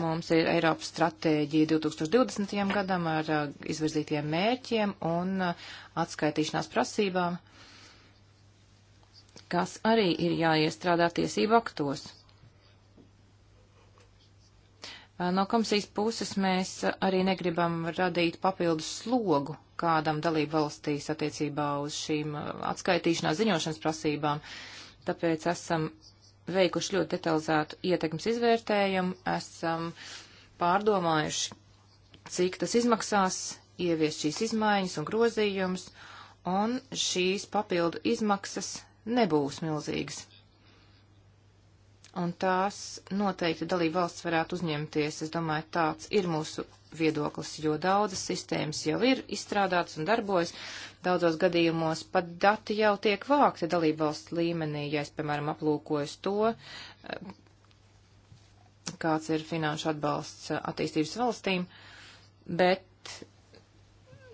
mums ir Eiropas stratēģija 2020. gadam ar uh, izvirzītiem mērķiem un uh, atskaitīšanās prasībām, kas arī ir jāiestrādā tiesību aktos. Eh, no komisijas puses mēs arī negribam radīt papildus slogu kādam dalību valstīs attiecībā uz šīm eh, atskaitīšanās ziņošanas prasībām, tāpēc esam veikuši ļoti detalizētu ietekmes izvērtējumu, esam pārdomājuši, cik tas izmaksās ievies šīs izmaiņas un grozījumus, un šīs papildu izmaksas nebūs milzīgas un tās noteikti dalību valsts varētu uzņemties. Es domāju, tāds ir mūsu viedoklis, jo daudzas sistēmas jau ir izstrādātas un darbojas. Daudzos gadījumos pat dati jau tiek vākti dalību valsts līmenī, ja es, piemēram, aplūkoju to, kāds ir finanšu atbalsts attīstības valstīm, bet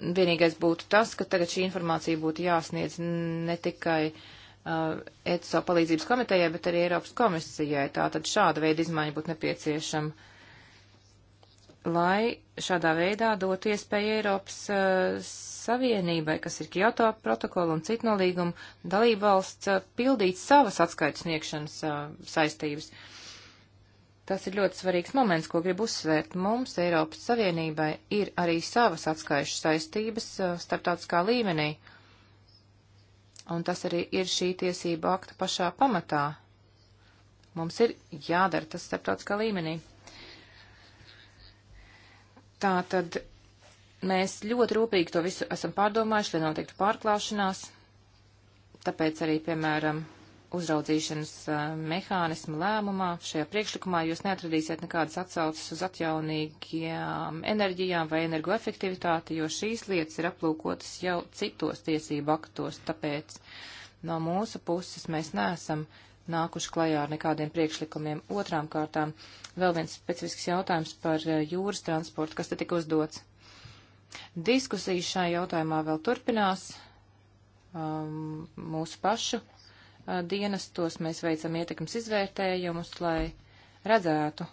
vienīgais būtu tas, ka tagad šī informācija būtu jāsniedz ne tikai uh, Uh, ECO palīdzības komitejai, bet arī Eiropas komisijai. Tātad šāda veida izmaiņa būtu nepieciešama, lai šādā veidā dotu iespēju Eiropas uh, Savienībai, kas ir Kyoto protokola un citu nolīgumu, dalībvalsts uh, pildīt savas atskaitas sniegšanas uh, saistības. Tas ir ļoti svarīgs moments, ko gribu uzsvērt. Mums Eiropas Savienībai ir arī savas atskaišu saistības uh, starptautiskā līmenī. Uh, un tas arī ir šī tiesība akta pašā pamatā. Mums ir jādara tas starptautiskā līmenī. Tā tad mēs ļoti rūpīgi to visu esam pārdomājuši, lai notiktu pārklāšanās. Tāpēc arī, piemēram, uzraudzīšanas eh, mehānismu lēmumā šajā priekšlikumā jūs neatradīsiet nekādas atsaucas uz atjaunīgajām enerģijām vai energoefektivitāti, jo šīs lietas ir aplūkotas jau citos tiesību aktos, tāpēc no mūsu puses mēs neesam nākuši klajā ar nekādiem priekšlikumiem. Otrām kārtām vēl viens specifisks jautājums par eh, jūras transportu, kas te tika uzdots. Diskusijas šajā jautājumā vēl turpinās um, mūsu pašu dienestos mēs veicam ietekmes izvērtējumus, lai redzētu,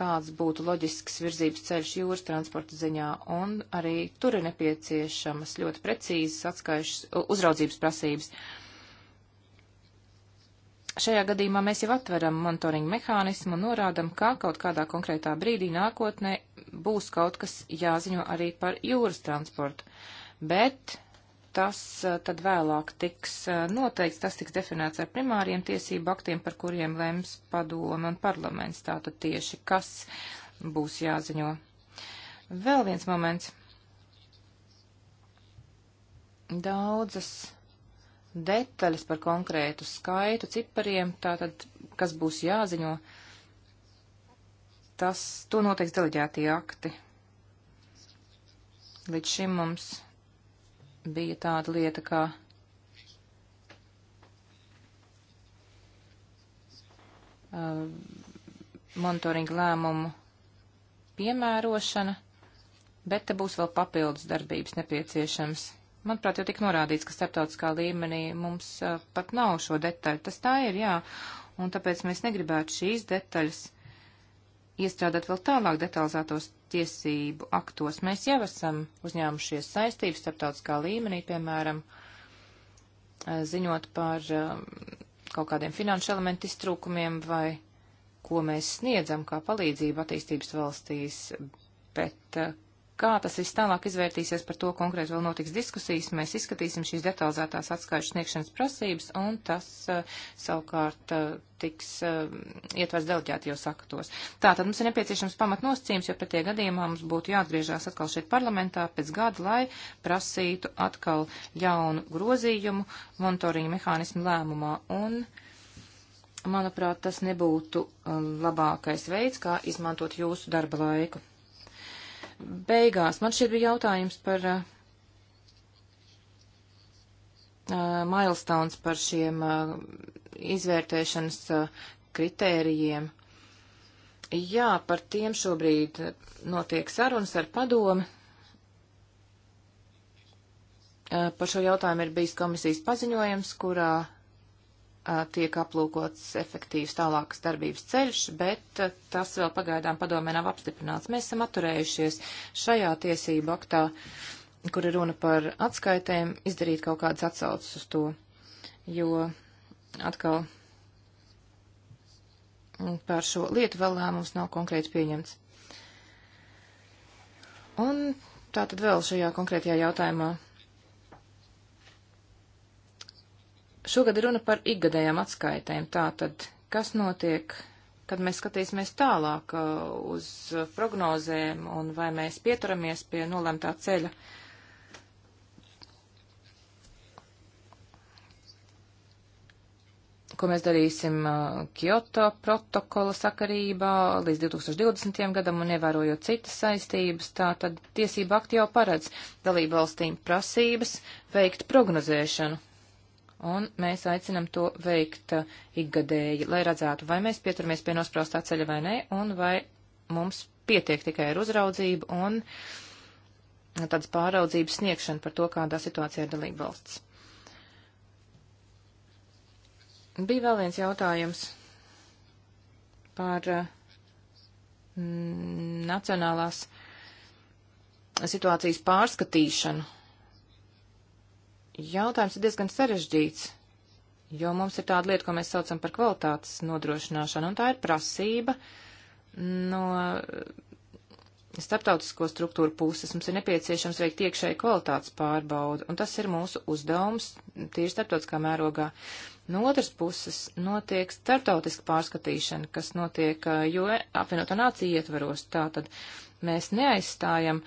kāds būtu loģisks virzības ceļš jūras transporta ziņā, un arī tur ir nepieciešamas ļoti precīzas atskaišas uzraudzības prasības. Šajā gadījumā mēs jau atveram monitoringu mehānismu un norādam, kā kaut kādā konkrētā brīdī nākotnē būs kaut kas jāziņo arī par jūras transportu. Bet tas eh, tad vēlāk tiks eh, noteikts, tas tiks definēts ar primāriem tiesību aktiem, par kuriem lems padoma un parlaments. Tātad tieši kas būs jāziņo. Vēl viens moments. Daudzas detaļas par konkrētu skaitu cipariem, tātad kas būs jāziņo, tas to noteiks deleģētie akti. Līdz šim mums bija tāda lieta kā uh, monitoringa lēmumu piemērošana, bet te būs vēl papildus darbības nepieciešams. Manuprāt, jau tik norādīts, ka starptautiskā līmenī mums uh, pat nav šo detaļu. Tas tā ir, jā, un tāpēc mēs negribētu šīs detaļas iestrādāt vēl tālāk detalizētos tiesību aktos. Mēs jau esam uzņēmušies saistības starptautiskā līmenī, piemēram, eh, ziņot par eh, kaut kādiem finanšu elementu iztrūkumiem vai ko mēs sniedzam kā palīdzību attīstības valstīs, bet eh, Kā tas viss tālāk izvērtīsies, par to konkrēti vēl notiks diskusijas. Mēs izskatīsim šīs detalizētās atskaišu sniegšanas prasības, un tas uh, savukārt uh, tiks uh, eh, ietvers deleģētajos aktos. Tātad mums ir nepieciešams pamatnosacījums, jo pretie gadījumā mums būtu jāatgriežās atkal šeit parlamentā pēc gada, lai prasītu atkal jaunu grozījumu monitoringa mehānismu lēmumā. Un, manuprāt, tas nebūtu um, labākais veids, kā izmantot jūsu darba laiku beigās. Man šķiet bija jautājums par uh, uh, milestones, par šiem uh, izvērtēšanas uh, kritērijiem. Jā, par tiem šobrīd notiek sarunas ar padomi. Uh, par šo jautājumu ir bijis komisijas paziņojums, kurā tiek aplūkots efektīvs tālākas darbības ceļš, bet tas vēl pagaidām padomē nav apstiprināts. Mēs esam atturējušies šajā tiesību aktā, kur ir runa par atskaitēm, izdarīt kaut kādas atsaucas uz to, jo atkal par šo lietu vēl lēmums nav konkrēti pieņemts. Un tā tad vēl šajā konkrētajā jautājumā Šogad runa par ikgadējām atskaitēm. Tātad, kas notiek, kad mēs skatīsimies tālāk uh, uz prognozēm un vai mēs pieturamies pie nolemtā ceļa? ko mēs darīsim uh, Kyoto protokola sakarībā līdz 2020. gadam un ievērojot citas saistības, tā tad tiesība akti jau paredz dalību valstīm prasības veikt prognozēšanu un mēs aicinam to veikt uh, ikgadēji, lai redzētu, vai mēs pieturamies pie nospraustā ceļa vai nē, un vai mums pietiek tikai ar uzraudzību un tādas pāraudzības sniegšanu par to, kādā situācijā ir dalība valsts. Bija vēl viens jautājums par uh, nacionālās situācijas pārskatīšanu Jautājums ir diezgan sarežģīts, jo mums ir tāda lieta, ko mēs saucam par kvalitātes nodrošināšanu, un tā ir prasība no starptautisko struktūru puses. Mums ir nepieciešams veikt iekšēju kvalitātes pārbaudu, un tas ir mūsu uzdevums tīri starptautiskā mērogā. No otras puses notiek starptautiska pārskatīšana, kas notiek, jo apvienoto nāciju ietveros tātad mēs neaizstājam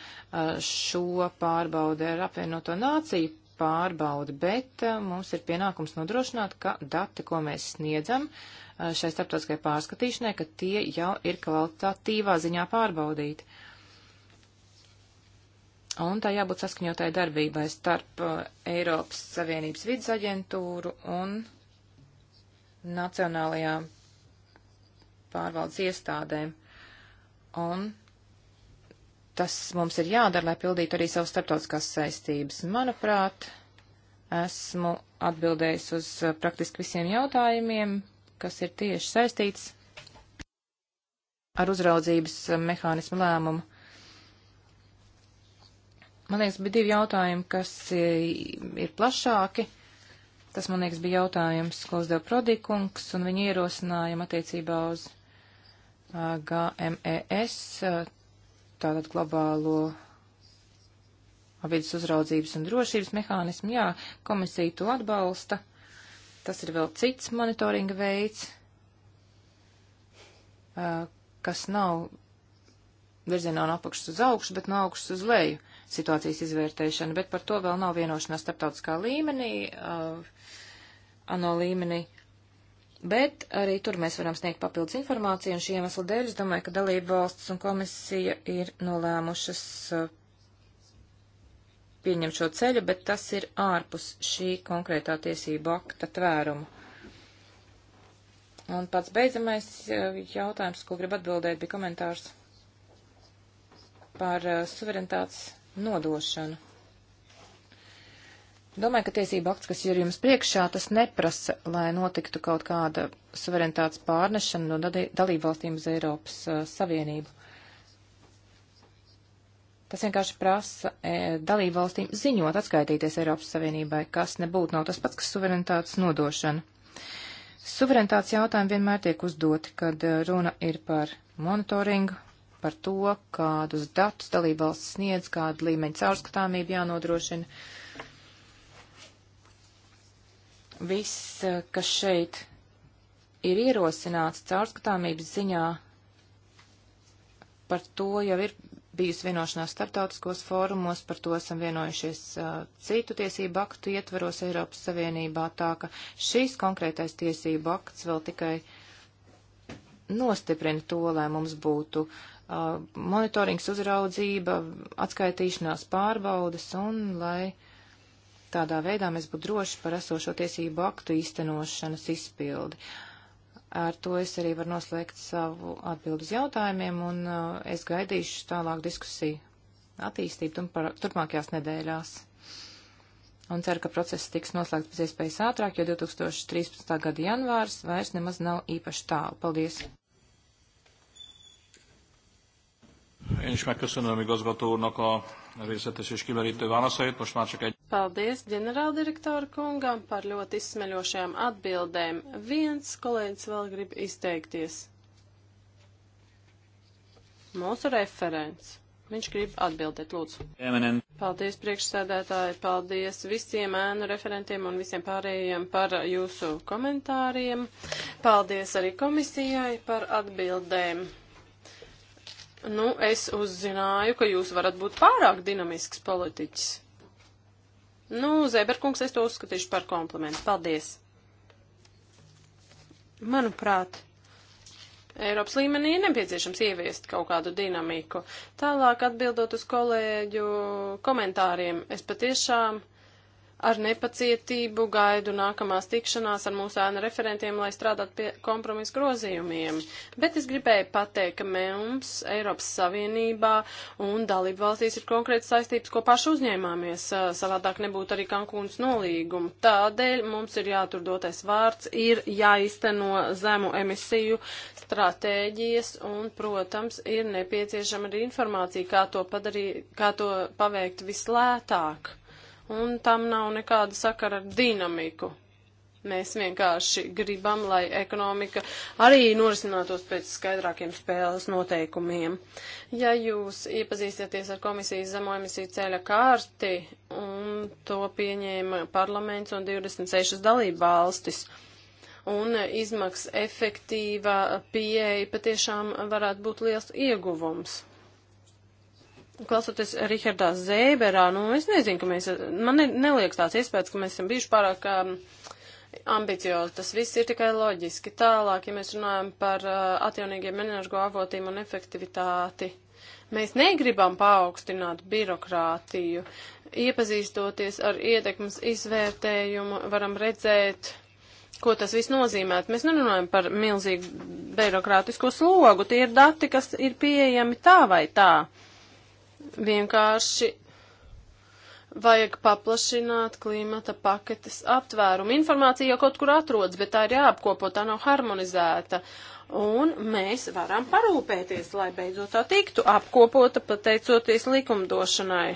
šo pārbaudu ar apvienoto nāciju pārbauda, bet eh, mums ir pienākums nodrošināt, ka dati, ko mēs sniedzam eh, šai starptautiskai pārskatīšanai, ka tie jau ir kvalitatīvā ziņā pārbaudīti. Un tā jābūt saskaņotai darbībai starp eh, Eiropas Savienības vidas aģentūru un nacionālajām pārvaldes iestādēm. Un tas mums ir jādara, lai pildītu arī savas starptautiskās saistības. Manuprāt, esmu atbildējis uz eh, praktiski visiem jautājumiem, kas ir tieši saistīts ar uzraudzības eh, mehānismu lēmumu. Man liekas, bija divi jautājumi, kas eh, ir plašāki. Tas, man liekas, bija jautājums, ko uzdeva Prodikungs un viņa ierosinājuma attiecībā uz GMES tātad globālo vidas uzraudzības un drošības mehānismu, jā, komisija to atbalsta. Tas ir vēl cits monitoringa veids, kas nav virzienā no apakšas uz augšu, bet no augšas uz leju situācijas izvērtēšana, bet par to vēl nav vienošanās starptautiskā līmenī, ANO līmenī. Uh, Bet arī tur mēs varam sniegt papildus informāciju, un šī iemesla dēļ es domāju, ka dalība valsts un komisija ir nolēmušas uh, pieņemt šo ceļu, bet tas ir ārpus šī konkrētā tiesību akta tvēruma. Un pats beidzamais uh, jautājums, ko grib atbildēt, bija komentārs par uh, suverenitātes nodošanu. Domāju, ka tiesība akts, kas ir jums priekšā, tas neprasa, lai notiktu kaut kāda suverenitātes pārnešana no dalībvalstīm uz Eiropas uh, Savienību. Tas vienkārši prasa e, dalībvalstīm ziņot, atskaitīties Eiropas Savienībai, kas nebūtu nav tas pats, kas suverenitātes nodošana. Suverenitātes jautājumi vienmēr tiek uzdoti, kad e, runa ir par monitoringu, par to, kādus datus dalībvalsts sniedz, kādu līmeņu caurskatāmību jānodrošina. Viss, eh, kas šeit ir ierosināts caurskatāmības ziņā, par to jau ir bijusi vienošanās starptautiskos fórumos, par to esam vienojušies uh, citu tiesību aktu ietvaros Eiropas Savienībā, tā ka šīs konkrētais tiesību akts vēl tikai nostiprina to, lai mums būtu uh, monitorings, uzraudzība, atskaitīšanās pārbaudas un lai uh, Tādā veidā mēs būtu droši par esošo tiesību aktu īstenošanas izpildi. Ar to es arī varu noslēgt savu atbildu uz jautājumiem, un uh, es gaidīšu tālāk diskusiju attīstību turpmākajās nedēļās. Un ceru, ka process tiks noslēgts pēc iespējas ātrāk, jo 2013. gada janvārs vairs nemaz nav īpaši tālu. Paldies! Én is megköszönöm igazgató úrnak a részletes és kimerítő válaszait. Most már csak egy... Paldies ģenerāldirektora kungam par ļoti izsmeļošajām atbildēm. Viens kolēģis vēl grib izteikties. Mūsu referents. Viņš grib atbildēt, lūdzu. Eminent. Paldies priekšsēdētāji, paldies visiem ēnu referentiem un visiem pārējiem par jūsu komentāriem. Paldies arī komisijai par atbildēm. Nu, es uzzināju, ka jūs varat būt pārāk dinamisks politiķis. Nu, Zēberkungs, es to uzskatīšu par komplimentu. Paldies! Manuprāt, Eiropas līmenī ir nepieciešams ieviest kaut kādu dinamiku. Tālāk atbildot uz kolēģu komentāriem, es patiešām. Uh, ar nepacietību gaidu nākamās tikšanās ar mūsu ēna referentiem, lai strādātu pie kompromisu grozījumiem. Bet es gribēju pateikt, ka mums Eiropas Savienībā un dalību valstīs ir konkrētas saistības, ko paši uzņēmāmies. Savādāk nebūtu arī Kankūnas nolīguma. Tādēļ mums ir jātur dotais vārds, ir jāizteno zemu emisiju stratēģijas un, protams, ir nepieciešama arī informācija, kā to, padarī, kā to paveikt vislētāk un tam nav nekāda sakara ar dinamiku. Mēs vienkārši gribam, lai ekonomika arī norisinātos pēc skaidrākiem spēles noteikumiem. Ja jūs iepazīsieties ar komisijas zemoemisiju ceļa kārti, un to pieņēma parlaments un 26 dalība valstis, un izmaks efektīva pieeja patiešām varētu būt liels ieguvums. Klausoties Rihardā Zēberā, nu es nezinu, ka mēs, man ne, neliekas tāds iespējas, ka mēs esam bijuši pārāk um, ambiciozi. Tas viss ir tikai loģiski. Tālāk, ja mēs runājam par uh, atjaunīgiem energoavotiem un efektivitāti, mēs negribam paaugstināt birokrātiju. Iepazīstoties ar ietekmes izvērtējumu, varam redzēt, ko tas viss nozīmē. Mēs nerunājam par milzīgu birokrātisko slogu. Tie ir dati, kas ir pieejami tā vai tā. Uh, Vienkārši vajag paplašināt klimata paketes aptvērumu. Informācija jau kaut kur atrodas, bet tā ir jāapkopo, tā nav harmonizēta. Un mēs varam parūpēties, lai beidzot tā tiktu apkopota pateicoties likumdošanai.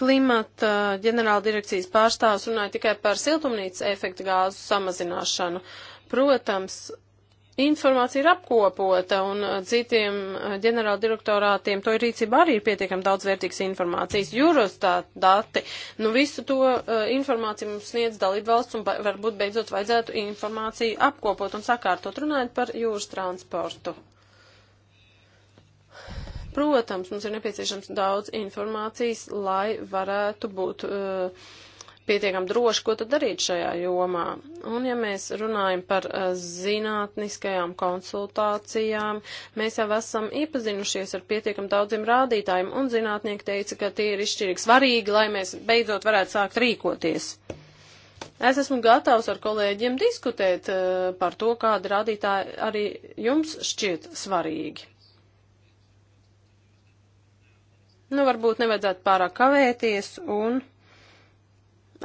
Klimata ģenerāla direkcijas pārstāvs runāja tikai par siltumnīcas efekta gāzu samazināšanu. Protams, Informācija ir apkopota, un uh, citiem uh, ģenerāla direktorātiem to ir rīcība arī ir pietiekami daudz vērtīgas informācijas. Jurostāt dati, nu visu to uh, informāciju mums sniedz dalību valsts, un varbūt beidzot vajadzētu informāciju apkopot un sakārtot, runājot par jūras transportu. Protams, mums ir nepieciešams daudz informācijas, lai varētu būt. Uh, pietiekam droši, ko tad darīt šajā jomā. Un ja mēs runājam par eh, zinātniskajām konsultācijām, mēs jau esam iepazinušies ar pietiekam daudziem rādītājiem, un zinātnieki teica, ka tie ir izšķirīgi svarīgi, lai mēs beidzot varētu sākt rīkoties. Es esmu gatavs ar kolēģiem diskutēt eh, par to, kāda rādītāja arī jums šķiet svarīgi. Nu, varbūt nevajadzētu pārāk kavēties un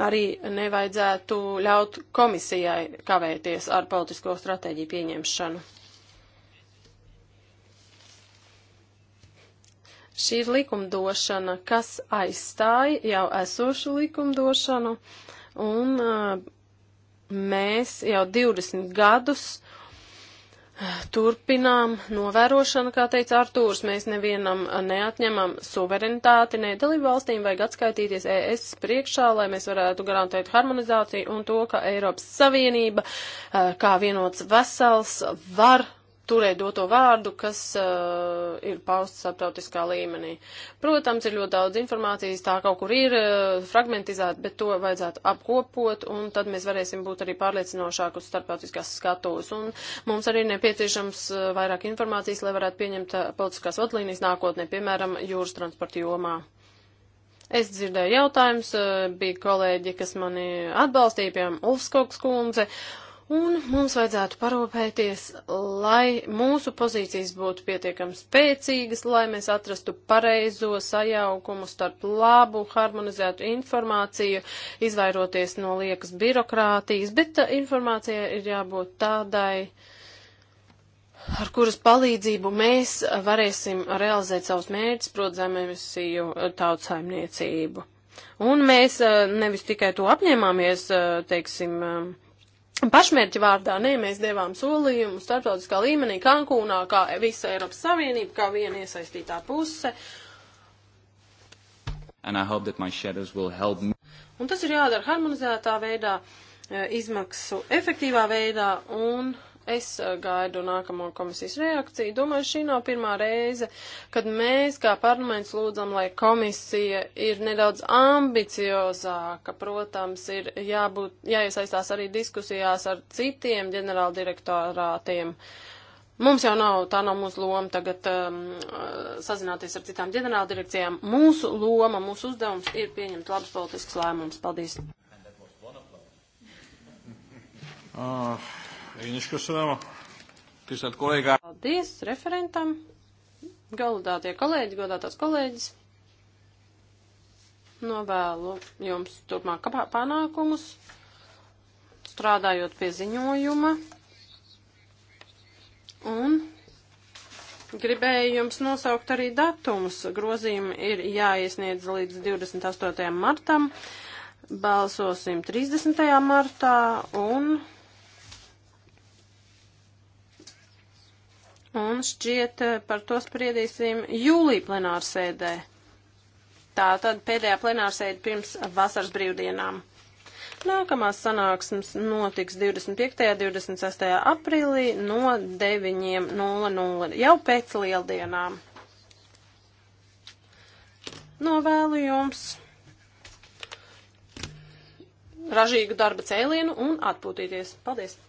arī nevajadzētu ļaut komisijai kavēties ar politisko stratēģiju pieņemšanu. Šī ir likumdošana, kas aizstāja jau esošu likumdošanu, un uh, mēs jau 20 gadus uh, Turpinām novērošanu, kā teica Artūrs, mēs nevienam neatņemam suverenitāti, ne dalību valstīm vajag atskaitīties ES priekšā, lai mēs varētu garantēt harmonizāciju un to, ka Eiropas Savienība kā vienots vesels var turēt doto vārdu, kas uh, ir pausts starptautiskā līmenī. Protams, ir ļoti daudz informācijas, tā kaut kur ir uh, fragmentizēta, bet to vajadzētu apkopot, un tad mēs varēsim būt arī pārliecinošāk uz starptautiskās skatuves. Un mums arī nepieciešams uh, vairāk informācijas, lai varētu pieņemt uh, politiskās vadlīnijas nākotnē, piemēram, jūras transporta jomā. Es dzirdēju jautājumus, uh, bija kolēģi, kas mani atbalstīja, piemēram, Ulfskogs kundze. Uh, Un mums vajadzētu parūpēties, lai mūsu pozīcijas būtu pietiekami spēcīgas, lai mēs atrastu pareizo sajaukumu starp labu, harmonizētu informāciju, izvairoties no liekas birokrātijas, bet uh, informācija ir jābūt tādai, ar kuras palīdzību mēs uh, varēsim realizēt savus mērķus, proti zememisiju uh, tautsaimniecību. Un mēs nevis tikai to apņēmāmies, teiksim, um, pašmērķa vārdā, nē, mēs devām solījumu starptautiskā līmenī, Kankūnā, kā visa Eiropas Savienība, kā viena iesaistītā puse. Un tas ir jādara harmonizētā veidā, eh, izmaksu efektīvā veidā un. Uh, Es uh, gaidu nākamo komisijas reakciju. Domāju, šī nav pirmā reize, kad mēs kā parlaments lūdzam, lai komisija ir nedaudz ambiciozāka. Protams, ir jābūt, jāiesaistās arī diskusijās ar citiem ģenerāldirektorātiem. Mums jau nav, tā nav mūsu loma tagad um, uh, sazināties ar citām ģenerāldirekcijām. Mūsu loma, mūsu uzdevums ir pieņemt labus politiskus lēmumus. Paldies! Oh. Én is köszönöm. Tisztelt kollégá! Paldies referentam, galudātie kolēģi, godātās kolēģis. Novēlu jums turpmāk panākumus, strādājot pie ziņojuma. Un gribēju jums nosaukt arī datumus. Grozījumi ir jāiesniedz līdz 28. martam, balsosim 30. martā un Un šķiet eh, par to spriedīsim jūlija plenārsēdē. Tā tad pēdējā plenārsēde pirms vasaras brīvdienām. Nākamās sanāksmes notiks 25. un 26. aprīlī no 9.00 jau pēc lieldienām. Novēlu jums ražīgu darba cēlienu un atpūtīties. Paldies!